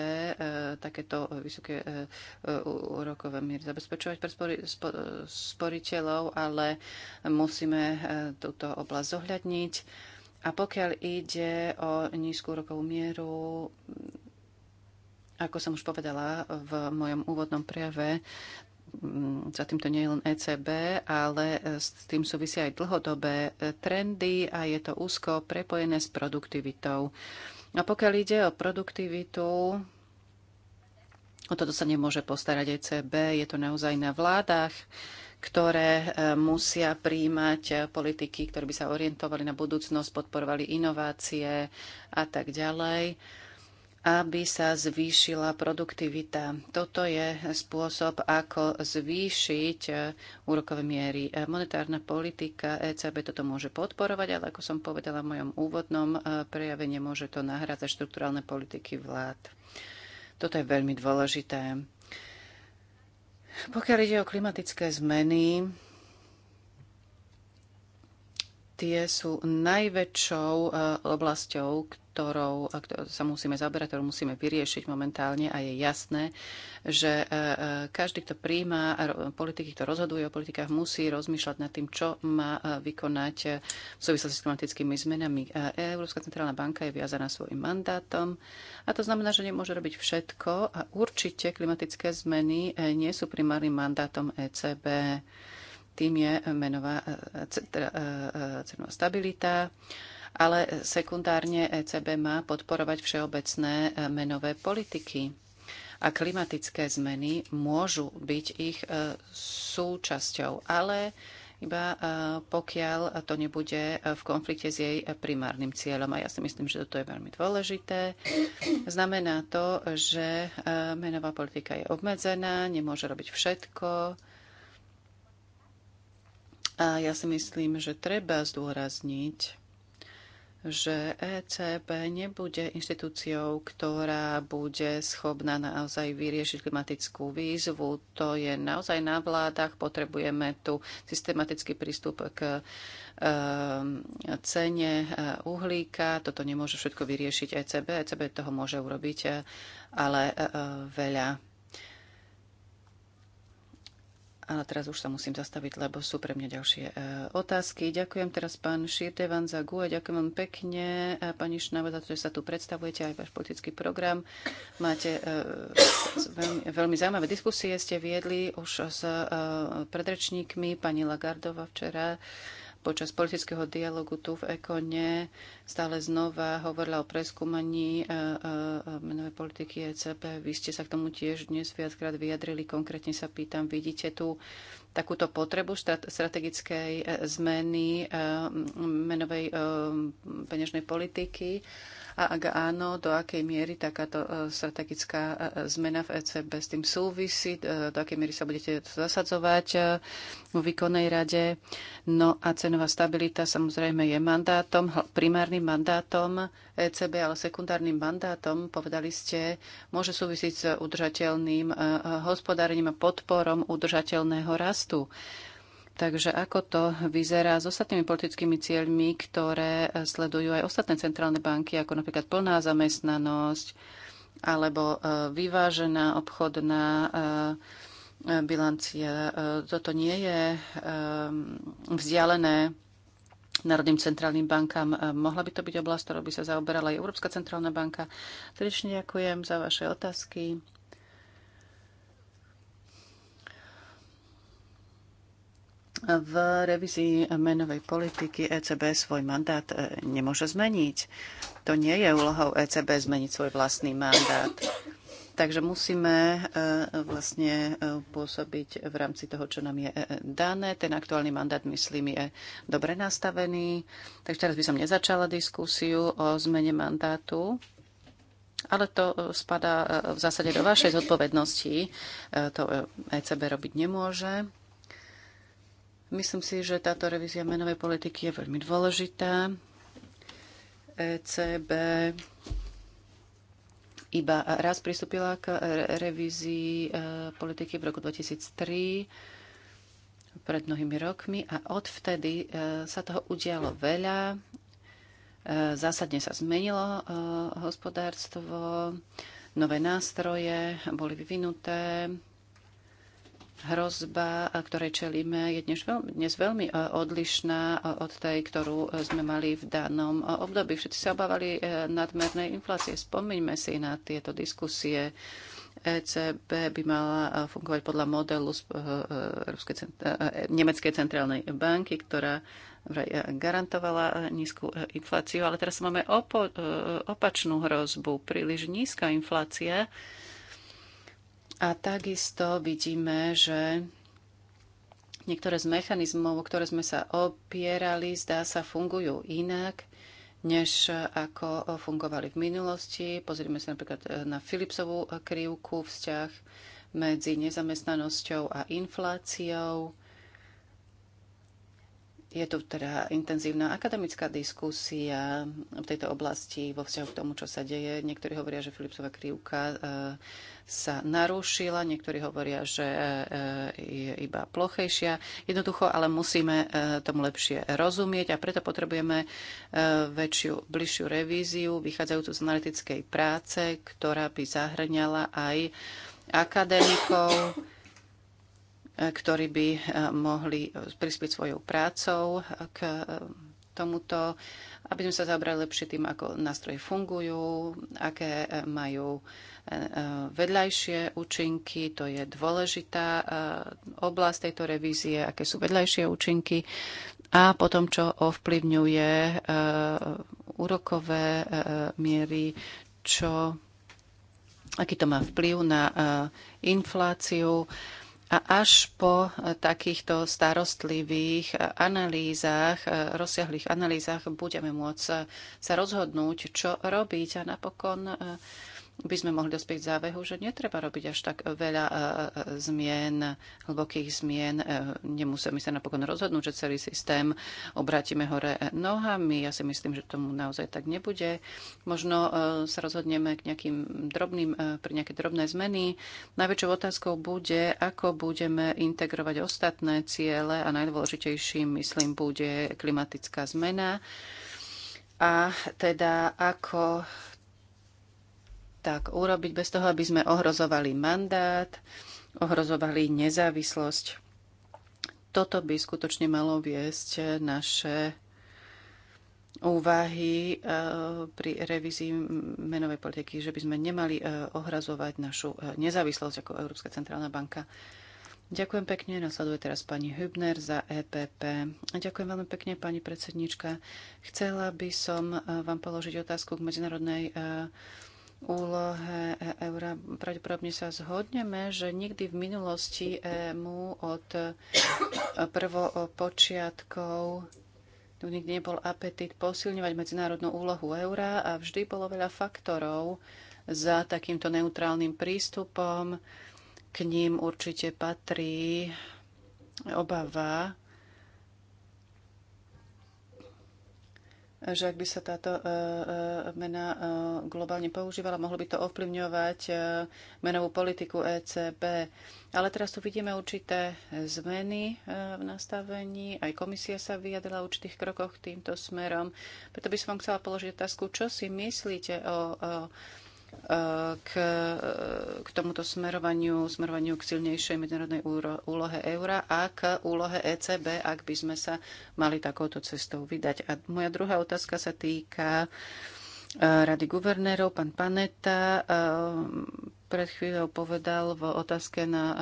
Speaker 3: takéto vysoké úrokové miery zabezpečovať pre sporiteľov, ale musíme túto oblasť zohľadniť. A pokiaľ ide o nízku úrokovú mieru, ako som už povedala v mojom úvodnom prejave, Mm, za týmto nie je len ECB, ale e, s tým súvisia aj dlhodobé e, trendy a je to úzko prepojené s produktivitou. A pokiaľ ide o produktivitu, o toto sa nemôže postarať ECB, je to naozaj na vládach, ktoré e, musia príjmať politiky, ktoré by sa orientovali na budúcnosť, podporovali inovácie a tak ďalej aby sa zvýšila produktivita. Toto je spôsob, ako zvýšiť e, úrokové miery. E, monetárna politika ECB toto môže podporovať, ale ako som povedala v mojom úvodnom e, prejave, nemôže to nahrádzať štruktúralne politiky vlád. Toto je veľmi dôležité. Pokiaľ ide o klimatické zmeny, Tie sú najväčšou e, oblasťou, ktorou sa musíme zaberať, ktorú musíme vyriešiť momentálne a je jasné, že e, e, každý, kto príjma politiky, kto rozhoduje o politikách, musí rozmýšľať nad tým, čo má vykonať v súvislosti s klimatickými zmenami. Európska centrálna banka je viazaná svojim mandátom a to znamená, že nemôže robiť všetko a určite klimatické zmeny nie sú primárnym mandátom ECB. Tým je menová e, teda, e, e, cenová stabilita, ale sekundárne ECB má podporovať všeobecné menové politiky a klimatické zmeny môžu byť ich súčasťou, ale iba pokiaľ to nebude v konflikte s jej primárnym cieľom. A ja si myslím, že toto je veľmi dôležité. Znamená to, že menová politika je obmedzená, nemôže robiť všetko, a ja si myslím, že treba zdôrazniť, že ECB nebude inštitúciou, ktorá bude schopná naozaj vyriešiť klimatickú výzvu. To je naozaj na vládach. Potrebujeme tu systematický prístup k ehm, cene e, uhlíka. Toto nemôže všetko vyriešiť ECB. ECB toho môže urobiť e, ale e, veľa. Ale teraz už sa musím zastaviť, lebo sú pre mňa ďalšie e, otázky. Ďakujem teraz pán Širdevan za GUE. Ďakujem vám pekne, e, pani Šnáva, za to, že sa tu predstavujete aj váš politický program. Máte e, veľmi, veľmi zaujímavé diskusie, ste viedli už s predrečníkmi, pani Lagardova včera počas politického dialogu tu v Ekone stále znova hovorila o preskúmaní e, e, menovej politiky ECP. Vy ste sa k tomu tiež dnes viackrát vyjadrili. Konkrétne sa pýtam, vidíte tu takúto potrebu strategickej e, zmeny menovej peňažnej politiky? A ak áno, do akej miery takáto e, strategická e, e, zmena v ECB s tým súvisí, do akej miery sa budete zasadzovať vo výkonnej rade. No a cenová stabilita samozrejme je mandátom, primárnym mandátom ECB, ale sekundárnym mandátom, povedali ste, môže súvisiť s udržateľným hospodárením a podporom udržateľného rastu. Takže ako to vyzerá s ostatnými politickými cieľmi, ktoré sledujú aj ostatné centrálne banky, ako napríklad plná zamestnanosť alebo e, vyvážená obchodná e, bilancia. E, toto nie je vzdialené národným centrálnym bankám. Mohla by to byť oblasť, ktorou by sa zaoberala aj Európska centrálna banka. Srdečne ďakujem za vaše otázky. v revizii menovej politiky ECB svoj mandát e, nemôže zmeniť. To nie je úlohou ECB zmeniť svoj vlastný mandát. Takže musíme e, vlastne e, pôsobiť v rámci toho, čo nám je dané. Ten aktuálny mandát, myslím, je dobre nastavený. Takže teraz by som nezačala diskusiu o zmene mandátu. Ale to spadá v zásade do vašej zodpovednosti. To ECB robiť nemôže. Myslím si, že táto revízia menovej politiky je veľmi dôležitá. ECB iba raz pristúpila k revízii e, politiky v roku 2003 pred mnohými rokmi a odvtedy e, sa toho udialo veľa. E, zásadne sa zmenilo hospodárstvo, nové nástroje boli vyvinuté, Hrozba, ktorej čelíme, je dnes, veľmi, dnes veľmi e, odlišná e, od tej, ktorú e, sme mali v danom období. Všetci sa obávali nadmernej inflácie. Spomíňme si na tieto diskusie. ECB by mala fungovať podľa modelu Nemeckej centrálnej banky, ktorá garantovala nízku infláciu, ale teraz máme opo- opačnú hrozbu, príliš nízka inflácia, a takisto vidíme, že niektoré z mechanizmov, o ktoré sme sa opierali, zdá sa fungujú inak než ako fungovali v minulosti. Pozrime sa napríklad e, na Philipsovú krivku, vzťah medzi nezamestnanosťou a infláciou. Je tu teda intenzívna akademická diskusia v tejto oblasti vo vzťahu k tomu, čo sa deje. Niektorí hovoria, že Filipsová krivka eh, sa narušila, niektorí hovoria, že eh, je iba plochejšia. Jednoducho, ale musíme eh, tomu lepšie rozumieť a preto potrebujeme väčšiu, bližšiu revíziu vychádzajúcu z analytickej práce, ktorá by zahrňala aj akademikov, ktorí by eh, mohli eh, prispieť svojou prácou eh, k tomuto, aby sme sa zabrali lepšie tým, ako nástroje fungujú, aké majú vedľajšie účinky, to je dôležitá oblasť tejto revízie, aké sú vedľajšie účinky a potom, čo ovplyvňuje úrokové miery, čo, aký to má vplyv na infláciu a až po takýchto starostlivých analýzach, rozsiahlých analýzach budeme môcť sa rozhodnúť, čo robiť. A napokon by sme mohli dospieť závehu, že netreba robiť až tak veľa e, e, zmien, hlbokých zmien. E, nemusíme sa napokon rozhodnúť, že celý systém obrátime hore nohami. Ja si myslím, že tomu naozaj tak nebude. Možno sa rozhodneme k nejakým drobným, pre nejaké drobné zmeny. Najväčšou otázkou bude, ako budeme integrovať ostatné ciele a najdôležitejším, myslím, bude klimatická zmena a teda ako tak urobiť bez toho, aby sme ohrozovali mandát, ohrozovali nezávislosť. Toto by skutočne malo viesť naše úvahy eh, pri revízii menovej politiky, že by sme nemali eh, ohrazovať našu eh, nezávislosť ako Európska centrálna banka. Ďakujem pekne. Nasleduje teraz pani Hübner za EPP. Ďakujem veľmi pekne, pani predsednička. Chcela by som vám položiť otázku k medzinárodnej uh, úlohe e- eura. Pravdepodobne sa zhodneme, že nikdy v minulosti EMU od prvopočiatkov tu nikdy nebol apetit posilňovať medzinárodnú úlohu eura a vždy bolo veľa faktorov za takýmto neutrálnym prístupom. K ním určite patrí obava že ak by sa táto e, e, mena e, globálne používala, mohlo by to ovplyvňovať menovú politiku ECB. Ale teraz tu vidíme určité zmeny v nastavení. Aj komisia sa vyjadrila v určitých krokoch týmto smerom. Preto by som vám chcela položiť otázku, čo si myslíte o, o k, k tomuto smerovaniu, smerovaniu k silnejšej medzinárodnej úlohe eura a k úlohe ECB, ak by sme sa mali takouto cestou vydať. A moja druhá otázka sa týka e, Rady guvernérov. Pán Paneta e, pred chvíľou povedal v, otázke na, e,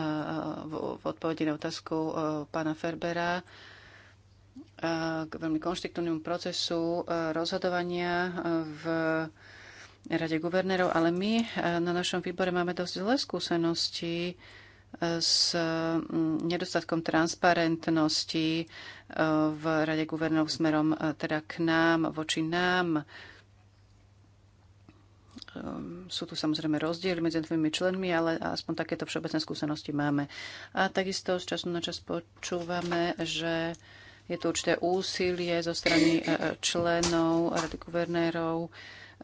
Speaker 3: v, v odpovedi na otázku pána Ferbera, k veľmi konštruktívnemu procesu rozhodovania v rade guvernérov, ale my eh, na našom výbore máme dosť zlé skúsenosti eh, s mm, nedostatkom transparentnosti eh, v Rade guvernérov smerom teda k nám, voči nám. Ehm, sú tu samozrejme rozdiely medzi tvojimi členmi, ale aspoň takéto všeobecné skúsenosti máme. A takisto z času na čas počúvame, že je tu určité úsilie zo strany členov Rady guvernérov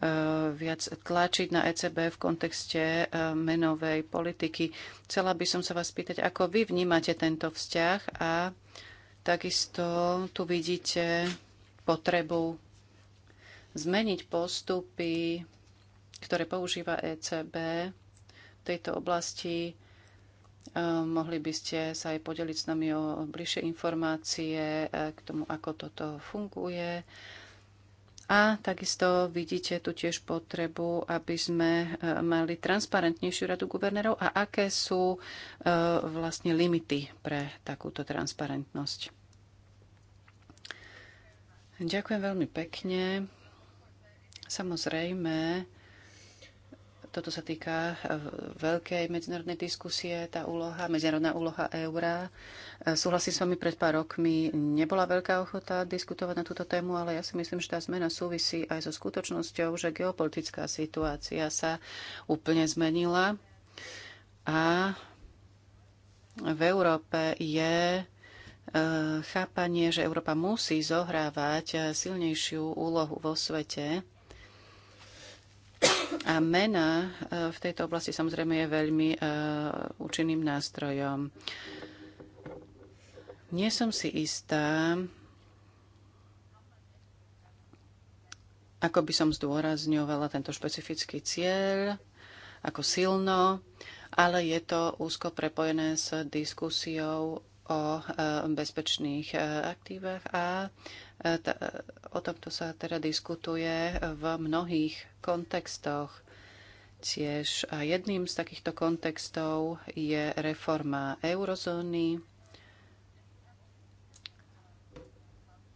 Speaker 3: Eh, viac tlačiť na ECB v kontexte eh, menovej politiky. Chcela by som sa vás spýtať, ako vy vnímate tento vzťah a takisto tu vidíte potrebu zmeniť postupy, ktoré používa ECB v tejto oblasti. Eh, mohli by ste sa aj podeliť s nami o bližšie informácie k tomu, ako toto funguje a takisto vidíte tu tiež potrebu, aby sme e, mali transparentnejšiu radu guvernérov a aké sú e, vlastne limity pre takúto transparentnosť. Ďakujem veľmi pekne. Samozrejme, toto sa týka eh, veľkej medzinárodnej diskusie, tá úloha, medzinárodná úloha eura. Eh, súhlasím s vami, pred pár rokmi nebola veľká ochota diskutovať na túto tému, ale ja si myslím, že tá zmena súvisí aj so skutočnosťou, že geopolitická situácia sa úplne zmenila a v Európe je eh, chápanie, že Európa musí zohrávať silnejšiu úlohu vo svete a mena eh, v tejto oblasti samozrejme je veľmi eh, účinným nástrojom. Nie som si istá, ako by som zdôrazňovala tento špecifický cieľ, ako silno, ale je to úzko prepojené s diskusiou o e, bezpečných e, aktívach a e, o tomto sa teda diskutuje v mnohých kontextoch tiež. A jedným z takýchto kontextov je reforma eurozóny.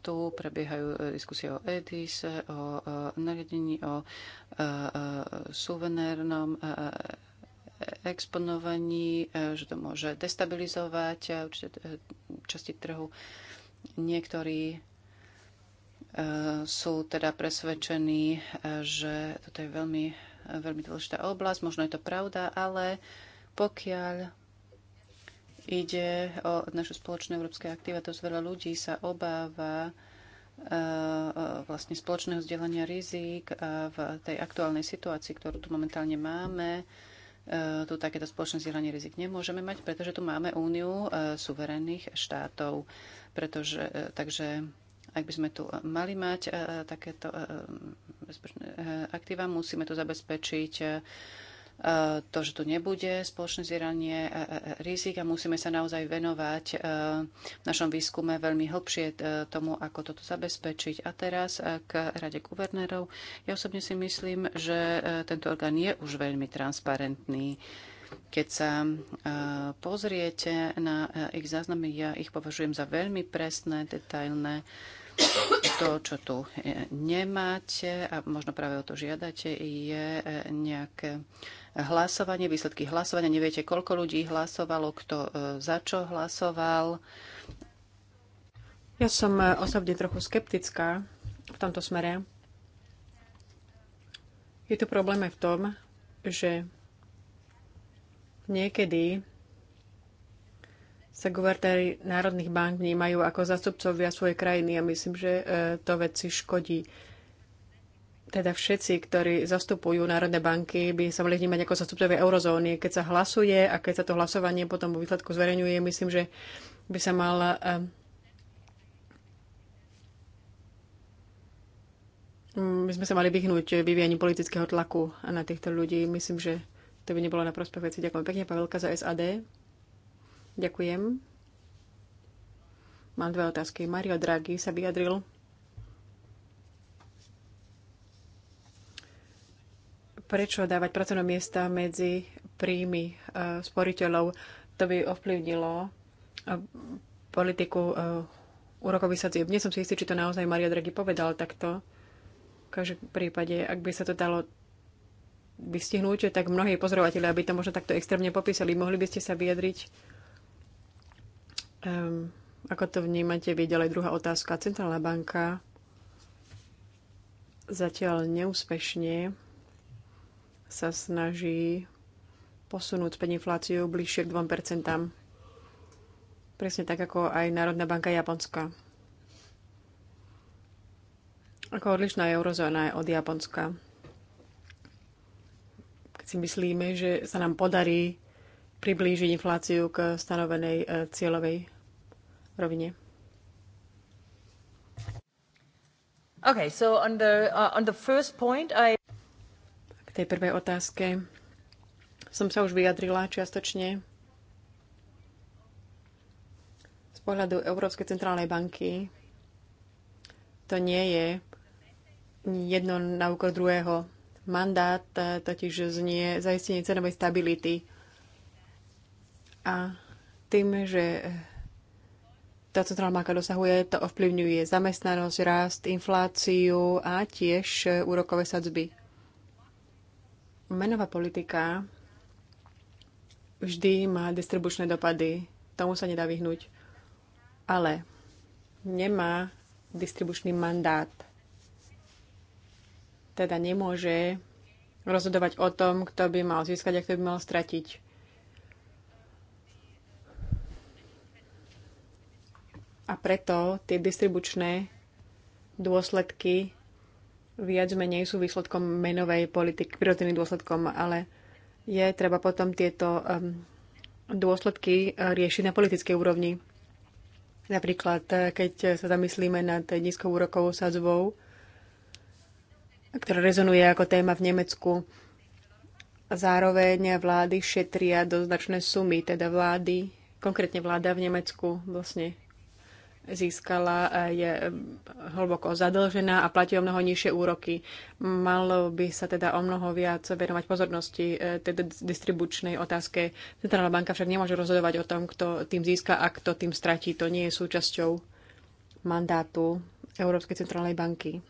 Speaker 3: Tu prebiehajú diskusie o EDIS, o nariadení, o suvenérnom exponovaní, e, že to môže destabilizovať e, určite e, časti trhu. Niektorí sú teda presvedčení, že toto je veľmi, veľmi dôležitá oblasť. Možno je to pravda, ale pokiaľ ide o naše spoločné európske aktíva, dosť veľa ľudí sa obáva vlastne spoločného vzdelania rizik v tej aktuálnej situácii, ktorú tu momentálne máme tu takéto spoločné zdieľanie rizik nemôžeme mať, pretože tu máme úniu e, suverénnych štátov. Pretože, e, takže ak by sme tu mali mať e, takéto bezpečné aktíva, musíme tu zabezpečiť E, to, že tu nebude spoločné zieranie e, e, rizik a musíme sa naozaj venovať v našom výskume veľmi hlbšie tomu, ako toto zabezpečiť. A teraz k Rade guvernérov. Ja osobne si myslím, že tento orgán je už veľmi transparentný. Keď sa pozriete na ich záznamy, ja ich považujem za veľmi presné, detailné to, čo tu e, nemáte a možno práve o to žiadate, je e, nejaké hlasovanie, výsledky hlasovania. Neviete, koľko ľudí hlasovalo, kto e, za čo hlasoval. Ja som osobne trochu skeptická
Speaker 2: v tomto smere. Je tu problém aj v tom, že niekedy sa guvernéri národných bank vnímajú ako zastupcovia svojej krajiny a myslím, že e, to veci škodí. Teda všetci, ktorí zastupujú národné banky, by sa mali vnímať ako zastupcovia eurozóny. Keď sa hlasuje a keď sa to hlasovanie potom vo výsledku zverejňuje, myslím, že by sa mal my e, sme sa mali vyhnúť vyvíjaní politického tlaku na týchto ľudí. Myslím, že to by nebolo na prospech veci. Ďakujem pekne, Pavelka za SAD. Ďakujem. Mám dve otázky. Mario Draghi sa vyjadril prečo dávať pracovné miesta medzi príjmy e, sporiteľov. To by ovplyvnilo e, politiku e, úrokových sadzieb. Nie som si istý, či to naozaj Mario Draghi povedal takto. V každom prípade, ak by sa to dalo vystihnúť, tak mnohí pozorovateľi, aby to možno takto extrémne popísali, mohli by ste sa vyjadriť Um, ako to vnímate vy? Ďalej druhá otázka. Centrálna banka zatiaľ neúspešne sa snaží posunúť späť infláciu bližšie k 2%. Presne tak, ako aj Národná banka Japonska. Ako odlišná je eurozóna od Japonska. Keď si myslíme, že sa nám podarí priblížiť infláciu k stanovenej e, cieľovej rovine. Okay, so on the, uh, on the first point I... K tej prvej otázke som sa už vyjadrila čiastočne. Z pohľadu Európskej centrálnej banky to nie je jedno na úkor druhého. Mandát eh, totiž znie zaistenie cenovej stability. A tým, že tá centrálna banka dosahuje, to ovplyvňuje zamestnanosť, rast, infláciu a tiež úrokové sadzby. Menová politika vždy má distribučné dopady. Tomu sa nedá vyhnúť. Ale nemá distribučný mandát. Teda nemôže rozhodovať o tom, kto by mal získať a kto by mal stratiť. A preto tie distribučné dôsledky viac menej sú výsledkom menovej politiky, prirodzeným dôsledkom, ale je treba potom tieto um, dôsledky e, riešiť na politickej úrovni. Napríklad, e, keď sa zamyslíme nad nízkou úrokovou sadzbou, ktorá rezonuje ako téma v Nemecku, zároveň vlády šetria do značné sumy, teda vlády, konkrétne vláda v Nemecku vlastne získala, e, je e, hlboko zadlžená a platí o mnoho nižšie úroky. Malo by sa teda o mnoho viac venovať pozornosti e, tej teda distribučnej otázke. Centrálna banka však nemôže rozhodovať o tom, kto tým získa a kto tým stratí. To nie je súčasťou mandátu Európskej centrálnej banky.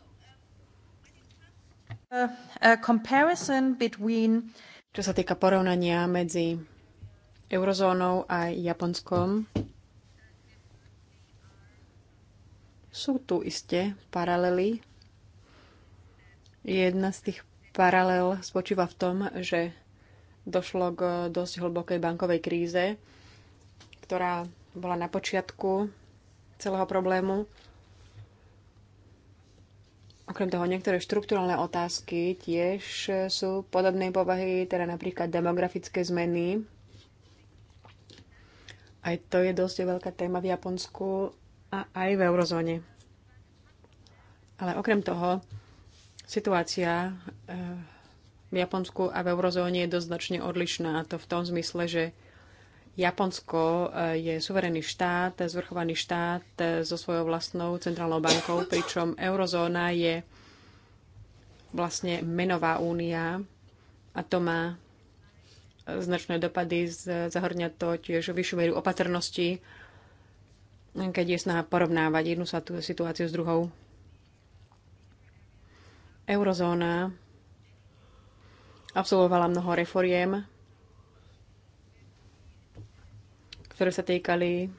Speaker 2: Čo sa týka porovnania medzi eurozónou a Japonskom, Sú tu isté paralely. Jedna z tých paralel spočíva v tom, že došlo k dosť hlbokej bankovej kríze, ktorá bola na počiatku celého problému. Okrem toho niektoré štruktúralne otázky tiež sú podobnej povahy, teda napríklad demografické zmeny. Aj to je dosť veľká téma v Japonsku a aj v eurozóne. Ale okrem toho, situácia eh, v Japonsku a v eurozóne je dosť značne odlišná. A to v tom zmysle, že Japonsko eh, je suverénny štát, zvrchovaný štát eh, so svojou vlastnou centrálnou bankou, pričom eurozóna je vlastne menová únia a to má značné dopady, zahrňa to tiež vyššiu mieru opatrnosti keď je snaha porovnávať jednu situáciu s druhou. Eurozóna absolvovala mnoho reforiem, ktoré sa týkali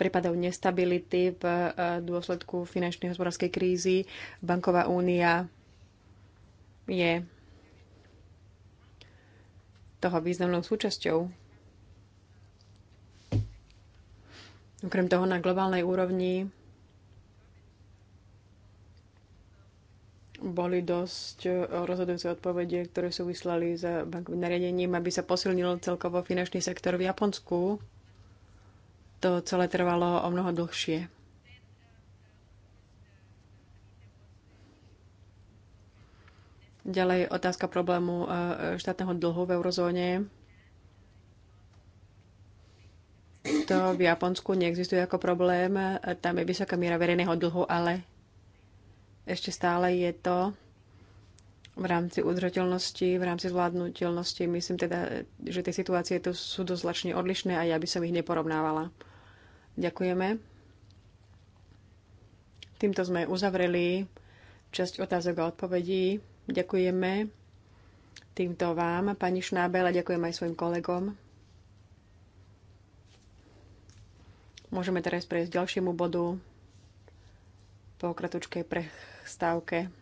Speaker 2: prípadov nestability v e, dôsledku finančnej hospodárskej krízy. Banková únia je toho významnou súčasťou Okrem toho na globálnej úrovni boli dosť e, rozhodujúce odpovede, ktoré sú vyslali za bankovým nariadením, aby sa posilnil celkovo finančný sektor v Japonsku. To celé trvalo o mnoho dlhšie. Ďalej otázka problému e, štátneho dlhu v eurozóne. To v Japonsku neexistuje ako problém. Tam je vysoká miera verejného dlhu, ale ešte stále je to v rámci udržateľnosti, v rámci zvládnutelnosti. Myslím teda, že tie situácie tu sú dosť odlišné a ja by som ich neporovnávala. Ďakujeme. Týmto sme uzavreli časť otázok a odpovedí. Ďakujeme týmto vám, pani Šnábel, a ďakujem aj svojim kolegom. Môžeme teraz prejsť k ďalšiemu bodu po kratučkej prestávke.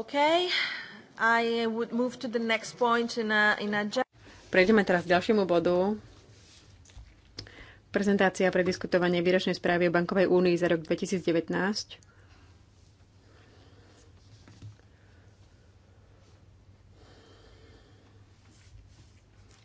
Speaker 1: Okay. I would move to the next point in a, in a...
Speaker 2: Prejdeme teraz k ďalšiemu bodu. Prezentácia pre diskutovanie výročnej správy o Bankovej únii za rok 2019.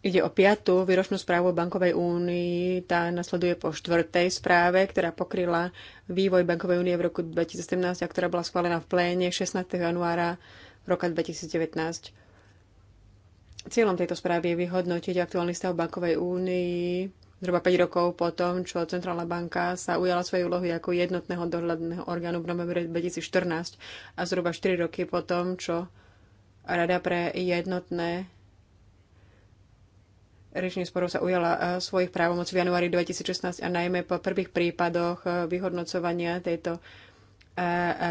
Speaker 2: Ide o piatú výročnú správu o Bankovej únii tá nasleduje po štvrtej správe, ktorá pokryla vývoj bankovej únie v roku 2017 a ktorá bola schválená v pléne 16. januára roka 2019. Cieľom tejto správy je vyhodnotiť aktuálny stav bankovej únii zhruba 5 rokov po tom, čo Centrálna banka sa ujala svojej úlohy ako jednotného dohľadného orgánu v novembri 2014 a zhruba 4 roky po tom, čo Rada pre jednotné riešenie sporov sa ujala eh, svojich právomoc v januári 2016 a najmä po prvých prípadoch eh, vyhodnocovania tejto eh,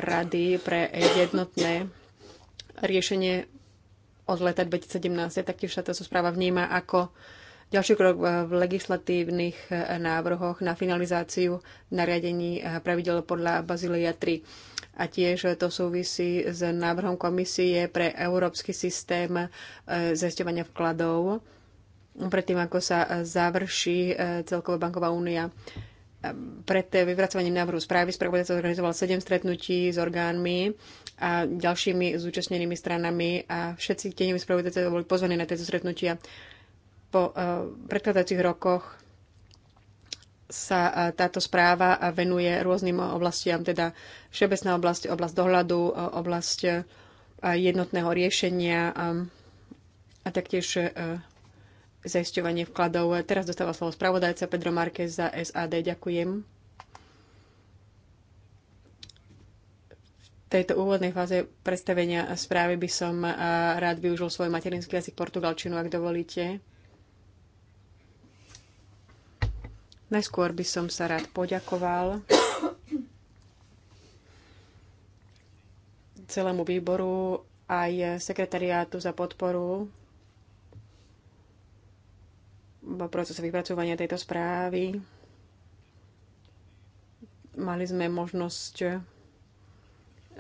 Speaker 2: rady pre jednotné riešenie od leta 2017. Taktiež sa táto správa vníma ako ďalší krok v legislatívnych návrhoch na finalizáciu nariadení pravidel podľa Bazilia 3 a tiež to súvisí s návrhom komisie pre európsky systém zaisťovania vkladov predtým, ako sa završí e, celková banková únia. Pred vyvracovaním návrhu správy spravodajca zorganizoval sedem stretnutí s orgánmi a ďalšími zúčastnenými stranami a všetci tieňoví spravodajcovia boli pozvaní na tieto stretnutia. Po e, predkladajúcich rokoch sa e, táto správa venuje rôznym oblastiam, teda všeobecná oblasť, oblasť dohľadu, oblasť jednotného riešenia a taktiež zaisťovanie vkladov. Teraz dostáva slovo spravodajca Pedro Marquez za SAD. Ďakujem. V tejto úvodnej fáze predstavenia správy by som rád využil svoj materinský jazyk portugalčinu, ak dovolíte. Najskôr by som sa rád poďakoval celému výboru aj sekretariátu za podporu procese vypracovania tejto správy. Mali sme možnosť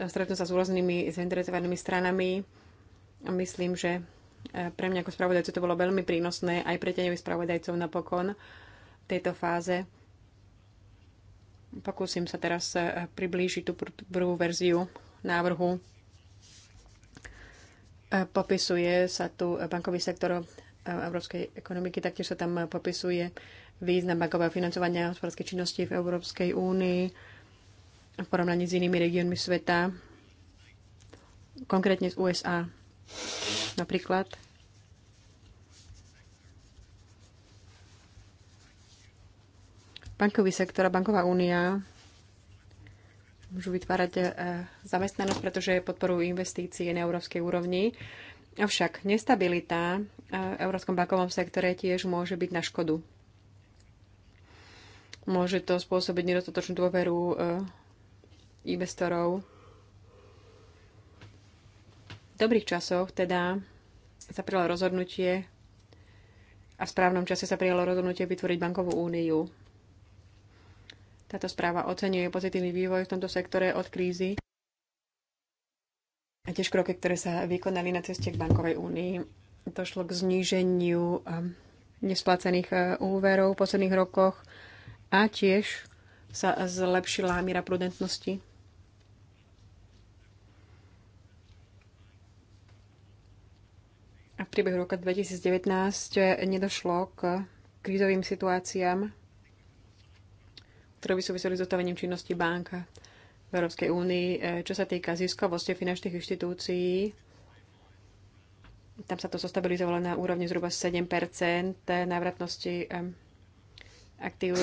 Speaker 2: stretnúť sa s rôznymi zainteresovanými stranami. Myslím, že eh, pre mňa ako spravodajcu to bolo veľmi prínosné, aj pre teňových spravodajcov napokon v tejto fáze. Pokúsim sa teraz eh, priblížiť tú prvú verziu návrhu. Eh, popisuje sa tu bankový sektor európskej ekonomiky. Taktiež sa tam popisuje význam bankového financovania a hospodárskej činnosti v Európskej únii v porovnaní s inými regiónmi sveta, konkrétne z USA. Napríklad bankový sektor a banková únia môžu vytvárať eh, zamestnanosť, pretože podporujú investície na európskej úrovni. Avšak nestabilita e, v európskom bankovom sektore tiež môže byť na škodu. Môže to spôsobiť nedostatočnú dôveru e, investorov. V dobrých časoch teda sa prijalo rozhodnutie a v správnom čase sa prijalo rozhodnutie vytvoriť bankovú úniu. Táto správa oceňuje pozitívny vývoj v tomto sektore od krízy a tiež kroky, ktoré sa vykonali na ceste k bankovej únii. Došlo k zníženiu um, nesplácených uh, úverov v posledných rokoch a tiež sa zlepšila míra prudentnosti. A v priebehu roka 2019 nedošlo k krízovým situáciám, ktoré by súviseli s dostavením činnosti banka v Európskej únii. E, čo sa týka ziskovosti finančných inštitúcií, tam sa to zostabilizovalo na úrovni zhruba 7 návratnosti e, aktív.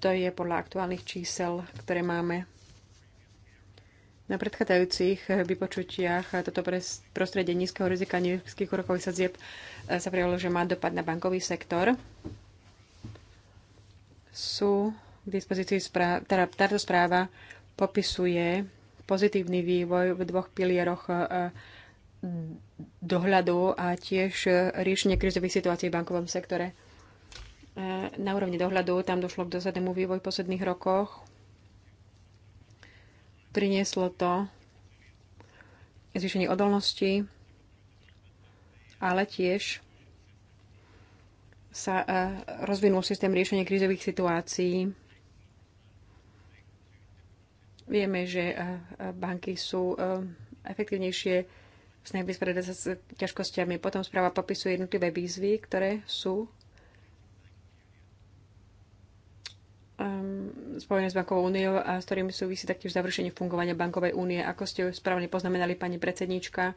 Speaker 2: To je podľa aktuálnych čísel, ktoré máme. Na predchádzajúcich vypočutiach toto prostredie nízkeho rizika nízkych úrokových sadzieb e, sa prijalo, že má dopad na bankový sektor. Sú k dispozícii správa, teda táto správa popisuje pozitívny vývoj v dvoch pilieroch e, dohľadu a tiež riešenie krizových situácií v bankovom sektore. E, na úrovni dohľadu tam došlo k dosadnému vývoju v posledných rokoch. Prinieslo to zvýšenie odolnosti, ale tiež sa e, rozvinul systém riešenia krízových situácií Vieme, že banky sú e, efektívnejšie v snahe vysporiadať sa s ťažkosťami. Potom správa popisuje jednotlivé výzvy, ktoré sú ehm, spojené s bankovou úniou a s ktorými súvisí taktiež završenie fungovania bankovej únie. Ako ste správne poznamenali, pani predsednička, e,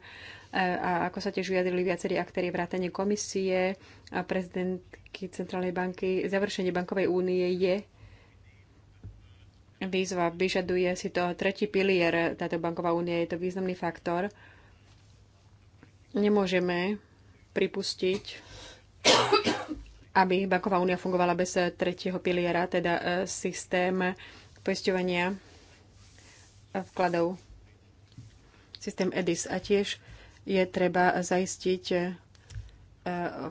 Speaker 2: a ako sa tiež vyjadrili viacerí aktéry vrátane komisie a prezidentky Centrálnej banky, završenie bankovej únie je výzva. Vyžaduje si to tretí pilier táto banková únie. Je to významný faktor. Nemôžeme pripustiť, aby banková únia fungovala bez tretieho piliera, teda e, systém poisťovania vkladov, systém EDIS. A tiež je treba zaistiť e,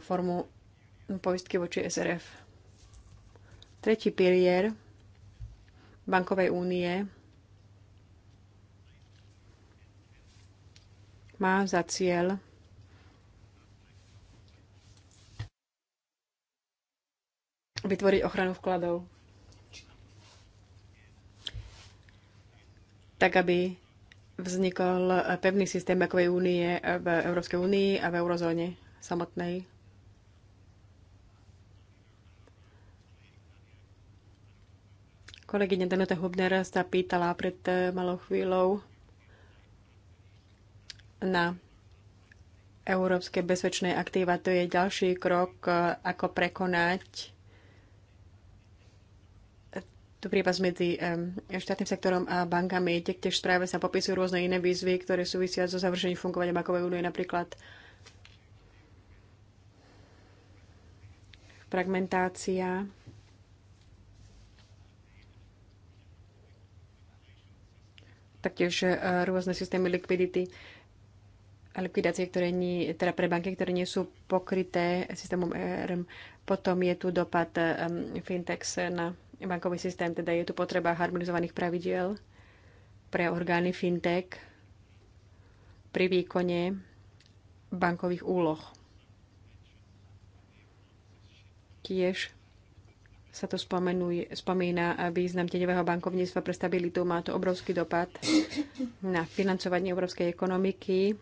Speaker 2: formu poistky voči SRF. Tretí pilier bankovej únie má za cieľ vytvoriť ochranu vkladov. Tak, aby vznikol pevný systém bankovej únie v Európskej únii a v eurozóne samotnej. Kolegyňa Daneta Hubner sa pýtala pred e, malou chvíľou na európske bezpečné aktíva. To je ďalší krok, e, ako prekonať tu prípas medzi e, štátnym sektorom a bankami. Taktiež v správe sa popisujú rôzne iné výzvy, ktoré súvisia so završením fungovania bankovej únie, napríklad fragmentácia taktiež e, rôzne systémy likvidity a likvidácie, ktoré nie, teda pre banky, ktoré nie sú pokryté systémom ERM. Potom je tu dopad um, e, fintex na bankový systém, teda je tu potreba harmonizovaných pravidiel pre orgány fintech pri výkone bankových úloh. Tiež sa to spomenuj, spomína význam tieňového bankovníctva pre stabilitu. Má to obrovský dopad na financovanie európskej ekonomiky.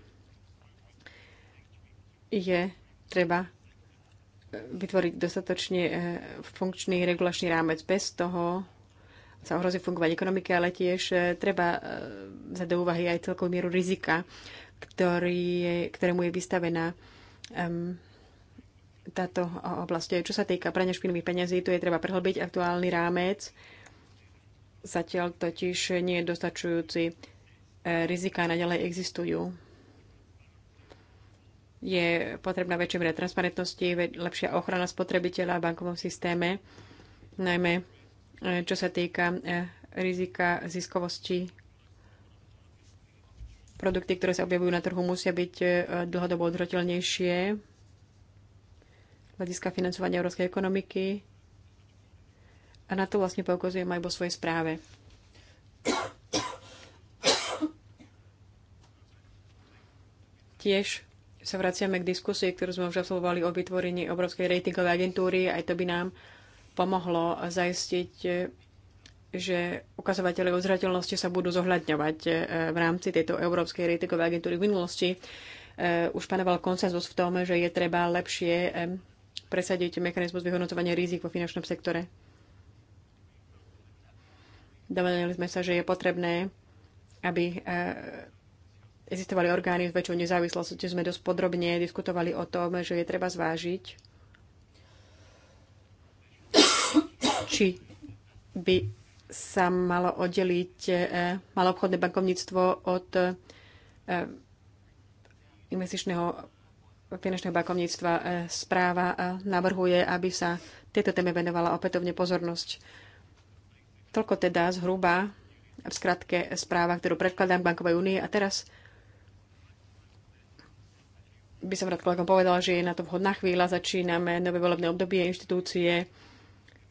Speaker 2: Je treba vytvoriť dostatočne e, funkčný regulačný rámec bez toho, sa ohrozí fungovať ekonomiky, ale tiež e, treba e, za do úvahy aj celkovú mieru rizika, ktorý, ktorému je vystavená um, táto oblasti. Čo sa týka prania špinavých peňazí, tu je treba prehlbiť aktuálny rámec. Zatiaľ totiž nie je dostačujúci. E, Riziká naďalej existujú. Je potrebná väčšia miera transparentnosti, lepšia ochrana spotrebiteľa v bankovom systéme, najmä e, čo sa týka e, rizika ziskovosti. Produkty, ktoré sa objavujú na trhu, musia byť dlhodobo odhrateľnejšie hľadiska financovania európskej ekonomiky. A na to vlastne poukazujem aj vo svojej správe. Tiež sa vraciame k diskusii, ktorú sme už absolvovali o vytvorení Európskej ratingovej agentúry. Aj to by nám pomohlo zaistiť, že ukazovatele uzrateľnosti sa budú zohľadňovať eh, v rámci tejto Európskej ratingovej agentúry v minulosti. Eh, už panoval konsenzus v tom, že je treba lepšie eh, presadíte mechanizmus vyhodnocovania rizik vo finančnom sektore. Dovedali sme sa, že je potrebné, aby eh, existovali orgány s väčšou nezávislosťou. Sme dosť podrobne diskutovali o tom, že je treba zvážiť, či by sa malo oddeliť eh, obchodné bankovníctvo od eh, investičného finančného bankovníctva e, správa e, navrhuje, aby sa tieto téme venovala opätovne pozornosť. Toľko teda zhruba v skratke správa, ktorú predkladám k Bankovej únii. A teraz by som rád kolegom povedala, že je na to vhodná chvíľa. Začíname nové volebné obdobie, inštitúcie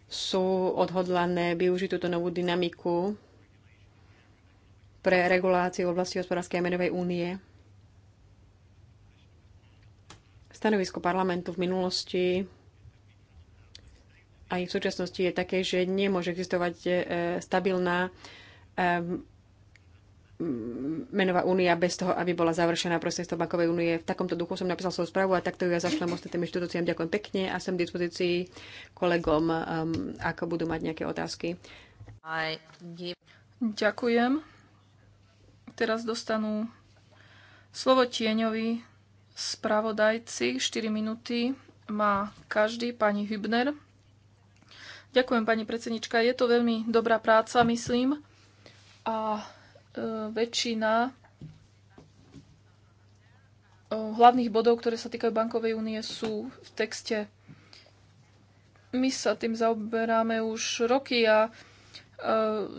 Speaker 2: sú odhodlané využiť túto novú dynamiku pre reguláciu v oblasti hospodárskej a menovej únie. Stanovisko parlamentu v minulosti aj v súčasnosti je také, že nemôže existovať e, stabilná e, menová únia bez toho, aby bola završená prostredstvom bankovej únie. V takomto duchu som napísal svoju správu a takto ju ja zašlem ostatným inštitúciám. Ďakujem pekne a som k dispozícii kolegom, e, ako budú mať nejaké otázky.
Speaker 1: Ďakujem. Teraz dostanú slovo tieňovi spravodajci. 4 minúty má každý, pani Hübner. Ďakujem, pani predsednička. Je to veľmi dobrá práca, myslím. A e, väčšina e, hlavných bodov, ktoré sa týkajú bankovej únie, sú v texte. My sa tým zaoberáme už roky a e,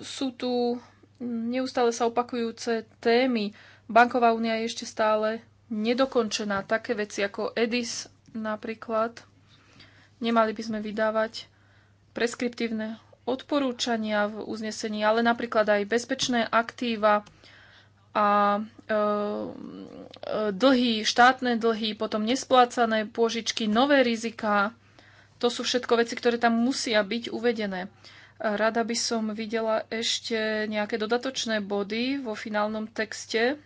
Speaker 1: sú tu neustále sa opakujúce témy. Banková únia je ešte stále nedokončená. Také veci ako EDIS napríklad. Nemali by sme vydávať preskriptívne odporúčania v uznesení, ale napríklad aj bezpečné aktíva a e, e dlhy, štátne dlhy, potom nesplácané pôžičky, nové riziká. To sú všetko veci, ktoré tam musia byť uvedené. Rada by som videla ešte nejaké dodatočné body vo finálnom texte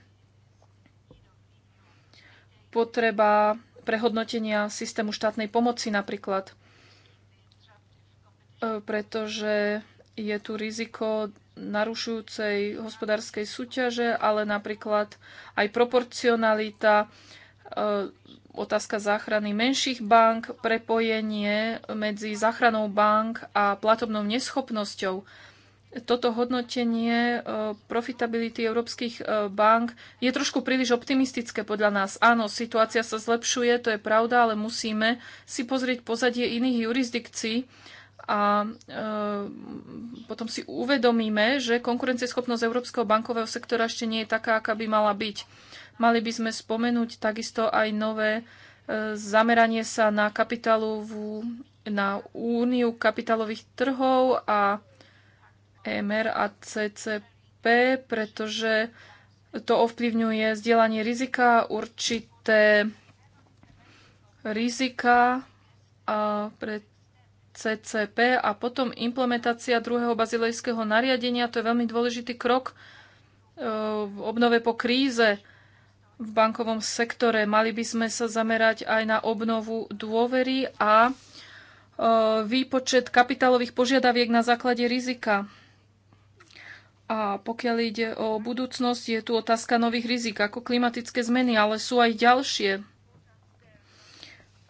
Speaker 1: potreba prehodnotenia systému štátnej pomoci napríklad, e, pretože je tu riziko narušujúcej hospodárskej súťaže, ale napríklad aj proporcionalita, e, otázka záchrany menších bank, prepojenie medzi záchranou bank a platobnou neschopnosťou toto hodnotenie e, profitability európskych e, bank je trošku príliš optimistické podľa nás. Áno, situácia sa zlepšuje, to je pravda, ale musíme si pozrieť pozadie iných jurisdikcií a e, potom si uvedomíme, že konkurencieschopnosť európskeho bankového sektora ešte nie je taká, aká by mala byť. Mali by sme spomenúť takisto aj nové zameranie sa na kapitálovú, na úniu kapitálových trhov a EMR a CCP, pretože to ovplyvňuje zdieľanie rizika, určité rizika a pre CCP a potom implementácia druhého bazilejského nariadenia. To je veľmi dôležitý krok e, v obnove po kríze v bankovom sektore. Mali by sme sa zamerať aj na obnovu dôvery a e, výpočet kapitálových požiadaviek na základe rizika. A pokiaľ ide o budúcnosť, je tu otázka nových rizik, ako klimatické zmeny, ale sú aj ďalšie.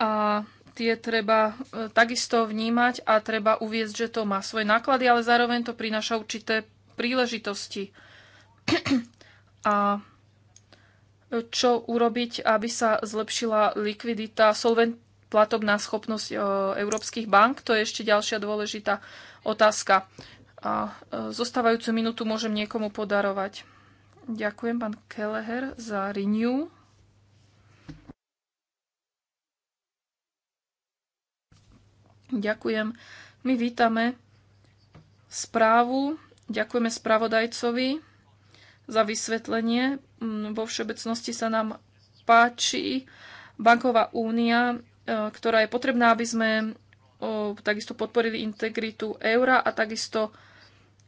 Speaker 1: A tie treba e, takisto vnímať a treba uviezť, že to má svoje náklady, ale zároveň to prináša určité príležitosti. (clears throat) a čo urobiť, aby sa zlepšila likvidita, solvent, platobná schopnosť e, európskych bank? To je ešte ďalšia dôležitá otázka a e, zostávajúcu minútu môžem niekomu podarovať. Ďakujem pán Keleher za Renew. Ďakujem. My vítame správu. Ďakujeme spravodajcovi za vysvetlenie. Mm, vo všeobecnosti sa nám páči banková únia, e, ktorá je potrebná, aby sme takisto podporili integritu eura a takisto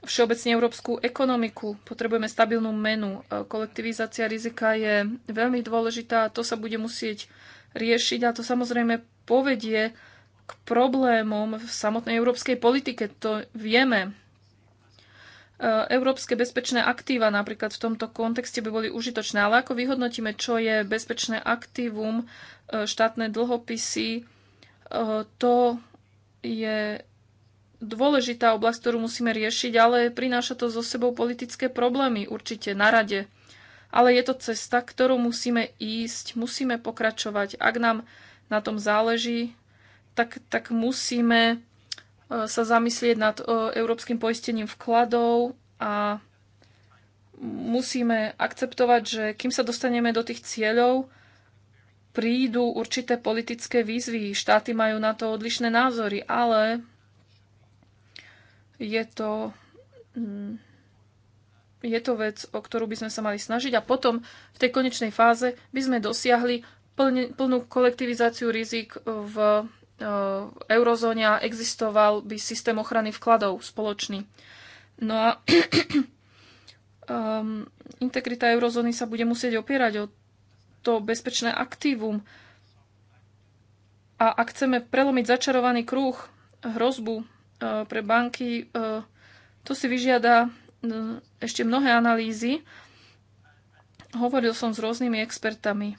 Speaker 1: všeobecne európsku ekonomiku. Potrebujeme stabilnú menu. E, kolektivizácia rizika je veľmi dôležitá a to sa bude musieť riešiť a to samozrejme povedie k problémom v samotnej európskej politike. To vieme. E, európske bezpečné aktíva napríklad v tomto kontexte by boli užitočné, ale ako vyhodnotíme, čo je bezpečné aktívum, e, štátne dlhopisy, to je dôležitá oblasť, ktorú musíme riešiť, ale prináša to so sebou politické problémy, určite na rade. Ale je to cesta, ktorú musíme ísť, musíme pokračovať. Ak nám na tom záleží, tak, tak musíme e, sa zamyslieť nad e, európskym poistením vkladov a musíme akceptovať, že kým sa dostaneme do tých cieľov, prídu určité politické výzvy. Štáty majú na to odlišné názory, ale je to, mm, je to vec, o ktorú by sme sa mali snažiť a potom v tej konečnej fáze by sme dosiahli plne, plnú kolektivizáciu rizik v e, eurozóne a existoval by systém ochrany vkladov spoločný. No a um, (clears throat) integrita eurozóny sa bude musieť opierať o to bezpečné aktívum. A ak chceme prelomiť začarovaný kruh, hrozbu E, pre banky, e, to si vyžiada e, ešte mnohé analýzy. Hovoril som s rôznymi expertami.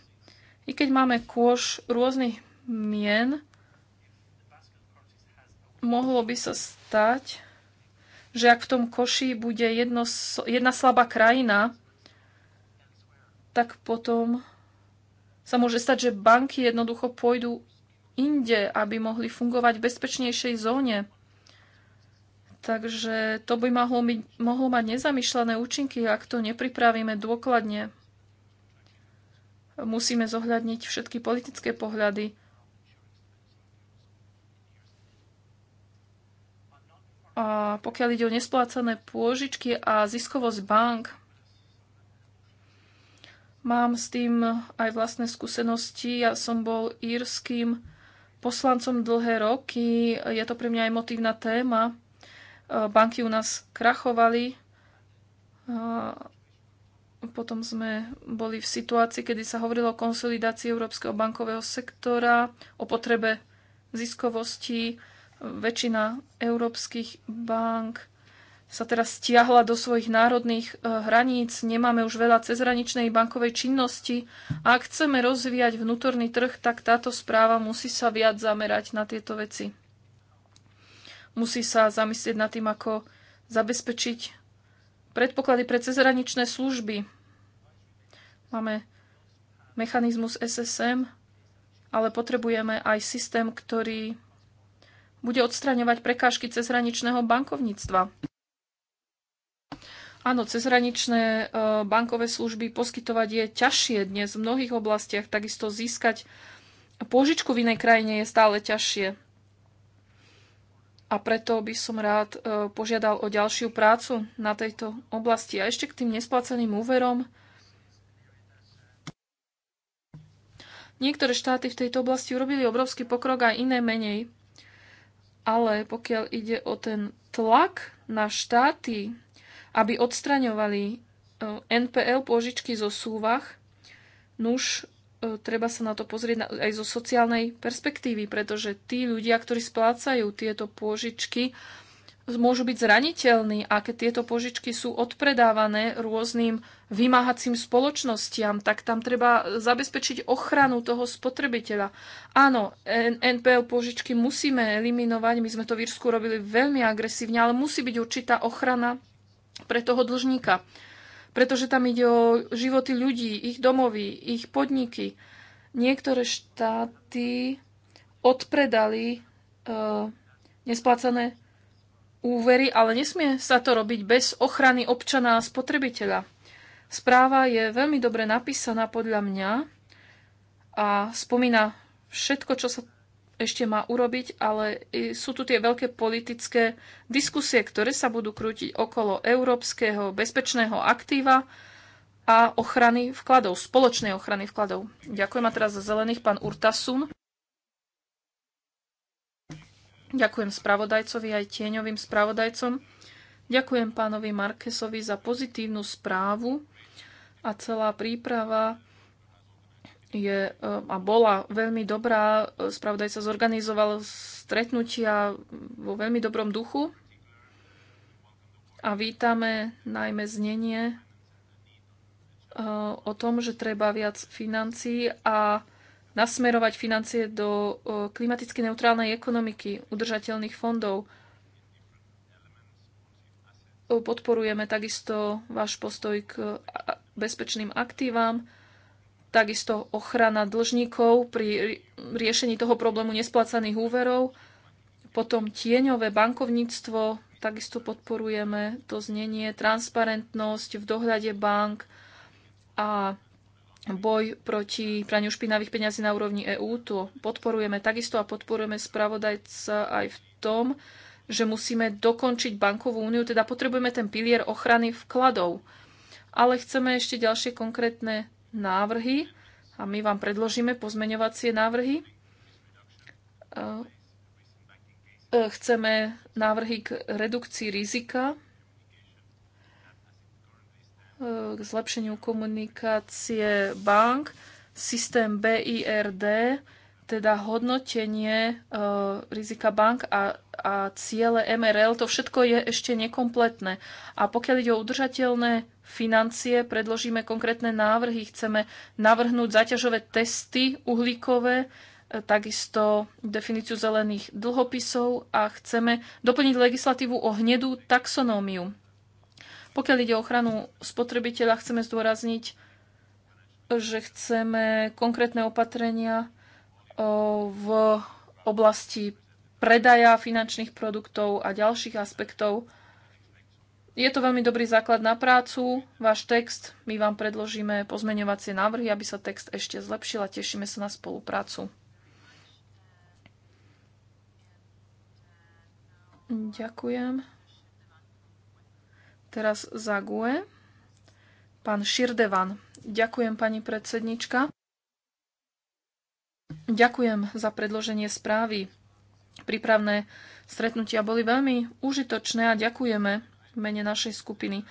Speaker 1: I keď máme kôž rôznych mien, mohlo by sa stať, že ak v tom koši bude jedno, jedna slabá krajina, tak potom sa môže stať, že banky jednoducho pôjdu inde, aby mohli fungovať v bezpečnejšej zóne. Takže to by mohlo, my, mohlo mať nezamýšľané účinky, ak to nepripravíme dôkladne. Musíme zohľadniť všetky politické pohľady. A pokiaľ ide o nesplácané pôžičky a ziskovosť bank, mám s tým aj vlastné skúsenosti. Ja som bol írským poslancom dlhé roky. Je to pre mňa emotívna téma. Eh, banky u nás krachovali. Eh, potom sme boli v situácii, kedy sa hovorilo o konsolidácii európskeho bankového sektora, o potrebe ziskovosti. Väčšina európskych bank sa teraz stiahla do svojich národných eh, hraníc, nemáme už veľa cezhraničnej bankovej činnosti a ak chceme rozvíjať vnútorný trh, tak táto správa musí sa viac zamerať na tieto veci. Musí sa zamyslieť nad tým, ako zabezpečiť predpoklady pre cezhraničné služby. Máme mechanizmus SSM, ale potrebujeme aj systém, ktorý bude odstraňovať prekážky cezhraničného bankovníctva. Áno, cezhraničné e, bankové služby poskytovať je ťažšie dnes v mnohých oblastiach, takisto získať požičku v inej krajine je stále ťažšie a preto by som rád e, požiadal o ďalšiu prácu na tejto oblasti. A ešte k tým nesplaceným úverom. Niektoré štáty v tejto oblasti urobili obrovský pokrok a iné menej. Ale pokiaľ ide o ten tlak na štáty, aby odstraňovali e, NPL pôžičky zo súvah, nuž E, treba sa na to pozrieť aj zo sociálnej perspektívy, pretože tí ľudia, ktorí splácajú tieto pôžičky, môžu byť zraniteľní a keď tieto požičky sú odpredávané rôznym vymáhacím spoločnostiam, tak tam treba zabezpečiť ochranu toho spotrebiteľa. Áno, NPL požičky musíme eliminovať, my sme to v Irsku robili veľmi agresívne, ale musí byť určitá ochrana pre toho dlžníka pretože tam ide o životy ľudí, ich domovy, ich podniky. Niektoré štáty odpredali uh, nesplácané úvery, ale nesmie sa to robiť bez ochrany občana a spotrebiteľa. Správa je veľmi dobre napísaná podľa mňa a spomína všetko, čo sa ešte má urobiť, ale sú tu tie veľké politické diskusie, ktoré sa budú krútiť okolo európskeho bezpečného aktíva a ochrany vkladov, spoločnej ochrany vkladov. Ďakujem a teraz za zelených pán Urtasun. Ďakujem spravodajcovi aj tieňovým spravodajcom. Ďakujem pánovi Markesovi za pozitívnu správu a celá príprava je eh, a bola veľmi dobrá. sa zorganizoval stretnutia vo veľmi dobrom duchu a vítame najmä znenie eh, o tom, že treba viac financií a nasmerovať financie do eh, klimaticky neutrálnej ekonomiky, udržateľných fondov. Podporujeme takisto váš postoj k bezpečným aktívam, takisto ochrana dlžníkov pri riešení toho problému nesplácaných úverov, potom tieňové bankovníctvo, takisto podporujeme to znenie, transparentnosť v dohľade bank a boj proti praniu špinavých peňazí na úrovni EÚ. To podporujeme takisto a podporujeme spravodajca aj v tom, že musíme dokončiť bankovú úniu, teda potrebujeme ten pilier ochrany vkladov. Ale chceme ešte ďalšie konkrétne návrhy a my vám predložíme pozmeňovacie návrhy. E, e, chceme návrhy k redukcii rizika, e, k zlepšeniu komunikácie bank, systém BIRD, teda hodnotenie rizika bank a, a ciele MRL, to všetko je ešte nekompletné. A pokiaľ ide o udržateľné financie, predložíme konkrétne návrhy, chceme navrhnúť zaťažové testy uhlíkové, e, takisto definíciu zelených dlhopisov a chceme doplniť legislatívu o hnedú taxonómiu. Pokiaľ ide o ochranu spotrebiteľa, chceme zdôrazniť, že chceme konkrétne opatrenia e, v oblasti predaja finančných produktov a ďalších aspektov je to veľmi dobrý základ na prácu, váš text, my vám predložíme pozmeňovacie návrhy, aby sa text ešte zlepšil a tešíme sa na spoluprácu. Ďakujem. Teraz za GUE. Pán Širdevan. Ďakujem, pani predsednička. Ďakujem za predloženie správy. Prípravné stretnutia boli veľmi užitočné a ďakujeme v mene našej skupiny.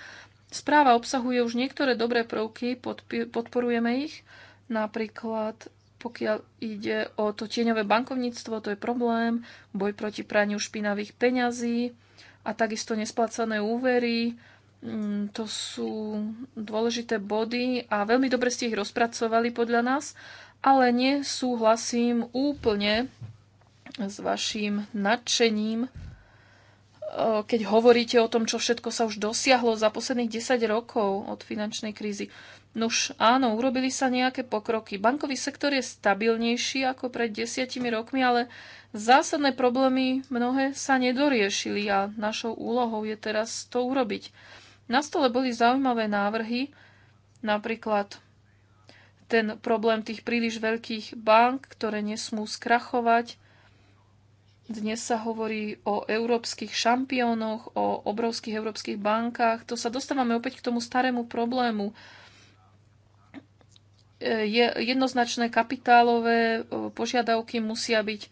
Speaker 1: Správa obsahuje už niektoré dobré prvky, podporujeme ich, napríklad pokiaľ ide o to tieňové bankovníctvo, to je problém, boj proti praniu špinavých peňazí a takisto nesplácané úvery, mm, to sú dôležité body a veľmi dobre ste ich rozpracovali podľa nás, ale nesúhlasím úplne s vašim nadšením Eh, keď hovoríte o tom, čo všetko sa už dosiahlo za posledných 10 rokov od finančnej krízy. Nuž áno, urobili sa nejaké pokroky. Bankový sektor je stabilnejší ako pred desiatimi rokmi, ale zásadné problémy mnohé sa nedoriešili a našou úlohou je teraz to urobiť. Na stole boli zaujímavé návrhy, napríklad ten problém tých príliš veľkých bank, ktoré nesmú skrachovať, dnes sa hovorí o európskych šampiónoch, o obrovských európskych bankách. To sa dostávame opäť k tomu starému problému. E, je jednoznačné kapitálové e, požiadavky musia byť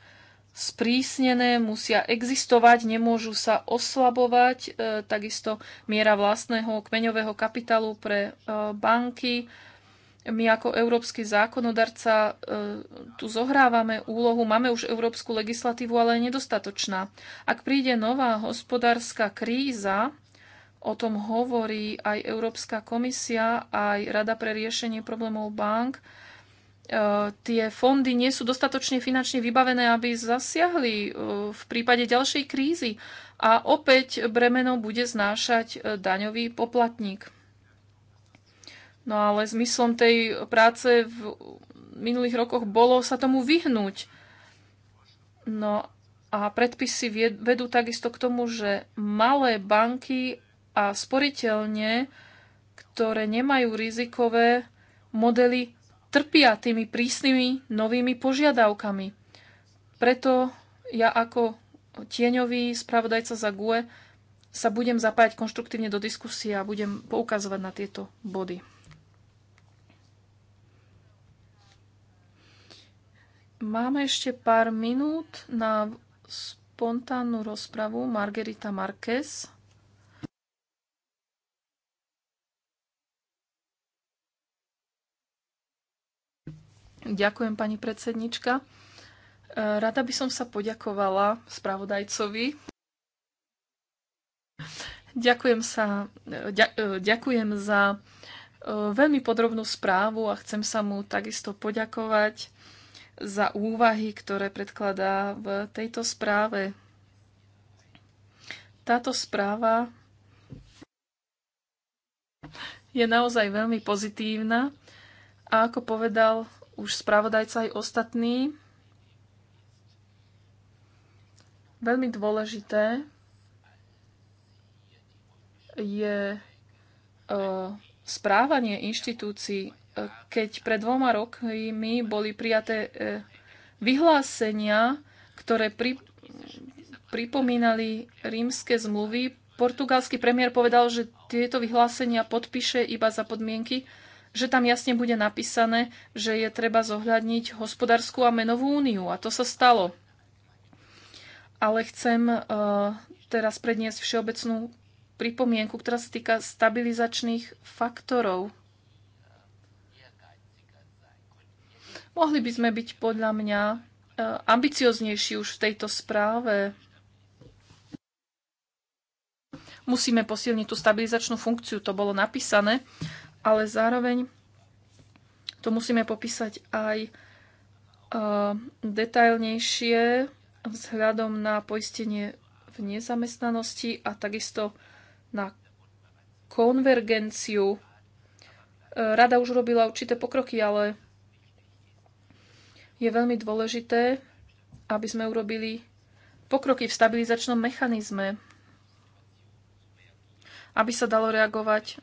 Speaker 1: sprísnené, musia existovať, nemôžu sa oslabovať. E, takisto miera vlastného kmeňového kapitálu pre banky, my ako európsky zákonodarca e, tu zohrávame úlohu, máme už európsku legislatívu, ale je nedostatočná. Ak príde nová hospodárska kríza, o tom hovorí aj Európska komisia, aj Rada pre riešenie problémov bank, e, tie fondy nie sú dostatočne finančne vybavené, aby zasiahli e, v prípade ďalšej krízy. A opäť bremeno bude znášať daňový poplatník. No ale zmyslom tej práce v minulých rokoch bolo sa tomu vyhnúť. No a predpisy vedú takisto k tomu, že malé banky a sporiteľne, ktoré nemajú rizikové modely, trpia tými prísnymi novými požiadavkami. Preto ja ako tieňový spravodajca za GUE sa budem zapájať konštruktívne do diskusie a budem poukazovať na tieto body. Máme ešte pár minút na spontánnu rozpravu Margarita Marquez. Ďakujem, pani predsednička. E, rada by som sa poďakovala spravodajcovi. Ďakujem, sa, e, ďakujem za e, veľmi podrobnú správu a chcem sa mu takisto poďakovať za úvahy, ktoré predkladá v tejto správe. Táto správa je naozaj veľmi pozitívna a ako povedal už spravodajca aj ostatní, veľmi dôležité je eh, správanie inštitúcií keď pred dvoma rokmi boli prijaté e, vyhlásenia, ktoré pri, pripomínali rímske zmluvy, portugalský premiér povedal, že tieto vyhlásenia podpíše iba za podmienky, že tam jasne bude napísané, že je treba zohľadniť hospodárskú a menovú úniu. A to sa stalo. Ale chcem e, teraz predniesť všeobecnú pripomienku, ktorá sa týka stabilizačných faktorov Mohli by sme byť podľa mňa e, ambicioznejší už v tejto správe. Musíme posilniť tú stabilizačnú funkciu, to bolo napísané, ale zároveň to musíme popísať aj e, detailnejšie vzhľadom na poistenie v nezamestnanosti a takisto na konvergenciu. E, rada už robila určité pokroky, ale je veľmi dôležité, aby sme urobili pokroky v stabilizačnom mechanizme, aby sa dalo reagovať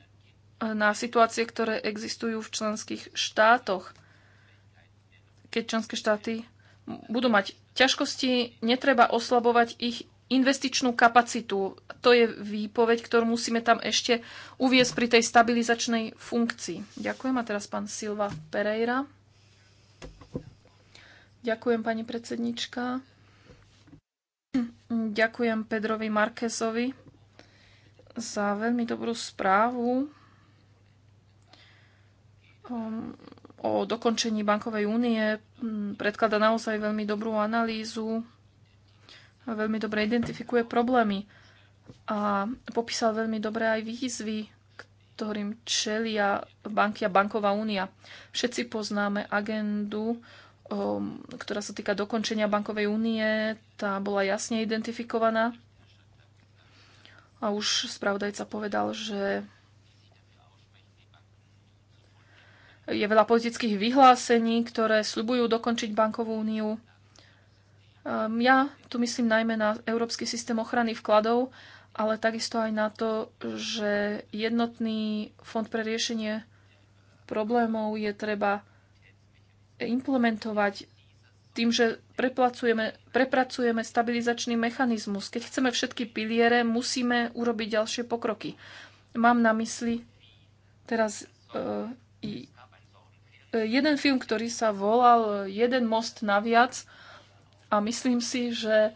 Speaker 1: na situácie, ktoré existujú v členských štátoch. Keď členské štáty budú mať ťažkosti, netreba oslabovať ich investičnú kapacitu. To je výpoveď, ktorú musíme tam ešte uviezť pri tej stabilizačnej funkcii. Ďakujem a teraz pán Silva Pereira. Ďakujem, pani predsednička. Ďakujem Pedrovi Markezovi za veľmi dobrú správu um, o dokončení bankovej únie. Predklada naozaj veľmi dobrú analýzu a veľmi dobre identifikuje problémy a popísal veľmi dobre aj výzvy, ktorým čelia banky a banková únia. Všetci poznáme agendu Um, ktorá sa týka dokončenia bankovej únie, tá bola jasne identifikovaná. A už spravodajca povedal, že je veľa politických vyhlásení, ktoré sľubujú dokončiť bankovú úniu. Um, ja tu myslím najmä na Európsky systém ochrany vkladov, ale takisto aj na to, že jednotný fond pre riešenie problémov je treba implementovať tým, že prepracujeme, prepracujeme stabilizačný mechanizmus. Keď chceme všetky piliere, musíme urobiť ďalšie pokroky. Mám na mysli teraz uh, jeden film, ktorý sa volal Jeden most naviac a myslím si, že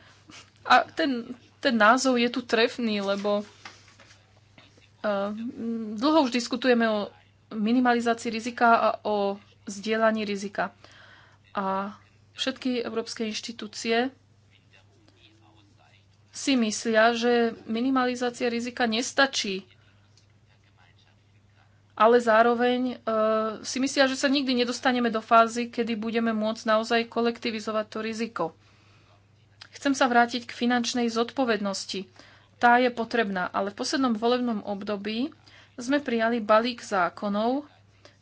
Speaker 1: a ten, ten názov je tu trefný, lebo uh, dlho už diskutujeme o minimalizácii rizika a o zdieľaní rizika. A všetky európske inštitúcie si myslia, že minimalizácia rizika nestačí, ale zároveň e, si myslia, že sa nikdy nedostaneme do fázy, kedy budeme môcť naozaj kolektivizovať to riziko. Chcem sa vrátiť k finančnej zodpovednosti. Tá je potrebná, ale v poslednom volebnom období sme prijali balík zákonov,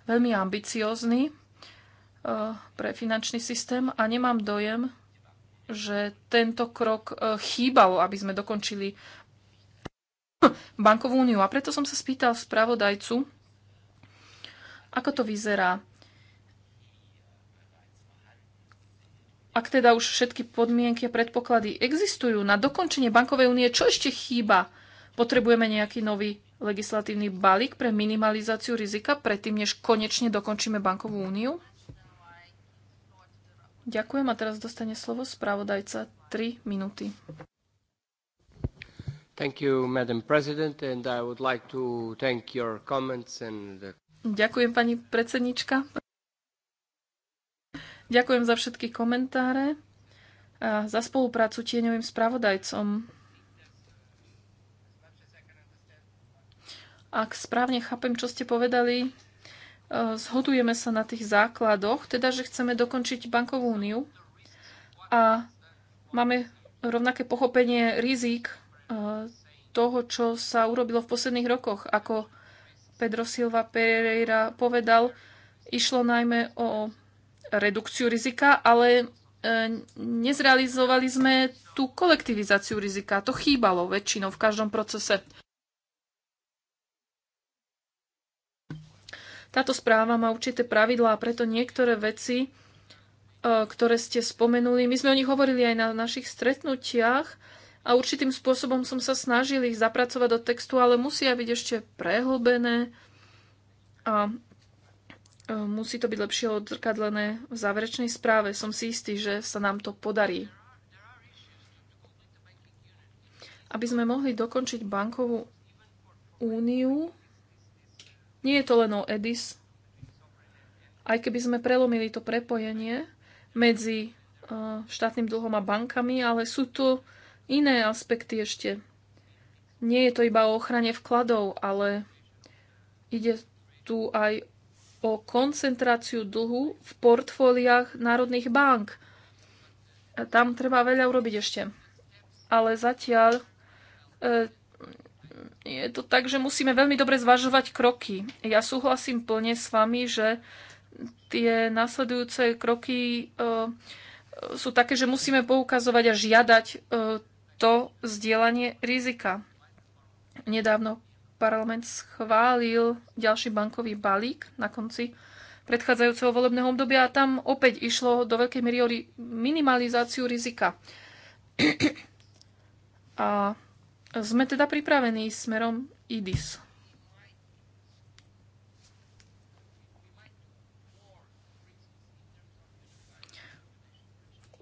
Speaker 1: veľmi ambiciózny eh, pre finančný systém a nemám dojem, že tento krok eh, chýbal, aby sme dokončili bankovú úniu. A preto som sa spýtal spravodajcu, ako to vyzerá. Ak teda už všetky podmienky a predpoklady existujú na dokončenie bankovej únie, čo ešte chýba? Potrebujeme nejaký nový legislatívny balík pre minimalizáciu rizika predtým, než konečne dokončíme bankovú úniu? Ďakujem a teraz dostane slovo spravodajca 3 minúty.
Speaker 2: You, like and...
Speaker 1: Ďakujem, pani predsednička. Ďakujem za všetky komentáre a za spoluprácu tieňovým spravodajcom. Ak správne chápem, čo ste povedali, e, zhodujeme sa na tých základoch, teda, že chceme dokončiť bankovú úniu a máme rovnaké pochopenie rizik e, toho, čo sa urobilo v posledných rokoch. Ako Pedro Silva Pereira povedal, išlo najmä o redukciu rizika, ale e, nezrealizovali sme tú kolektivizáciu rizika. To chýbalo väčšinou v každom procese. Táto správa má určité pravidlá a preto niektoré veci, e, ktoré ste spomenuli, my sme o nich hovorili aj na našich stretnutiach a určitým spôsobom som sa snažil ich zapracovať do textu, ale musia byť ešte prehlbené a e, musí to byť lepšie odzrkadlené v záverečnej správe. Som si istý, že sa nám to podarí. Aby sme mohli dokončiť bankovú úniu, nie je to len o EDIS. Aj keby sme prelomili to prepojenie medzi e, štátnym dlhom a bankami, ale sú tu iné aspekty ešte. Nie je to iba o ochrane vkladov, ale ide tu aj o koncentráciu dlhu v portfóliách národných bank. Tam treba veľa urobiť ešte. Ale zatiaľ e, je to tak, že musíme veľmi dobre zvažovať kroky. Ja súhlasím plne s vami, že tie následujúce kroky e, e, sú také, že musíme poukazovať a žiadať e, to zdieľanie rizika. Nedávno parlament schválil ďalší bankový balík na konci predchádzajúceho volebného obdobia a tam opäť išlo do veľkej miery o minimalizáciu rizika. (clears throat) A sme teda pripravení smerom IDIS.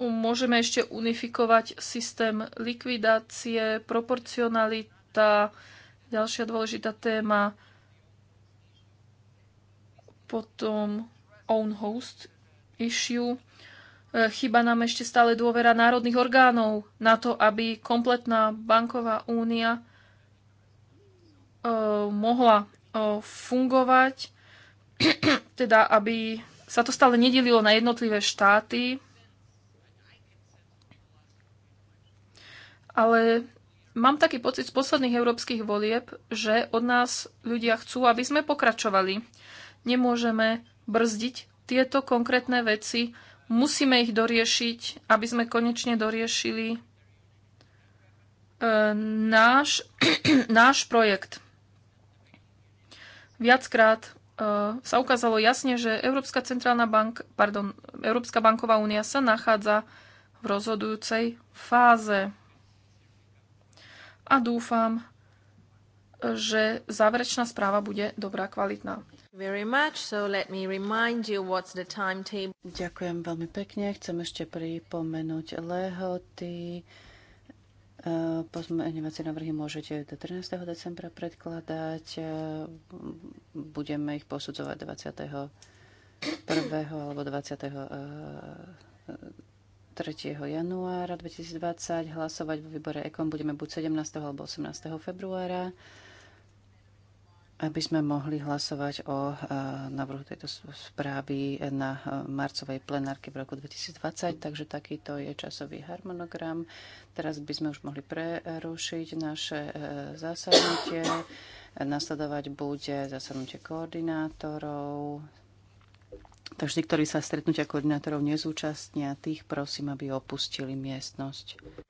Speaker 1: Môžeme ešte unifikovať systém likvidácie, proporcionalita, ďalšia dôležitá téma, potom own host issue E, chyba nám ešte stále dôvera národných orgánov na to, aby kompletná banková únia e, mohla e, fungovať, (clears throat) teda aby sa to stále nedelilo na jednotlivé štáty, ale mám taký pocit z posledných európskych volieb, že od nás ľudia chcú, aby sme pokračovali. Nemôžeme brzdiť tieto konkrétne veci, Musíme ich doriešiť, aby sme konečne doriešili e, náš, (clears throat) náš projekt. Viackrát e, sa ukázalo jasne, že Európska centrálna bank, pardon, Európska banková únia sa nachádza v rozhodujúcej fáze. A dúfam, že záverečná správa bude dobrá, kvalitná.
Speaker 3: So Ďakujem veľmi pekne. Chcem ešte pripomenúť lehoty. E, pozmeňovacie návrhy môžete do 13. decembra predkladať. E, budeme ich posudzovať 21. alebo 23. E, januára 2020. Hlasovať vo výbore EKOM budeme buď 17. alebo 18. februára aby sme mohli hlasovať o e, návrhu tejto správy na e, marcovej plenárke v roku 2020. Takže takýto je časový harmonogram. Teraz by sme už mohli prerušiť naše e, zasadnutie. Nasledovať bude zasadnutie koordinátorov. Takže tí, ktorí sa stretnutia koordinátorov nezúčastnia, tých prosím, aby opustili miestnosť.